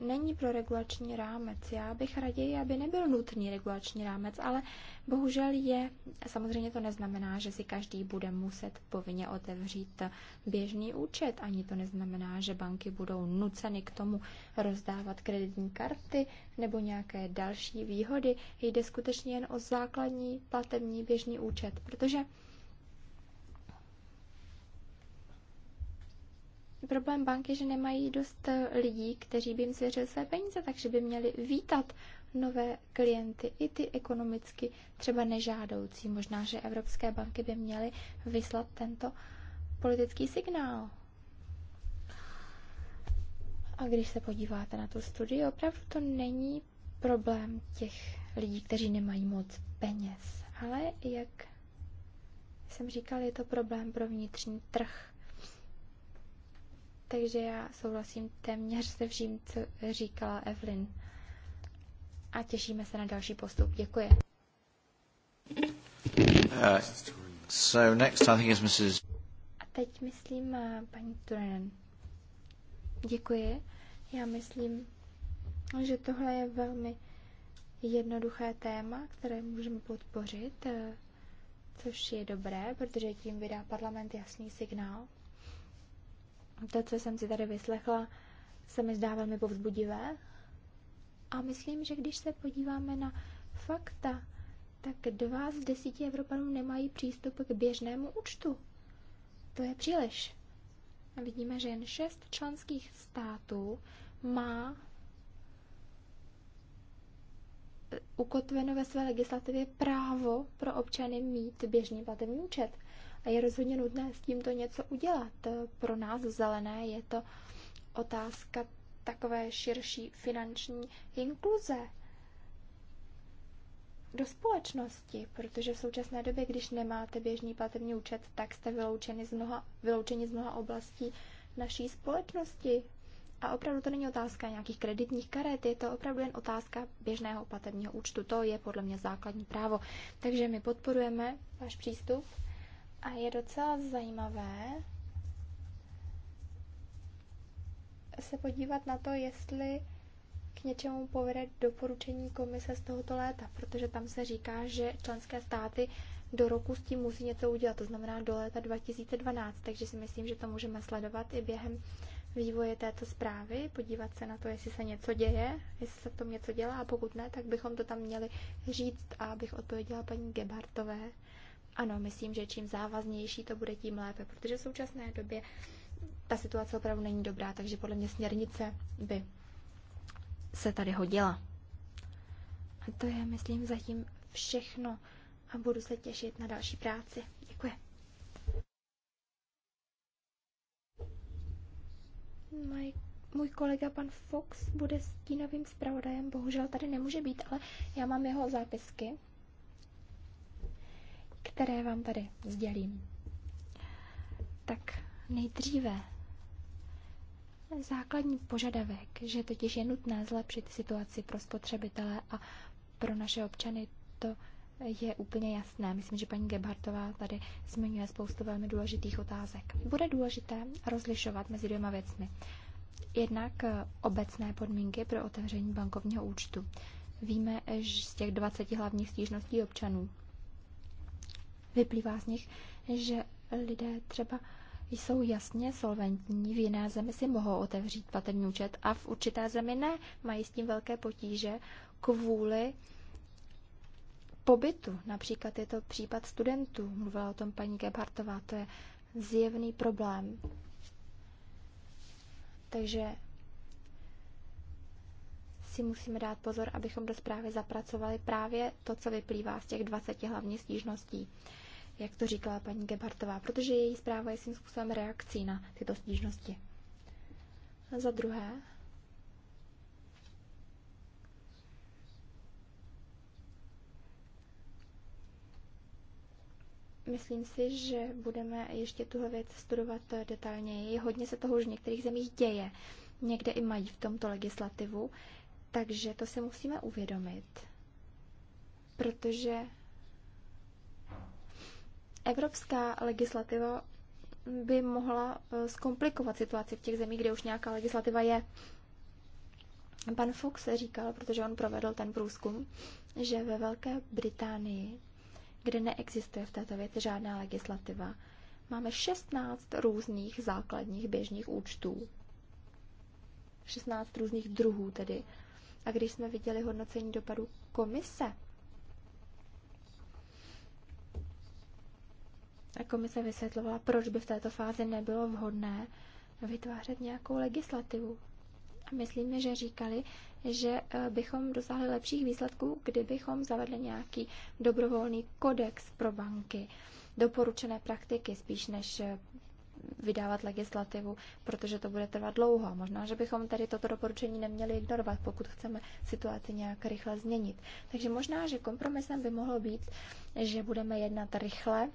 není pro regulační rámec. Já bych raději, aby nebyl nutný regulační rámec, ale bohužel je, samozřejmě to neznamená, že si každý bude muset povinně otevřít běžný účet. Ani to neznamená, že banky budou nuceny k tomu rozdávat kreditní karty nebo nějaké další výhody. Jde skutečně jen o základní platební běžný účet, protože problém banky, že nemají dost eh, lidí, kteří by jim svěřili své peníze, takže by měli vítat nové klienty, i ty ekonomicky třeba nežádoucí. Možná, že evropské banky by měly vyslat tento politický signál. A když se podíváte na tu studii, opravdu to není problém těch lidí, kteří nemají moc peněz. Ale jak jsem říkal, je to problém pro vnitřní trh takže já souhlasím téměř se vším, co říkala Evelyn. A těšíme se na další postup. Děkuji. Uh, so next I think is Mrs. A teď myslím uh, paní Turenen. Děkuji. Já myslím, že tohle je velmi jednoduché téma, které můžeme podpořit, uh, což je dobré, protože tím vydá parlament jasný signál to, co jsem si tady vyslechla, se mi zdá velmi povzbudivé. A myslím, že když se podíváme na fakta, tak dva z desíti Evropanů nemají přístup k běžnému účtu. To je příliš. A vidíme, že jen šest členských států má eh, ukotveno ve své legislativě právo pro občany mít běžný platební účet a je rozhodně nutné s tímto něco udělat. Pro nás zelené je to otázka takové širší finanční inkluze do společnosti, protože v současné době, když nemáte běžný platební účet, tak jste vyloučeni z mnoha, vyloučeni z mnoha oblastí naší společnosti. A opravdu to není otázka nějakých kreditních karet, je to opravdu jen otázka běžného platebního účtu. To je podle mě základní právo. Takže my podporujeme váš přístup a je docela zajímavé se podívat na to, jestli k něčemu povede doporučení komise z tohoto léta, protože tam se říká, že členské státy do roku s tím musí něco udělat, to znamená do léta 2012, takže si myslím, že to můžeme sledovat i během vývoje této zprávy, podívat se na to, jestli se něco děje, jestli se v tom něco dělá a pokud ne, tak bychom to tam měli říct a abych odpověděla paní Gebartové ano, myslím, že čím závaznější to bude, tím lépe, protože v současné době ta situace opravdu není dobrá, takže podle mě směrnice by se tady hodila. A to je, myslím, zatím všechno a budu se těšit na další práci. Děkuji. Maj, můj kolega pan Fox bude stínovým zpravodajem, bohužel tady nemůže být, ale já mám jeho zápisky které vám tady sdělím. Tak nejdříve základní požadavek, že totiž je nutné zlepšit situaci pro spotřebitele a pro naše občany, to je úplně jasné. Myslím, že paní Gebhartová tady zmiňuje spoustu velmi důležitých otázek. Bude důležité rozlišovat mezi dvěma věcmi. Jednak eh, obecné podmínky pro otevření bankovního účtu. Víme eh, že z těch 20 hlavních stížností občanů, Vyplývá z nich, že lidé třeba jsou jasně solventní, v jiné zemi si mohou otevřít platební účet a v určité zemi ne. Mají s tím velké potíže kvůli pobytu. Například je to případ studentů, mluvila o tom paní Gebhartová, to je zjevný problém. Takže si musíme dát pozor, abychom do zprávy zapracovali právě to, co vyplývá z těch 20 hlavně stížností, jak to říkala paní Gebartová, protože její zpráva je svým způsobem reakcí na tyto stížnosti. A za druhé, Myslím si, že budeme ještě tuhle věc studovat detailněji. Hodně se toho už v některých zemích děje. Někde i mají v tomto legislativu. Takže to se musíme uvědomit, protože evropská legislativa by mohla eh, zkomplikovat situaci v těch zemích, kde už nějaká legislativa je. Pan Fox říkal, protože on provedl ten průzkum, že ve Velké Británii, kde neexistuje v této věci žádná legislativa, máme 16 různých základních běžných účtů. 16 různých druhů tedy a když jsme viděli hodnocení dopadu komise, a komise vysvětlovala, proč by v této fázi nebylo vhodné vytvářet nějakou legislativu. A myslíme, že říkali, že eh, bychom dosáhli lepších výsledků, kdybychom zavedli nějaký dobrovolný kodex pro banky, doporučené praktiky, spíš než eh, vydávat legislativu, protože to bude trvat dlouho. Možná, že bychom tady toto doporučení neměli ignorovat, pokud chceme situaci nějak rychle změnit. Takže možná, že kompromisem by mohlo být, že budeme jednat rychle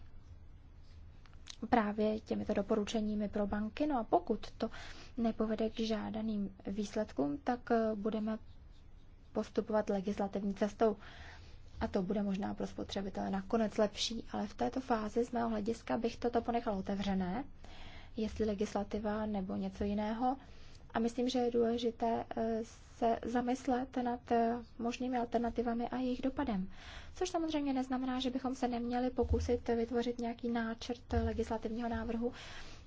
právě těmito doporučeními pro banky. No a pokud to nepovede k žádaným výsledkům, tak eh, budeme postupovat legislativní cestou. A to bude možná pro spotřebitele nakonec lepší, ale v této fázi z mého hlediska bych toto ponechal otevřené jestli legislativa nebo něco jiného. A myslím, že je důležité eh, se zamyslet nad eh, možnými alternativami a jejich dopadem. Což samozřejmě neznamená, že bychom se neměli pokusit vytvořit nějaký náčrt legislativního návrhu,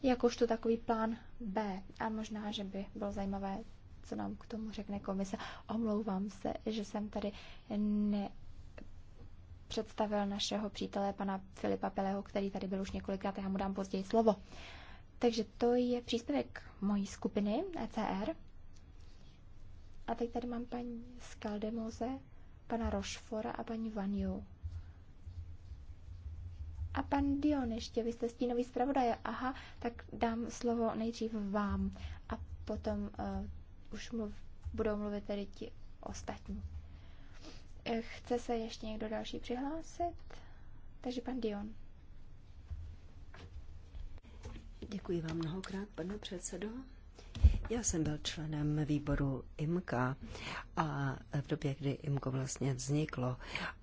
jakožto takový plán B. A možná, že by bylo zajímavé, co nám k tomu řekne komise. Omlouvám se, že jsem tady ne představil našeho přítele pana Filipa Peleho, který tady byl už několikrát, já mu dám později slovo. Takže to je příspěvek mojí skupiny ECR. A teď tady mám paní Skaldemoze, pana Rošfora a paní Vanju. A pan Dion ještě, vy jste stínový zpravodaj. Aha, tak dám slovo nejdřív vám a potom uh, už mluv, budou mluvit tedy ti ostatní. Eh, chce se ještě někdo další přihlásit? Takže pan Dion. Děkuji vám mnohokrát, pane předsedo. Já jsem byl členem výboru IMKA a v době, kdy IMKO vlastně vzniklo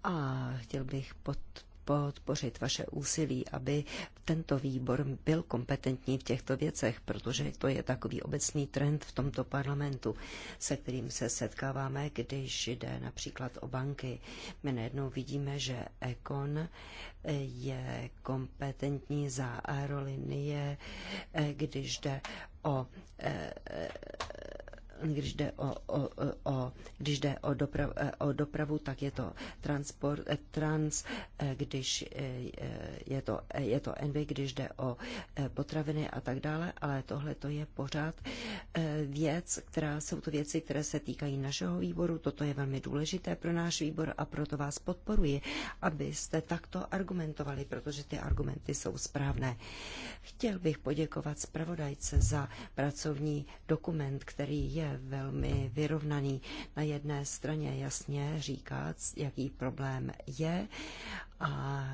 a chtěl bych pod, podpořit vaše úsilí, aby tento výbor byl kompetentní v těchto věcech, protože to je takový obecný trend v tomto parlamentu, se kterým se setkáváme, když jde například o banky. My najednou vidíme, že Econ eh, je kompetentní za aerolinie, eh, když jde o eh, když jde o, o, o, když jde o, doprav, eh, o dopravu, tak je to transport, eh, trans, eh, když je to, je to envy, když jde o potraviny a tak dále, ale tohle to je pořád věc, která jsou to věci, které se týkají našeho výboru, toto je velmi důležité pro náš výbor a proto vás podporuji, abyste takto argumentovali, protože ty argumenty jsou správné. Chtěl bych poděkovat zpravodajce za pracovní dokument, který je je velmi vyrovnaný. Na jedné straně jasně říká, jaký problém je a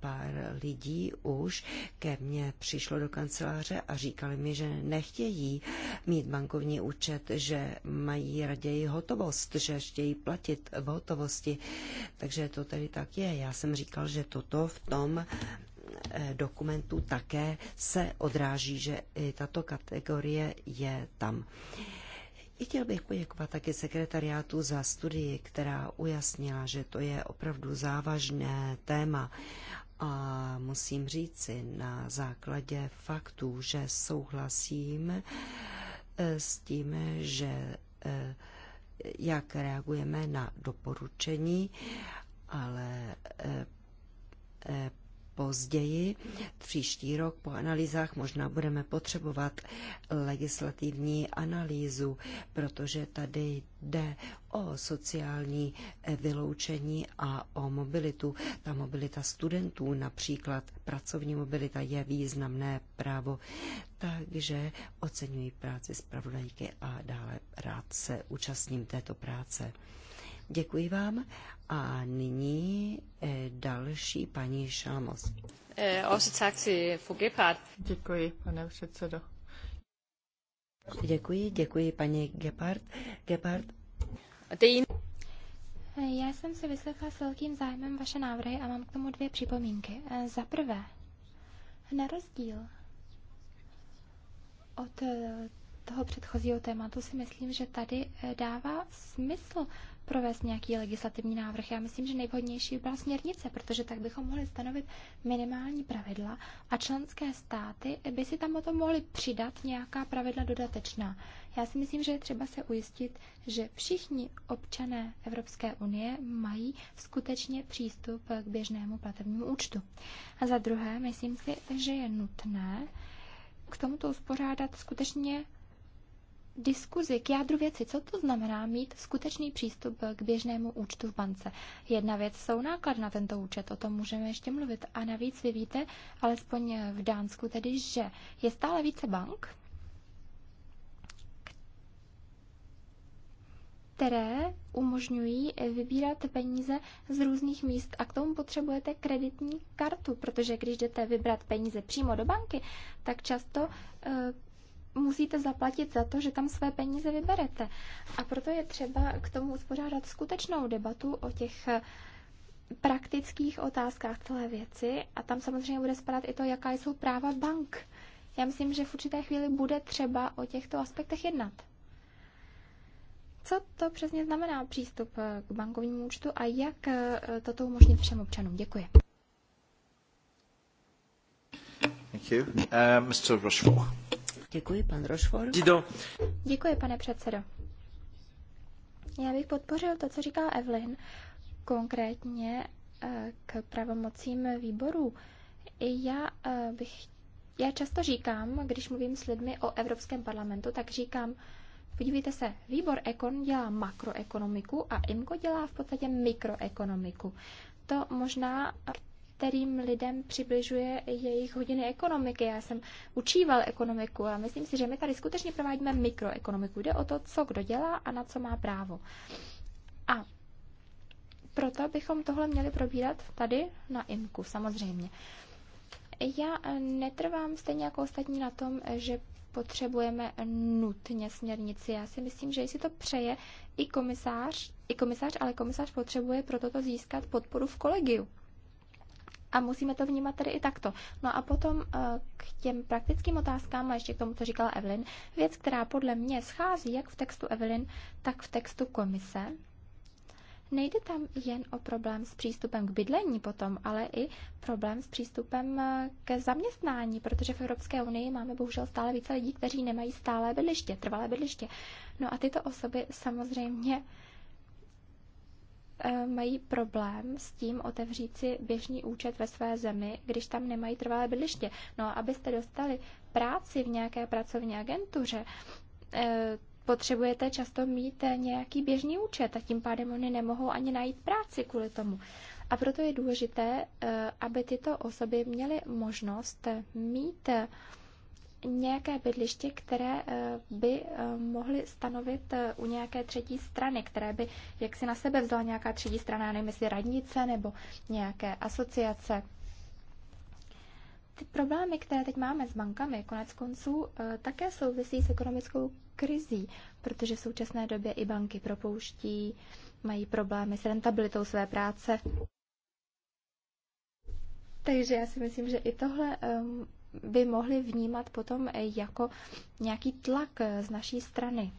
pár lidí už ke mně přišlo do kanceláře a říkali mi, že nechtějí mít bankovní účet, že mají raději hotovost, že chtějí platit v hotovosti. Takže to tedy tak je. Já jsem říkal, že toto v tom Eh, dokumentů také se odráží, že i tato kategorie je tam. I chtěl bych poděkovat taky sekretariátu za studii, která ujasnila, že to je opravdu závažné téma a musím říci na základě faktů, že souhlasím eh, s tím, že eh, jak reagujeme na doporučení, ale později, příští rok po analýzách možná budeme potřebovat legislativní analýzu, protože tady jde o sociální eh, vyloučení a o mobilitu. Ta mobilita studentů, například pracovní mobilita, je významné právo. Takže oceňuji práci zpravodajky a dále rád se účastním této práce. Děkuji vám. A nyní eh, další paní Šalmos. Eh, děkuji, pane předsedo. Děkuji, děkuji paní Gepard. Gepard. Eh, já jsem si vyslechla s velkým zájmem vaše návrhy a mám k tomu dvě připomínky. Za prvé, na rozdíl od toho předchozího tématu si myslím, že tady dává smysl provést nějaký legislativní návrh. Já myslím, že nejvhodnější byla směrnice, protože tak bychom mohli stanovit minimální pravidla a členské státy by si tam o tom mohly přidat nějaká pravidla dodatečná. Já si myslím, že je třeba se ujistit, že všichni občané Evropské unie mají skutečně přístup k běžnému platebnímu účtu. A za druhé, myslím si, že je nutné k tomuto uspořádat skutečně diskuzi k jádru věci. Co to znamená mít skutečný přístup k běžnému účtu v bance? Jedna věc jsou náklady na tento účet, o tom můžeme ještě mluvit. A navíc vy víte, alespoň v Dánsku tedy, že je stále více bank, které umožňují vybírat peníze z různých míst a k tomu potřebujete kreditní kartu, protože když jdete vybrat peníze přímo do banky, tak často eh, musíte zaplatit za to, že tam své peníze vyberete. A proto je třeba k tomu uspořádat skutečnou debatu o těch eh, praktických otázkách celé věci a tam samozřejmě bude spadat i to, jaká jsou práva bank. Já myslím, že v určité chvíli bude třeba o těchto aspektech jednat. Co to přesně znamená přístup eh, k bankovnímu účtu a jak eh, toto umožnit všem občanům? Děkuji. Thank you. Uh, Mr. Rushmore. Děkuji, pan Rošfor. Děkuji, pane předsedo. Já bych podpořil to, co říkala Evelyn, konkrétně eh, k pravomocím výborů. Já eh, bych, já často říkám, když mluvím s lidmi o Evropském parlamentu, tak říkám, podívejte se, výbor Ekon dělá makroekonomiku a IMCO dělá v podstatě mikroekonomiku. To možná kterým lidem přibližuje jejich hodiny ekonomiky. Já jsem učíval ekonomiku a myslím si, že my tady skutečně provádíme mikroekonomiku. Jde o to, co kdo dělá a na co má právo. A proto bychom tohle měli probírat tady na IMKU, samozřejmě. Já netrvám stejně jako ostatní na tom, že potřebujeme nutně směrnici. Já si myslím, že jestli to přeje i komisář, i komisář ale komisář potřebuje pro toto získat podporu v kolegiu. A musíme to vnímat tedy i takto. No a potom eh, k těm praktickým otázkám a ještě k tomu, co říkala Evelyn. Věc, která podle mě schází jak v textu Evelyn, tak v textu komise, Nejde tam jen o problém s přístupem k bydlení potom, ale i problém s přístupem eh, ke zaměstnání, protože v Evropské unii máme bohužel stále více lidí, kteří nemají stále bydliště, trvalé bydliště. No a tyto osoby samozřejmě Eh, mají problém s tím otevřít si běžný účet ve své zemi, když tam nemají trvalé bydliště. No, abyste dostali práci v nějaké pracovní agentuře, eh, potřebujete často mít nějaký běžný účet a tím pádem oni nemohou ani najít práci kvůli tomu. A proto je důležité, eh, aby tyto osoby měly možnost mít nějaké bydliště, které eh, by eh, mohly stanovit eh, u nějaké třetí strany, které by jak si na sebe vzala nějaká třetí strana, nevím jestli radnice nebo nějaké asociace. Ty problémy, které teď máme s bankami, konec konců také souvisí s ekonomickou krizí, protože v současné době i banky propouští, mají problémy s rentabilitou své práce. Takže já si myslím, že i tohle ehm, by mohli vnímat potom jako nějaký tlak z naší strany.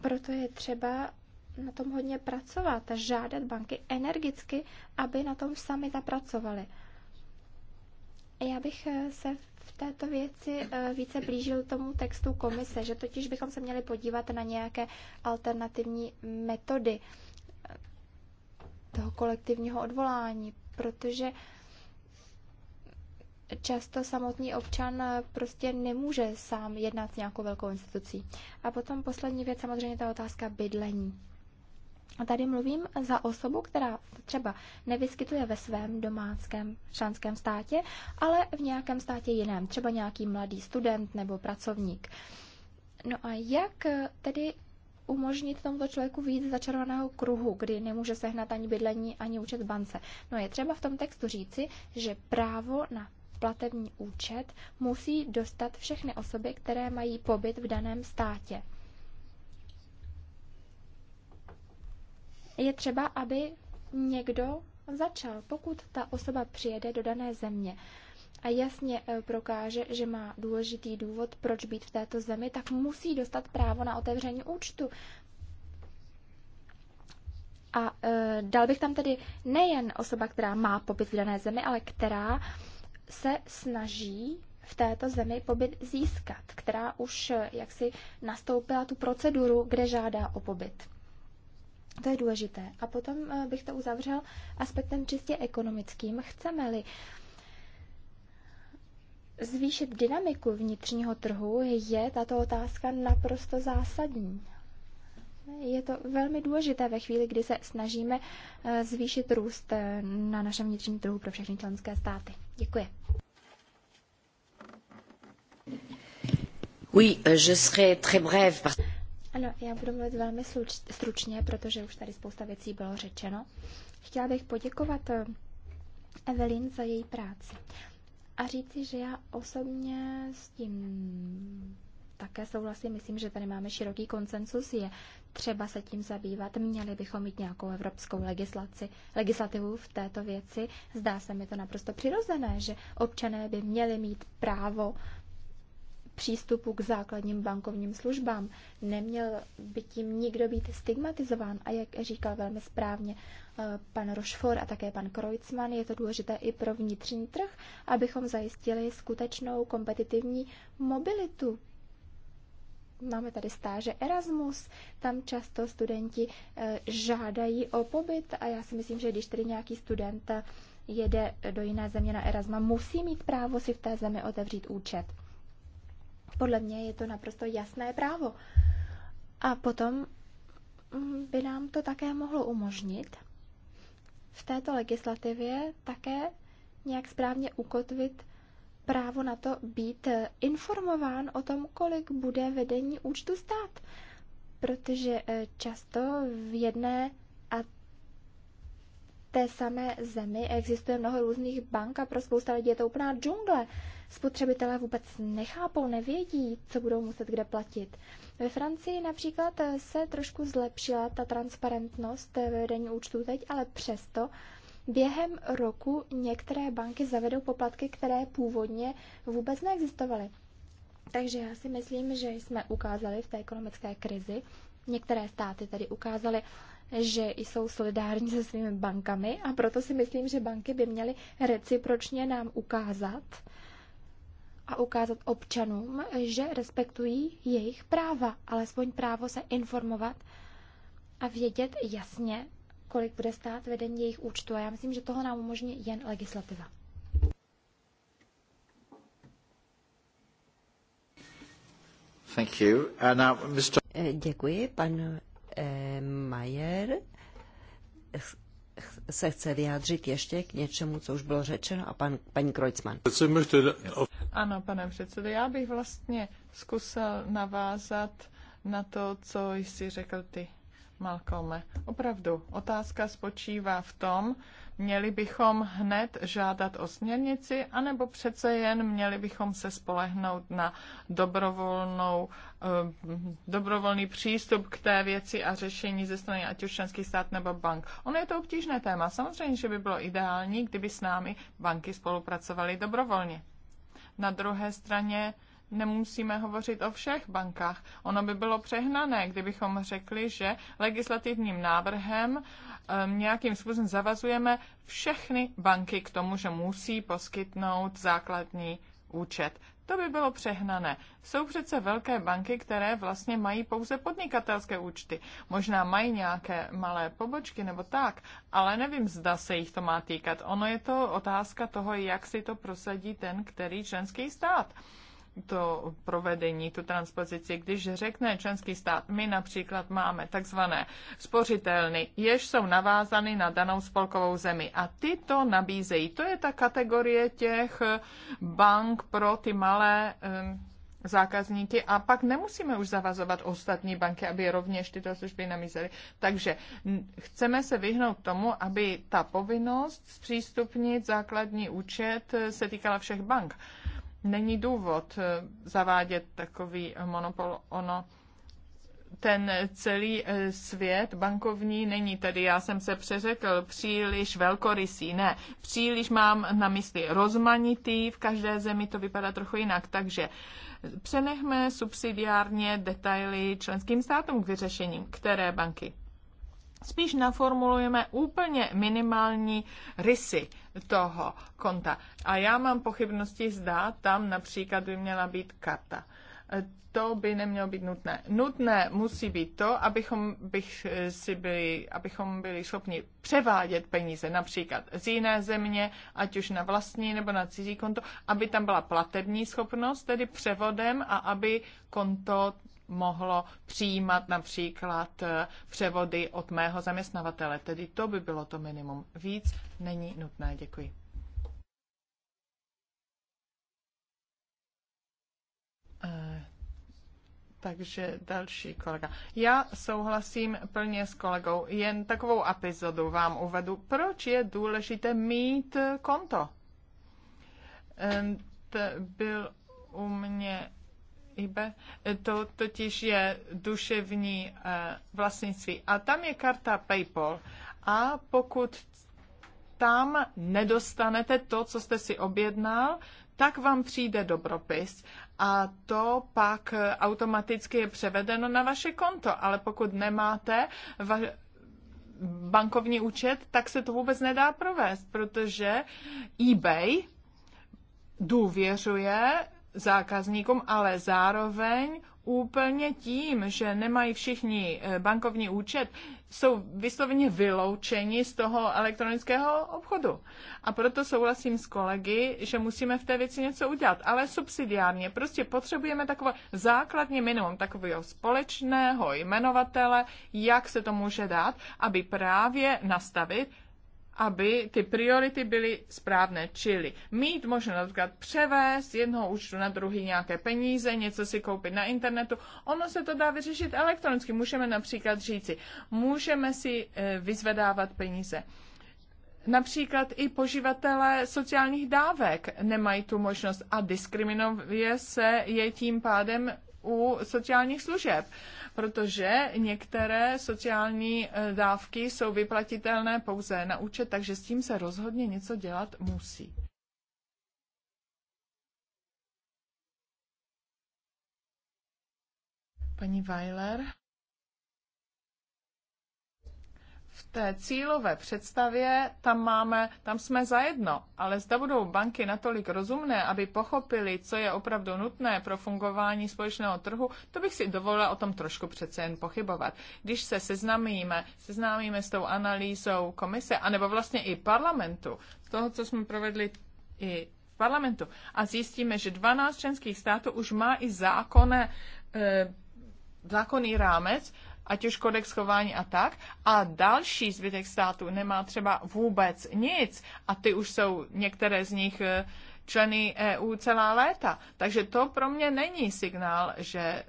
Proto je třeba na tom hodně pracovat, žádat banky energicky, aby na tom sami zapracovali. Já bych se v této věci eh, více blížil tomu textu komise, že totiž bychom se měli podívat na nějaké alternativní metody toho kolektivního odvolání, protože často samotný občan eh, prostě nemůže sám jednat s nějakou velkou institucí. A potom poslední věc, samozřejmě ta otázka bydlení. A tady mluvím za osobu, která třeba nevyskytuje ve svém domáckém členském státě, ale v nějakém státě jiném, třeba nějaký mladý student nebo pracovník. No a jak eh, tedy umožnit tomuto člověku víc začarovaného kruhu, kdy nemůže sehnat ani bydlení, ani účet v bance. No je třeba v tom textu říci, že právo na platební účet, musí dostat všechny osoby, které mají pobyt v daném státě. Je třeba, aby někdo začal, pokud ta osoba přijede do dané země a jasně eh, prokáže, že má důležitý důvod, proč být v této zemi, tak musí dostat právo na otevření účtu. A e, dal bych tam tedy nejen osoba, která má pobyt v dané zemi, ale která se snaží v této zemi pobyt získat, která už eh, jaksi nastoupila tu proceduru, kde žádá o pobyt. To je důležité. A potom eh, bych to uzavřel aspektem čistě ekonomickým. Chceme-li zvýšit dynamiku vnitřního trhu, je tato otázka naprosto zásadní je to velmi důležité ve chvíli, kdy se snažíme eh, zvýšit růst eh, na našem vnitřním trhu pro všechny členské státy. Děkuji. Oui, euh, je serai très brève. Ano, já budu mluvit velmi stručně, protože už tady spousta věcí bylo řečeno. Chtěla bych poděkovat eh, Evelyn za její práci a říci, že já osobně s tím také souhlasím. Myslím, že tady máme široký konsensus. Je třeba se tím zabývat. Měli bychom mít nějakou evropskou legislaci, legislativu v této věci. Zdá se mi to naprosto přirozené, že občané by měli mít právo přístupu k základním bankovním službám. Neměl by tím nikdo být stigmatizován. A jak říkal velmi správně eh, pan Rošfor a také pan Kreutzmann, je to důležité i pro vnitřní trh, abychom zajistili skutečnou kompetitivní mobilitu Máme tady stáže Erasmus, tam často studenti eh, žádají o pobyt a já si myslím, že když tedy nějaký student eh, jede do jiné země na Erasma, musí mít právo si v té zemi otevřít účet. Podle mě je to naprosto jasné právo. A potom mm, by nám to také mohlo umožnit v této legislativě také nějak správně ukotvit právo na to být eh, informován o tom, kolik bude vedení účtu stát. Protože eh, často v jedné a té samé zemi existuje mnoho různých bank a pro spousta lidí je to úplná džungle. Spotřebitelé vůbec nechápou, nevědí, co budou muset kde platit. Ve Francii například eh, se trošku zlepšila ta transparentnost ve vedení účtu, teď, ale přesto uh, Během roku některé banky zavedou poplatky, které původně vůbec neexistovaly. Takže já si myslím, že jsme ukázali v té ekonomické krizi, některé státy tedy ukázaly, že jsou solidární se svými bankami a proto si myslím, že banky by měly recipročně nám ukázat a ukázat občanům, že respektují jejich práva, alespoň právo se informovat a vědět jasně, kolik bude stát vedení jejich účtu. A já myslím, že toho nám umožní jen legislativa. Thank you. And uh, now, Mr. Eh, děkuji. Pan eh, Majer se chce vyjádřit ještě k něčemu, co už bylo řečeno, a pan, paní Krojcman. Ano, pane předsedo, já bych vlastně zkusil navázat na to, co jsi řekl ty. Malcolme. Opravdu, otázka spočívá v tom, měli bychom hned žádat o směrnici, anebo přece jen měli bychom se spolehnout na dobrovolnou, eh, dobrovolný přístup k té věci a řešení ze strany ať už členský stát nebo bank. Ono je to obtížné téma. Samozřejmě, že by bylo ideální, kdyby s námi banky spolupracovaly dobrovolně. Na druhé straně nemusíme hovořit o všech bankách. Ono by bylo přehnané, kdybychom řekli, že legislativním návrhem um, nějakým způsobem zavazujeme všechny banky k tomu, že musí poskytnout základní účet. To by bylo přehnané. Jsou přece velké banky, které vlastně mají pouze podnikatelské účty. Možná mají nějaké malé pobočky nebo tak, ale nevím, zda se jich to má týkat. Ono je to otázka toho, jak si to prosadí ten, který členský stát to provedení, tu transpozici, když řekne členský stát, my například máme takzvané spořitelny, jež jsou navázany na danou spolkovou zemi a ty to nabízejí. To je ta kategorie těch bank pro ty malé zákazníky a pak nemusíme už zavazovat ostatní banky, aby rovněž tyto služby namízely. Takže chceme se vyhnout tomu, aby ta povinnost zpřístupnit základní účet eh, se týkala všech bank není důvod eh, zavádět takový monopol. Ono ten celý eh, svět bankovní není, tedy já jsem se přeřekl, příliš velkorysý, ne, příliš mám na mysli rozmanitý, v každé zemi to vypadá trochu jinak, takže přenechme subsidiárně detaily členským státům k vyřešení, které banky. Spíš naformulujeme úplně minimální rysy toho konta. A já mám pochybnosti, zda tam například by měla být karta. E, to by nemělo být nutné. Nutné musí být to, abychom, bych e, si byli, abychom byli schopni převádět peníze například z jiné země, ať už na vlastní nebo na cizí konto, aby tam byla platební schopnost, tedy převodem a aby konto mohlo přijímat například eh, převody od mého zaměstnavatele. Tedy to by bylo to minimum. Víc není nutné. Děkuji. Eh, takže další kolega. Já souhlasím plně s kolegou. Jen takovou epizodu vám uvedu. Proč je důležité mít konto? Eh, byl u mě IBE, to totiž je duševní eh, vlastnictví. A tam je karta PayPal. A pokud tam nedostanete to, co jste si objednal, tak vám přijde dobropis a to pak eh, automaticky je převedeno na vaše konto. Ale pokud nemáte va- bankovní účet, tak se to vůbec nedá provést, protože eBay důvěřuje zákazníkům, ale zároveň úplně tím, že nemají všichni eh, bankovní účet, jsou vysloveně vyloučeni z toho elektronického obchodu. A proto souhlasím s kolegy, že musíme v té věci něco udělat, ale subsidiárně. Prostě potřebujeme takové základní minimum takového společného jmenovatele, jak se to může dát, aby právě nastavit aby ty priority byly správné, čili mít možnost například převést jednoho účtu na druhý nějaké peníze, něco si koupit na internetu. Ono se to dá vyřešit elektronicky. Můžeme například říci, můžeme si eh, vyzvedávat peníze. Například i poživatelé sociálních dávek nemají tu možnost a diskriminuje se je tím pádem u sociálních služeb protože některé sociální eh, dávky jsou vyplatitelné pouze na účet, takže s tím se rozhodně něco dělat musí. Paní Weiler. té cílové představě tam máme, tam jsme zajedno, ale zda budou banky natolik rozumné, aby pochopili, co je opravdu nutné pro fungování společného trhu, to bych si dovolila o tom trošku přece jen pochybovat. Když se seznámíme, seznámíme s tou analýzou komise, anebo vlastně i parlamentu, z toho, co jsme provedli i v parlamentu, a zjistíme, že 12 členských států už má i zákonné, e, zákonný rámec, ať už kodex chování a tak, a další zbytek států nemá třeba vůbec nic a ty už jsou některé z nich eh, členy EU celá léta. Takže to pro mě není signál, že eh,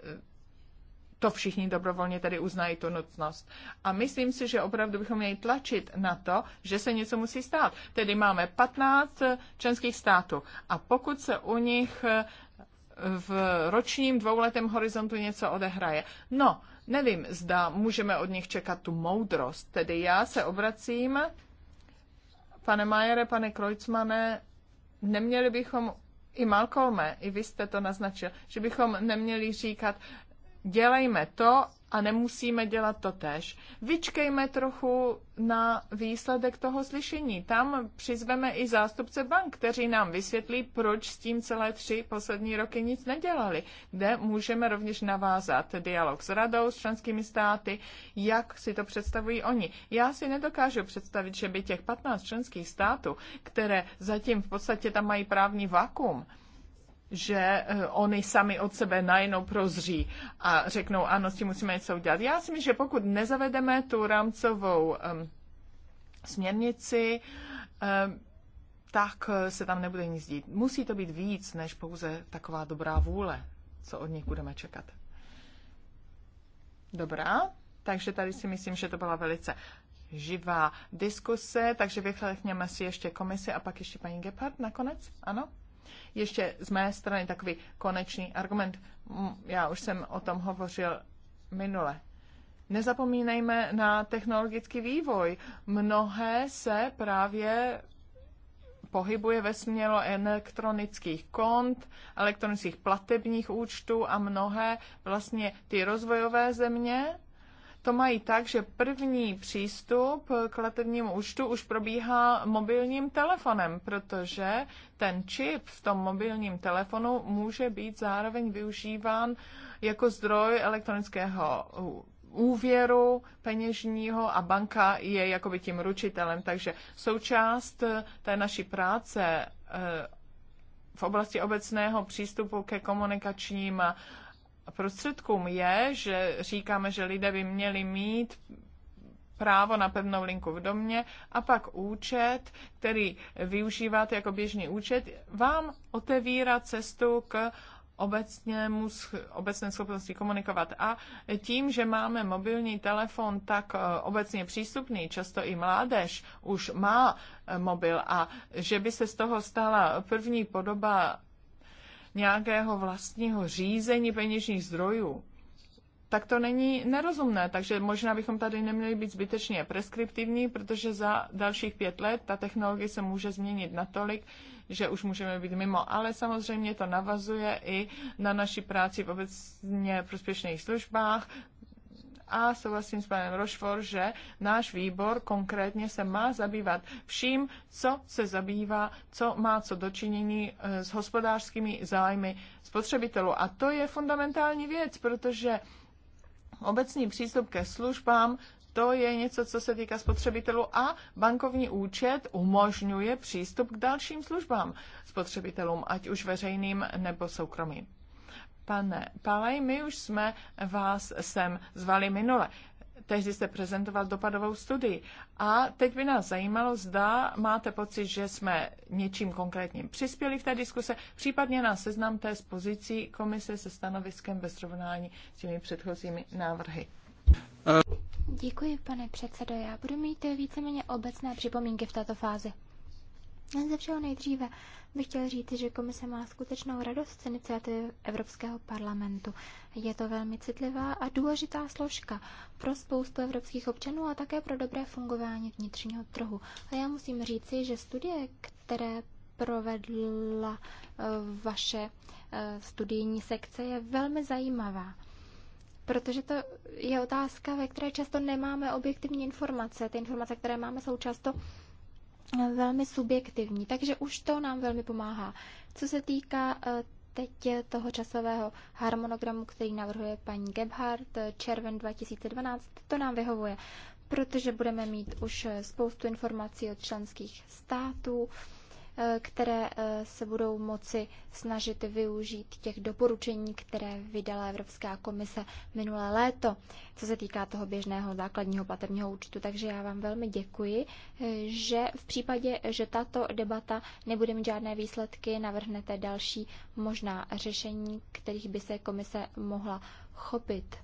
to všichni dobrovolně tedy uznají tu nutnost. A myslím si, že opravdu bychom měli tlačit na to, že se něco musí stát. Tedy máme 15 eh, členských států a pokud se u nich v ročním dvouletém horizontu něco odehraje, no, Nevím, zda můžeme od nich čekat tu moudrost. Tedy já se obracím, pane Majere, pane Krojcmane, neměli bychom, i Malcolme, i vy jste to naznačil, že bychom neměli říkat, dělejme to a nemusíme dělat to tež. Vyčkejme trochu na výsledek toho slyšení. Tam přizveme i zástupce bank, kteří nám vysvětlí, proč s tím celé tři poslední roky nic nedělali, kde můžeme rovněž navázat dialog s radou, s členskými státy, jak si to představují oni. Já si nedokážu představit, že by těch 15 členských států, které zatím v podstatě tam mají právní vakuum, že eh, oni sami od sebe najednou prozří a řeknou, ano, s tím musíme něco udělat. Já si myslím, že pokud nezavedeme tu rámcovou um, směrnici, um, tak eh, se tam nebude nic dít. Musí to být víc než pouze taková dobrá vůle, co od nich budeme čekat. Dobrá, takže tady si myslím, že to byla velice živá diskuse, takže vychlechněme si ještě komisi a pak ještě paní Gephardt nakonec, ano? Ještě z mé strany takový konečný argument. Já už jsem o tom hovořil minule. Nezapomínejme na technologický vývoj. Mnohé se právě pohybuje ve směru elektronických kont, elektronických platebních účtů a mnohé vlastně ty rozvojové země to mají tak, že první přístup k platebnímu účtu už probíhá mobilním telefonem, protože ten čip v tom mobilním telefonu může být zároveň využíván jako zdroj elektronického úvěru peněžního a banka je jakoby tím ručitelem. Takže součást eh, té naší práce eh, v oblasti obecného přístupu ke komunikačním prostředkům je, že říkáme, že lidé by měli mít právo na pevnou linku v domě a pak účet, který využíváte jako běžný účet, vám otevírá cestu k obecnému, obecné schopnosti komunikovat. A tím, že máme mobilní telefon tak eh, obecně přístupný, často i mládež už má eh, mobil a že by se z toho stala první podoba nějakého vlastního řízení peněžních zdrojů, tak to není nerozumné. Takže možná bychom tady neměli být zbytečně preskriptivní, protože za dalších pět let ta technologie se může změnit natolik, že už můžeme být mimo. Ale samozřejmě to navazuje i na naši práci v obecně prospěšných službách, a souhlasím s panem Rošfor, že náš výbor konkrétně se má zabývat vším, co se zabývá, co má co dočinění e, s hospodářskými zájmy spotřebitelů. A to je fundamentální věc, protože obecný přístup ke službám to je něco, co se týká spotřebitelů a bankovní účet umožňuje přístup k dalším službám spotřebitelům, ať už veřejným nebo soukromým. Pane Palej, my už jsme vás sem zvali minule. Tehdy jste prezentoval dopadovou studii. A teď by nás zajímalo, zda máte pocit, že jsme něčím konkrétním přispěli v té diskuse, případně nás seznamte s pozicí komise se stanoviskem ve srovnání s těmi předchozími návrhy. Děkuji, pane předsedo. Já budu mít víceméně obecné připomínky v této fázi. Ze všeho nejdříve bych chtěl říct, že komise má skutečnou radost z iniciativy Evropského parlamentu. Je to velmi citlivá a důležitá složka pro spoustu evropských občanů a také pro dobré fungování vnitřního trhu. A já musím říci, že studie, které provedla eh, vaše eh, studijní sekce, je velmi zajímavá protože to je otázka, ve které často nemáme objektivní informace. Ty informace, které máme, jsou často velmi subjektivní, takže už to nám velmi pomáhá. Co se týká eh, teď toho časového harmonogramu, který navrhuje paní Gebhardt, eh, červen 2012, to nám vyhovuje, protože budeme mít už eh, spoustu informací od členských států, Eh, které eh, se budou moci snažit využít těch doporučení, které vydala Evropská komise minulé léto, co se týká toho běžného základního platebního účtu. Takže já vám velmi děkuji, eh, že v případě, že tato debata nebude mít žádné výsledky, navrhnete další možná řešení, kterých by se komise mohla chopit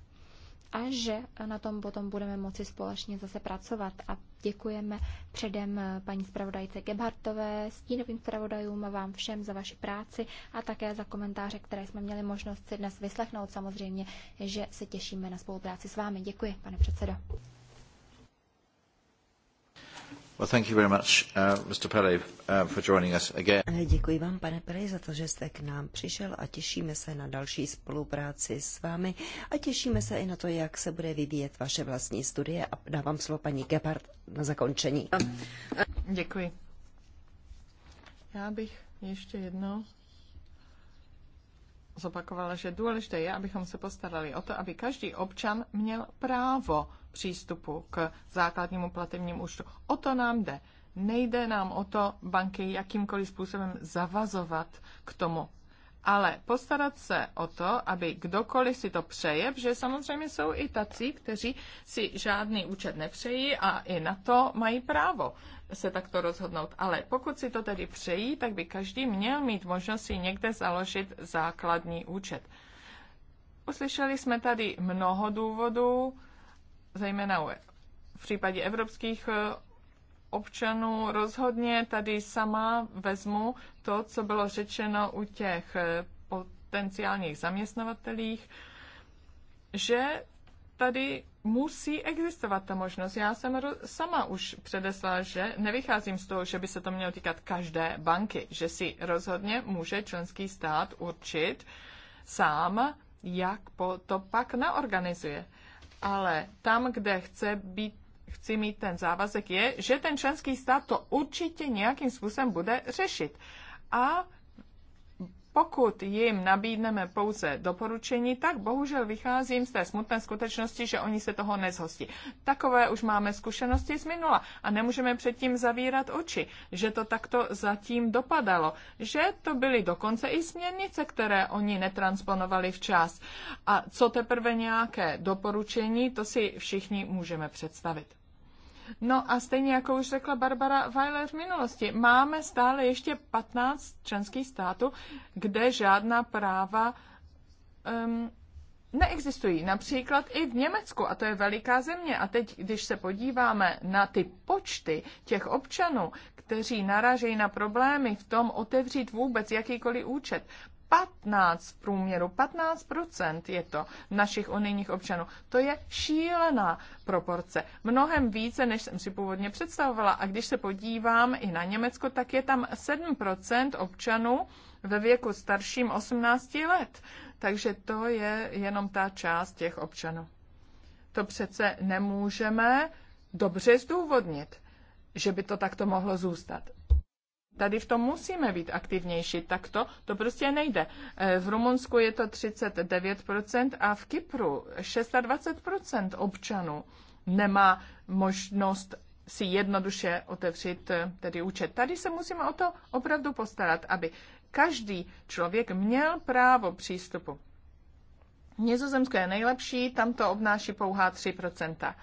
a že na tom potom budeme moci společně zase pracovat. A děkujeme předem eh, paní zpravodajce Gebhartové, stínovým zpravodajům a vám všem za vaši práci a také za komentáře, které jsme měli možnost si dnes vyslechnout. Samozřejmě, že se těšíme na spolupráci s vámi. Děkuji, pane předsedo. Well, thank you very much, uh, Mr. Pere, uh, for joining us again. Eh, děkuji vám, pane Pere, za to, že jste k nám přišel a těšíme se na další spolupráci s vámi a těšíme se i na to, jak se bude vyvíjet vaše vlastní studie a dávám slovo paní Gebhardt na zakončení. Děkuji. Já bych ještě jednou zopakovala, že důležité je, abychom se postarali o to, aby každý občan měl právo přístupu k základnímu platebnímu účtu. O to nám jde. Nejde nám o to banky jakýmkoliv způsobem zavazovat k tomu. Ale postarat se o to, aby kdokoliv si to přeje, že samozřejmě jsou i tací, kteří si žádný účet nepřejí a i na to mají právo se takto rozhodnout. Ale pokud si to tedy přejí, tak by každý měl mít možnost si někde založit základní účet. Uslyšeli jsme tady mnoho důvodů, zejména v případě evropských eh, občanů rozhodně tady sama vezmu to, co bylo řečeno u těch eh, potenciálních zaměstnavatelích, že tady musí existovat ta možnost. Já jsem sama už předesla, že nevycházím z toho, že by se to mělo týkat každé banky, že si rozhodně může členský stát určit sám, jak to pak naorganizuje ale tam, kde chce být, chci mít ten závazek, je, že ten členský stát to určitě nějakým způsobem bude řešit. A pokud jim nabídneme pouze doporučení, tak bohužel vycházím z té smutné skutečnosti, že oni se toho nezhostí. Takové už máme zkušenosti z minula a nemůžeme předtím zavírat oči, že to takto zatím dopadalo, že to byly dokonce i směrnice, které oni netransponovali včas. A co teprve nějaké doporučení, to si všichni můžeme představit. No a stejně jako už řekla Barbara Weiler v minulosti, máme stále ještě 15 členských států, kde žádná práva um, neexistují. Například i v Německu, a to je veliká země. A teď, když se podíváme na ty počty těch občanů, kteří narážejí na problémy v tom otevřít vůbec jakýkoliv účet, 15 v průměru, 15% je to našich unijních občanů. To je šílená proporce. Mnohem více, než jsem si původně představovala. A když se podívám i na Německo, tak je tam 7% občanů ve věku starším 18 let. Takže to je jenom ta část těch občanů. To přece nemůžeme dobře zdůvodnit, že by to takto mohlo zůstat tady v tom musíme být aktivnější. Tak to, to prostě nejde. Eh, v Rumunsku je to 39% a v Kypru 26% občanů nemá možnost si jednoduše otevřít eh, tedy účet. Tady se musíme o to opravdu postarat, aby každý člověk měl právo přístupu. Nizozemsko je nejlepší, tam to obnáší pouhá 3%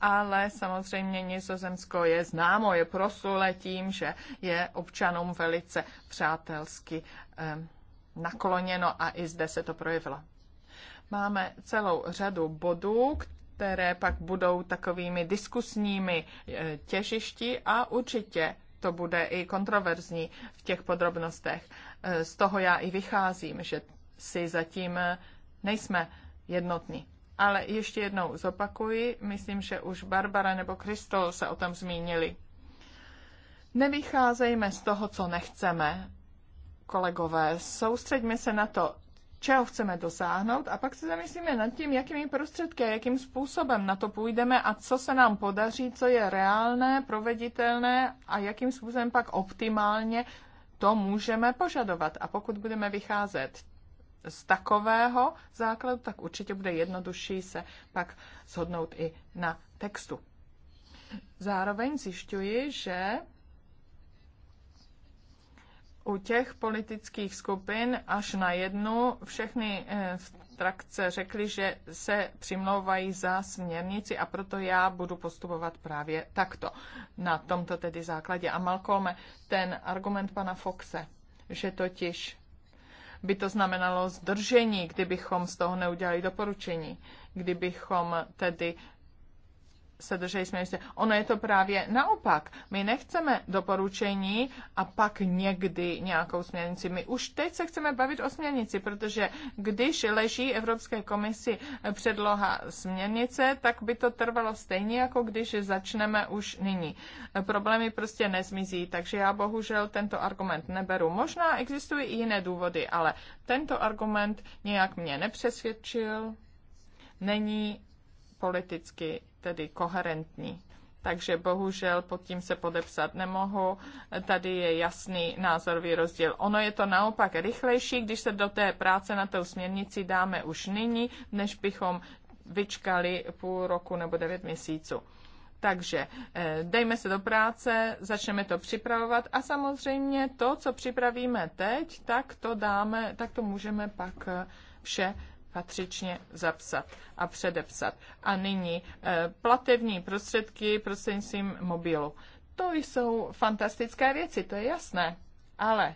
ale samozřejmě Nizozemsko je známo, je proslulé tím, že je občanům velice přátelsky nakloněno a i zde se to projevilo. Máme celou řadu bodů, které pak budou takovými diskusními e, těžišti a určitě to bude i kontroverzní v těch podrobnostech. E, z toho já i vycházím, že si zatím e, nejsme jednotní. Ale ještě jednou zopakuji, myslím, že už Barbara nebo Kristol se o tom zmínili. Nevycházejme z toho, co nechceme, kolegové. Soustředíme se na to, čeho chceme dosáhnout a pak se zamyslíme nad tím, jakými prostředky a jakým způsobem na to půjdeme a co se nám podaří, co je reálné, proveditelné a jakým způsobem pak optimálně to můžeme požadovat. A pokud budeme vycházet z takového základu, tak určitě bude jednodušší se pak shodnout i na textu. Zároveň zjišťuji, že u těch politických skupin až na jednu všechny eh, v trakce řekli, že se přimlouvají za směrnici a proto já budu postupovat právě takto. Na tomto tedy základě. A Malcolme, ten argument pana Foxe, že totiž by to znamenalo zdržení, kdybychom z toho neudělali doporučení, kdybychom tedy se drželi směrnice. Ono je to právě naopak. My nechceme doporučení a pak někdy nějakou směrnici. My už teď se chceme bavit o směrnici, protože když leží Evropské komisi předloha směrnice, tak by to trvalo stejně, jako když začneme už nyní. Problémy prostě nezmizí, takže já bohužel tento argument neberu. Možná existují i jiné důvody, ale tento argument nějak mě nepřesvědčil. Není politicky tedy koherentní. Takže bohužel pod tím se podepsat nemohu. Tady je jasný názorový rozdíl. Ono je to naopak rychlejší, když se do té práce na tou směrnici dáme už nyní, než bychom vyčkali půl roku nebo devět měsíců. Takže eh, dejme se do práce, začneme to připravovat a samozřejmě to, co připravíme teď, tak to dáme, tak to můžeme pak eh, vše patřičně zapsat a předepsat. A nyní eh, platební prostředky prostřednictvím mobilu. To jsou fantastické věci, to je jasné. Ale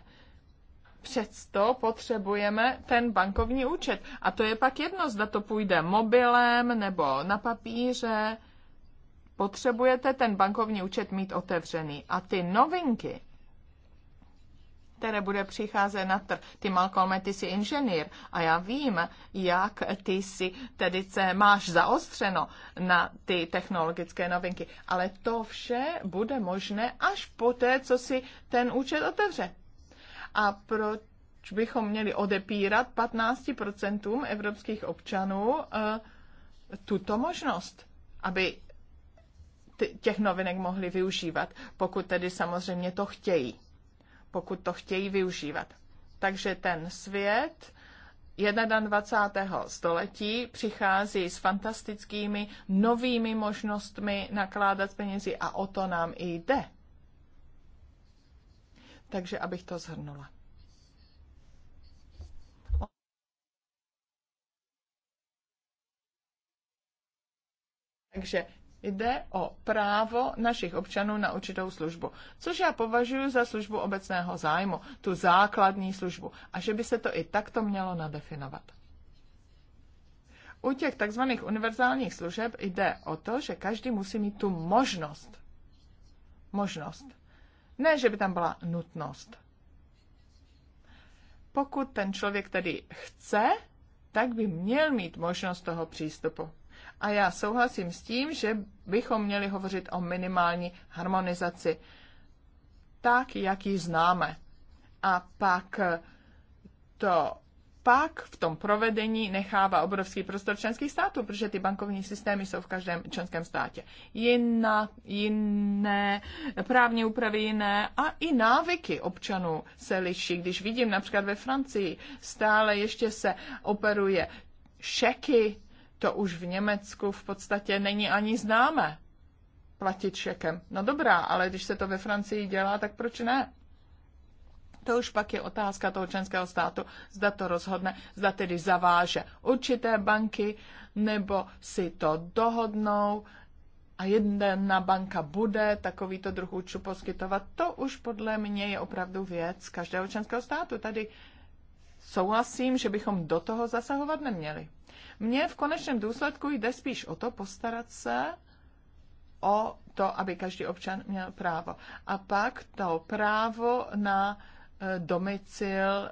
přesto potřebujeme ten bankovní účet. A to je pak jedno, zda to půjde mobilem nebo na papíře. Potřebujete ten bankovní účet mít otevřený. A ty novinky, které bude přicházet na trh. Ty, Malcolme, ty jsi inženýr a já vím, jak ty si tedy se máš zaostřeno na ty technologické novinky. Ale to vše bude možné až poté, co si ten účet otevře. A proč bychom měli odepírat 15% evropských občanů eh, tuto možnost, aby těch novinek mohli využívat, pokud tedy samozřejmě to chtějí pokud to chtějí využívat. Takže ten svět 21. století přichází s fantastickými novými možnostmi nakládat penězi a o to nám i jde. Takže abych to zhrnula. Takže Jde o právo našich občanů na určitou službu, což já považuji za službu obecného zájmu, tu základní službu, a že by se to i takto mělo nadefinovat. U těch tzv. univerzálních služeb jde o to, že každý musí mít tu možnost. Možnost. Ne, že by tam byla nutnost. Pokud ten člověk tedy chce, tak by měl mít možnost toho přístupu. A já souhlasím s tím, že bychom měli hovořit o minimální harmonizaci, tak, jak ji známe. A pak to pak v tom provedení nechává obrovský prostor členských států, protože ty bankovní systémy jsou v každém členském státě. Jiná, jiné právní úpravy jiné a i návyky občanů se liší. Když vidím například ve Francii, stále ještě se operuje šeky to už v Německu v podstatě není ani známe platit šekem. No dobrá, ale když se to ve Francii dělá, tak proč ne? To už pak je otázka toho členského státu, zda to rozhodne, zda tedy zaváže určité banky, nebo si to dohodnou a jedna banka bude takovýto druh účtu poskytovat. To už podle mě je opravdu věc každého členského státu. Tady souhlasím, že bychom do toho zasahovat neměli. Mně v konečném důsledku jde spíš o to postarat se o to, aby každý občan měl právo. A pak to právo na e, domicil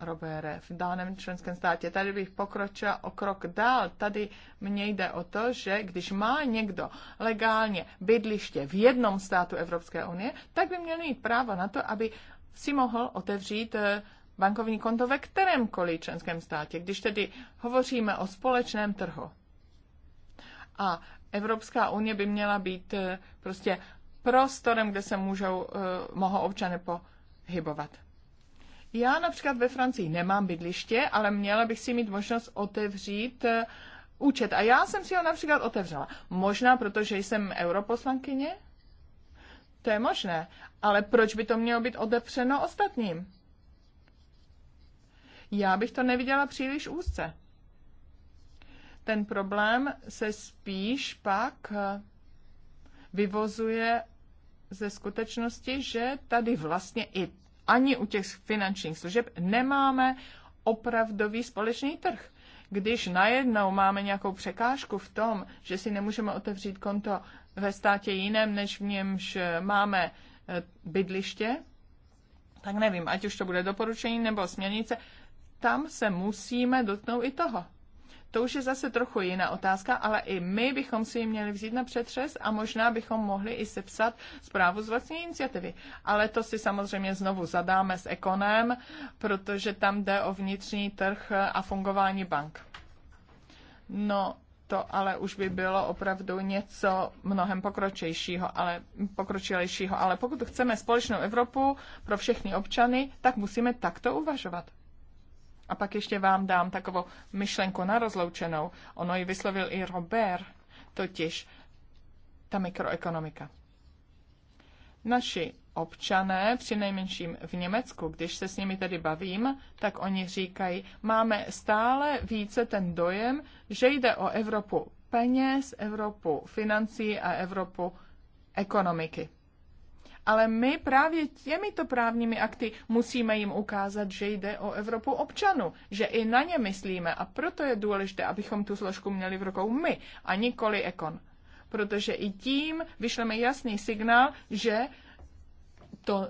Robere, v daném členském státě. Tady bych pokročila o krok dál. Tady mně jde o to, že když má někdo legálně bydliště v jednom státu Evropské unie, tak by měl mít právo na to, aby si mohl otevřít e, bankovní konto ve kterémkoliv členském státě, když tedy hovoříme o společném trhu. A Evropská unie by měla být eh, prostě prostorem, kde se můžou, eh, mohou občany pohybovat. Já například ve Francii nemám bydliště, ale měla bych si mít možnost otevřít eh, účet. A já jsem si ho například otevřela. Možná protože jsem europoslankyně? To je možné. Ale proč by to mělo být odepřeno ostatním? Já bych to neviděla příliš úzce. Ten problém se spíš pak eh, vyvozuje ze skutečnosti, že tady vlastně i ani u těch finančních služeb nemáme opravdový společný trh. Když najednou máme nějakou překážku v tom, že si nemůžeme otevřít konto ve státě jiném, než v němž eh, máme eh, bydliště, tak nevím, ať už to bude doporučení nebo směrnice, tam se musíme dotknout i toho. To už je zase trochu jiná otázka, ale i my bychom si ji měli vzít na přetřes a možná bychom mohli i sepsat zprávu z vlastní iniciativy. Ale to si samozřejmě znovu zadáme s ekonem, protože tam jde o vnitřní trh a fungování bank. No, to ale už by bylo opravdu něco mnohem pokročilejšího, ale, pokročilejšího. ale pokud chceme společnou Evropu pro všechny občany, tak musíme takto uvažovat. A pak ještě vám dám takovou myšlenku na rozloučenou. Ono ji vyslovil i Robert, totiž ta mikroekonomika. Naši občané, při nejmenším v Německu, když se s nimi tedy bavím, tak oni říkají, máme stále více ten dojem, že jde o Evropu peněz, Evropu financí a Evropu ekonomiky ale my právě těmito právními akty musíme jim ukázat, že jde o Evropu občanů, že i na ně myslíme a proto je důležité, abychom tu složku měli v rukou my a nikoli ekon. Protože i tím vyšleme jasný signál, že to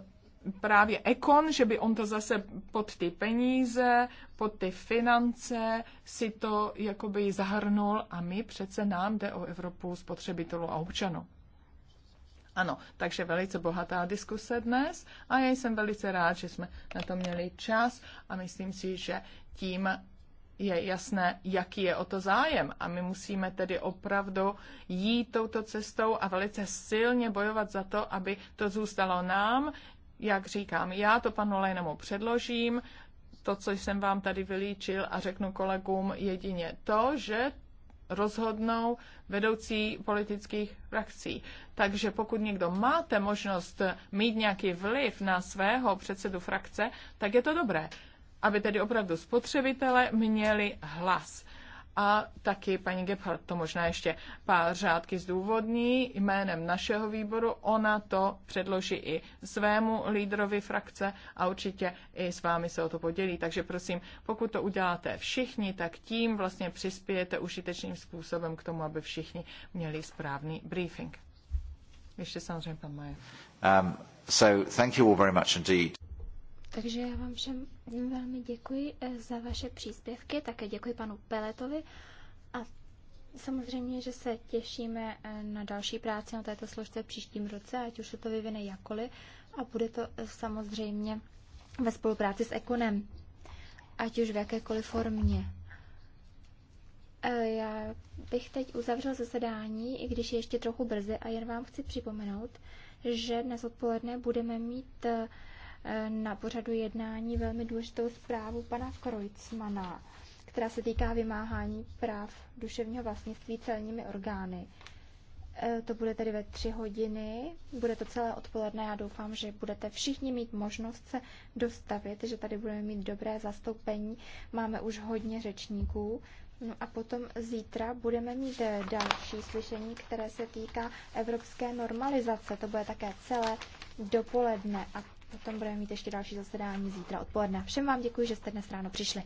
právě Ekon, že by on to zase pod ty peníze, pod ty finance si to jakoby zahrnul a my přece nám jde o Evropu spotřebitelů a občanů. Ano, takže velice bohatá diskuse dnes a já jsem velice rád, že jsme na to měli čas a myslím si, že tím je jasné, jaký je o to zájem. A my musíme tedy opravdu jít touto cestou a velice silně bojovat za to, aby to zůstalo nám. Jak říkám, já to panu Lejnemu předložím, to, co jsem vám tady vylíčil a řeknu kolegům jedině to, že rozhodnou vedoucí politických frakcí. Takže pokud někdo máte možnost mít nějaký vliv na svého předsedu frakce, tak je to dobré, aby tedy opravdu spotřebitele měli hlas a taky paní Gebhardt to možná ještě pár řádky zdůvodní jménem našeho výboru. Ona to předloží i svému lídrovi frakce a určitě i s vámi se o to podělí. Takže prosím, pokud to uděláte všichni, tak tím vlastně přispějete užitečným způsobem k tomu, aby všichni měli správný briefing. Ještě samozřejmě pan Majer. Um, so thank you all very much indeed. Takže já vám všem velmi děkuji eh, za vaše příspěvky, také děkuji panu Peletovi a samozřejmě, že se těšíme eh, na další práci na této složce v příštím roce, ať už se to vyvine jakoli a bude to eh, samozřejmě ve spolupráci s Ekonem, ať už v jakékoliv formě. Já bych teď uzavřel zasedání, i když je ještě trochu brzy a jen vám chci připomenout, že dnes odpoledne budeme mít na pořadu jednání velmi důležitou zprávu pana Krojcmana, která se týká vymáhání práv duševního vlastnictví celními orgány. E, to bude tedy ve tři hodiny, bude to celé odpoledne. Já doufám, že budete všichni mít možnost se dostavit, že tady budeme mít dobré zastoupení. Máme už hodně řečníků. No a potom zítra budeme mít e, další slyšení, které se týká evropské normalizace. To bude také celé dopoledne a Potom budeme mít ještě další zasedání zítra odpoledne. Všem vám děkuji, že jste dnes ráno přišli.